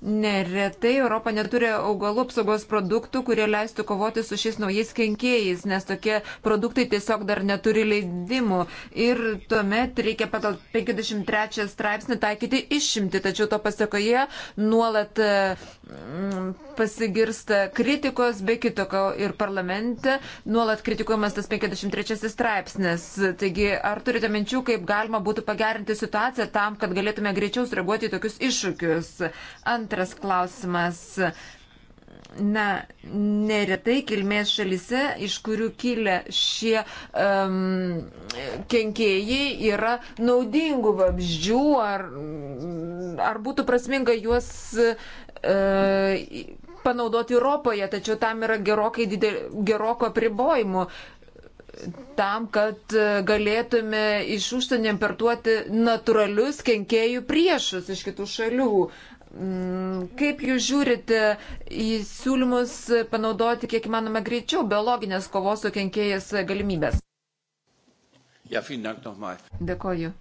Neretai Europa neturi augalų apsaugos produktų, kurie leistų kovoti su šiais naujais kenkėjais, nes tokie produktai tiesiog dar neturi leidimų. Ir tuomet reikia pagal 53 straipsnį taikyti išimti, tačiau to pasakoje nuolat mm, pasigirsta kritikos, be kitoko ir parlamente nuolat kritikuojamas tas 53 straipsnis. Taigi, ar turite minčių, kaip galima būtų pagerinti situaciją tam, kad galėtume greičiau sureaguoti į tokius iššūkius. Antras klausimas. Na, neretai kilmės šalise, iš kurių kilia šie um, kenkėjai, yra naudingų vabzdžių, ar, ar būtų prasminga juos uh, panaudoti Europoje, tačiau tam yra gerokai didel, geroko pribojimų. Uh, tam, kad e, galėtume iš užsienio importuoti natūralius kenkėjų priešus iš kitų šalių. Mm, kaip jūs žiūrite į siūlymus panaudoti kiek įmanoma greičiau biologinės kovos su kenkėjas galimybės? Ja, Dėkoju.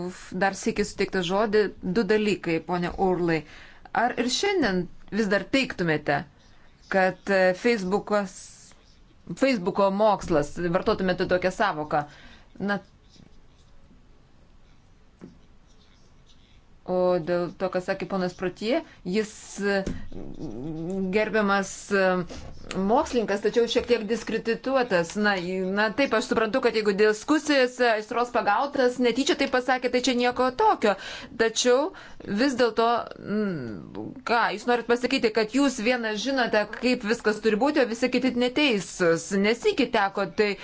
Uf, dar sėki suteikta žodį. Du dalykai, ponia Urlai. Ar ir šiandien vis dar teiktumėte, kad e, Facebookas Facebooko mokslas, vartotumėte tokią savoką. Na O dėl to, ką sakė ponas Protie, jis mm, gerbiamas mm, mokslininkas, tačiau šiek tiek diskredituotas. Na, na, taip, aš suprantu, kad jeigu diskusijose aistros pagautas netyčia tai pasakė, tai čia nieko tokio. Tačiau vis dėlto, mm, ką, jūs norit pasakyti, kad jūs vieną žinote, kaip viskas turi būti, o visi kiti neteisus. Nesikiteko tai e,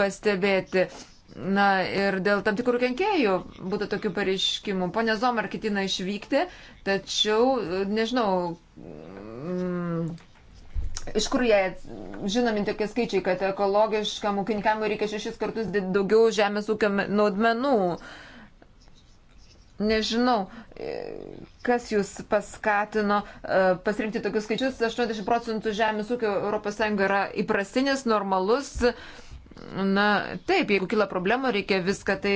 pastebėti. Na ir dėl tam tikrų kenkėjų būtų tokių pareiškimų. Pone Zomar ketina išvykti, tačiau e, nežinau, mm, iš kur jie žinomi tokie skaičiai, kad ekologiškam ūkininkavimui reikia šešis kartus daugiau žemės ūkio naudmenų. Nežinau, e, kas jūs paskatino e, pasirinkti tokius skaičius. 80 procentų žemės ūkio ES yra įprastinis, normalus. Uh, Na, taip, jeigu kila problema, reikia viską tai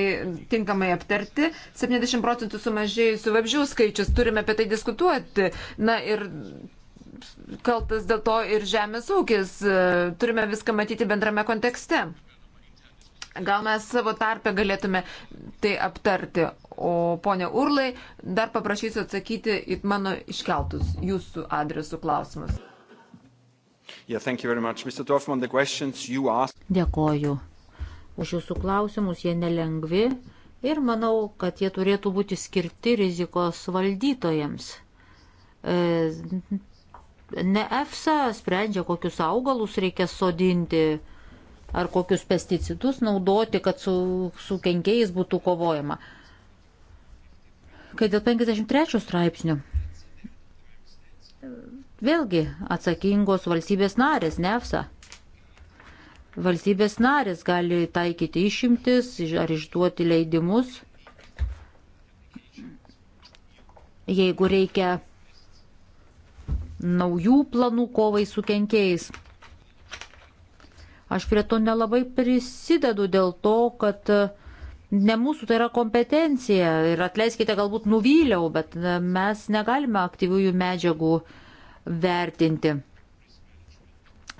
tinkamai aptarti. 70 procentų sumažėjusių vabžių skaičius, turime apie tai diskutuoti. Na ir kaltas dėl to ir žemės ūkis, e, turime viską matyti bendrame kontekste. Gal mes savo tarpę galėtume tai aptarti. O ponia Urlai, dar paprašysiu atsakyti į mano iškeltus jūsų adresų klausimus. Yeah, thank you very much. Mr. Dorfman, the questions you asked. Dėkoju už jūsų klausimus, jie nelengvi ir manau, kad jie turėtų būti skirti rizikos valdytojams. E, ne EFSA sprendžia, kokius augalus reikia sodinti ar kokius pesticidus naudoti, kad su, su kenkėjais būtų kovojama. Kai dėl 53 straipsnių Vėlgi atsakingos valstybės narės, nefsa. Valstybės narės gali taikyti išimtis ar išduoti leidimus, jeigu reikia naujų planų kovai su kenkėjais. Aš prie to nelabai prisidedu dėl to, kad e, ne mūsų tai yra kompetencija ir atleiskite galbūt nuvyliau, bet e, mes negalime aktyviųjų medžiagų uh, vertinti.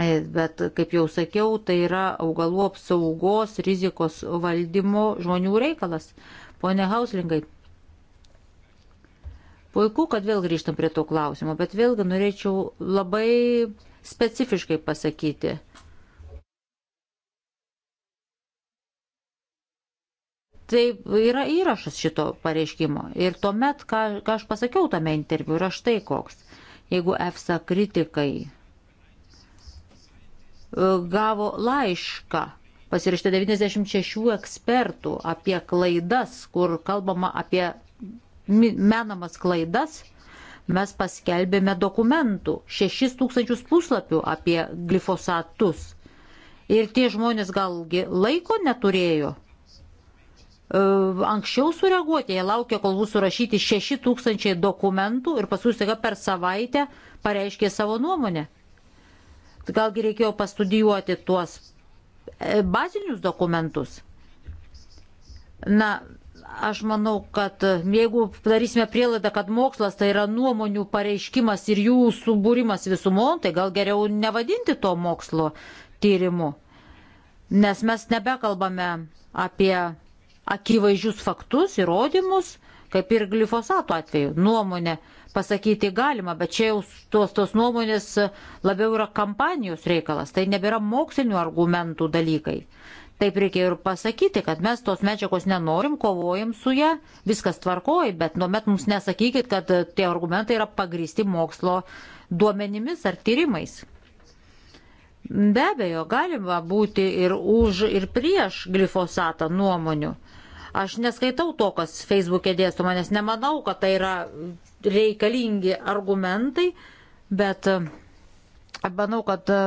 E, bet, kaip jau sakiau, tai yra augalų apsaugos, rizikos valdymo žmonių reikalas. Pone Hauslingai, puiku, kad vėl grįžtam prie to klausimo, bet vėlgi norėčiau labai specifiškai pasakyti. Tai yra įrašas šito pareiškimo. Ir tuomet, ką, ką aš pasakiau tame interviu, yra štai koks jeigu EFSA kritikai e, gavo laišką pasirašyta 96 ekspertų apie klaidas, kur kalbama apie menamas klaidas, mes paskelbėme dokumentų, 6000 puslapių apie glifosatus. Ir tie žmonės galgi laiko neturėjo E, anksčiau sureaguoti, jie laukia, kol bus surašyti 6000 dokumentų ir paskui staiga per savaitę pareiškė savo nuomonę. Tai galgi reikėjo pastudijuoti tuos e, bazinius dokumentus. Na, aš manau, kad e, jeigu darysime prielaidą, kad mokslas tai yra nuomonių pareiškimas ir jų subūrimas visumon, tai gal geriau nevadinti to mokslo tyrimu. Nes mes nebekalbame apie akivaizdžius faktus, įrodymus, kaip ir glifosato atveju. Nuomonę pasakyti galima, bet čia jau tos, tos nuomonės labiau yra kampanijos reikalas, tai nebėra mokslinių argumentų dalykai. Taip reikia ir pasakyti, kad mes tos medžiagos nenorim, kovojam su ją, viskas tvarkoj, bet nuomet mums nesakykit, kad tie argumentai yra pagristi mokslo duomenimis ar tyrimais. Be abejo, galima būti ir už, ir prieš glifosatą nuomonių. Aš neskaitau to, kas Facebook'e dėstoma, nes nemanau, kad tai yra reikalingi argumentai, bet e, manau, kad e,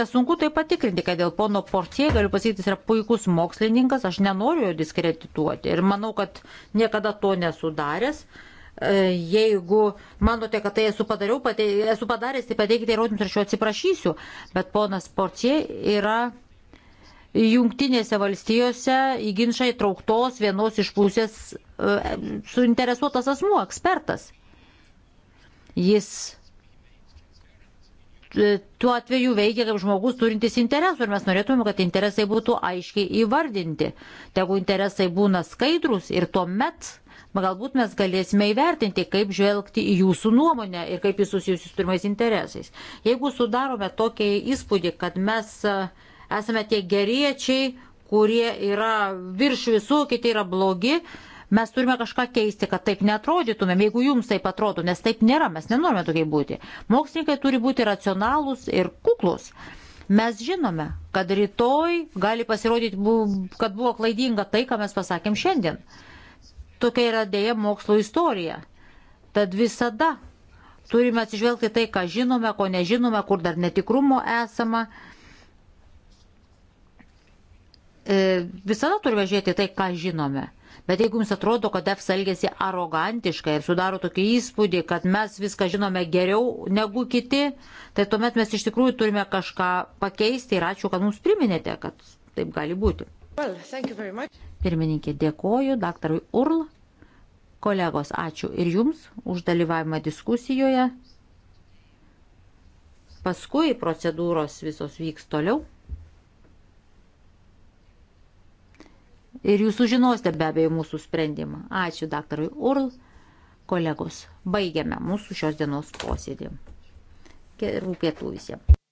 nesunku tai patikrinti, kad dėl pono Portie galiu pasakyti, jis yra puikus mokslininkas, aš nenoriu jo diskredituoti ir manau, kad niekada to nesudaręs. daręs E, jeigu manote, kad tai esu, padariau, pate, esu padaręs, tai pateikite įrodymus ir aš jo atsiprašysiu. Bet ponas Portie yra jungtinėse valstijose į ginčą įtrauktos vienos iš pusės e, suinteresuotas asmuo, ekspertas. Jis e, tuo atveju veikia kaip žmogus turintis interesų ir mes norėtume, kad interesai būtų aiškiai įvardinti. Tegu interesai būna skaidrus ir tuomet galbūt mes galėsime įvertinti, kaip žvelgti į jūsų nuomonę ir kaip jis susijusi su turimais interesais. Jeigu sudarome tokį įspūdį, kad mes e, esame tie geriečiai, kurie yra virš visų, kiti yra blogi, mes turime kažką keisti, kad taip netrodytumėm, jeigu jums taip atrodo, nes taip nėra, mes nenorime tokiai būti. Mokslininkai turi būti racionalūs ir kuklus. Mes žinome, kad rytoj gali pasirodyti, kad buvo klaidinga tai, ką mes pasakėm šiandien. Tokia yra dėja mokslo istorija. Tad visada turime atsižvelgti tai, ką žinome, ko nežinome, kur dar netikrumo esama. E, visada turime žiūrėti tai, ką žinome. Bet jeigu jums atrodo, kad EFS elgesi arogantiškai ir sudaro tokį įspūdį, kad mes viską žinome geriau negu kiti, tai tuomet mes iš tikrųjų turime kažką pakeisti ir ačiū, kad mums priminėte, kad taip gali būti. Well, Pirmininkė, dėkoju daktarui Url. Kolegos, ačiū ir jums už dalyvavimą diskusijoje. Paskui procedūros visos vyks toliau. Ir jūs sužinosite be abejo mūsų sprendimą. Ačiū daktarui Url. Kolegos, baigiame mūsų šios dienos posėdį. Gerų pietų visiems.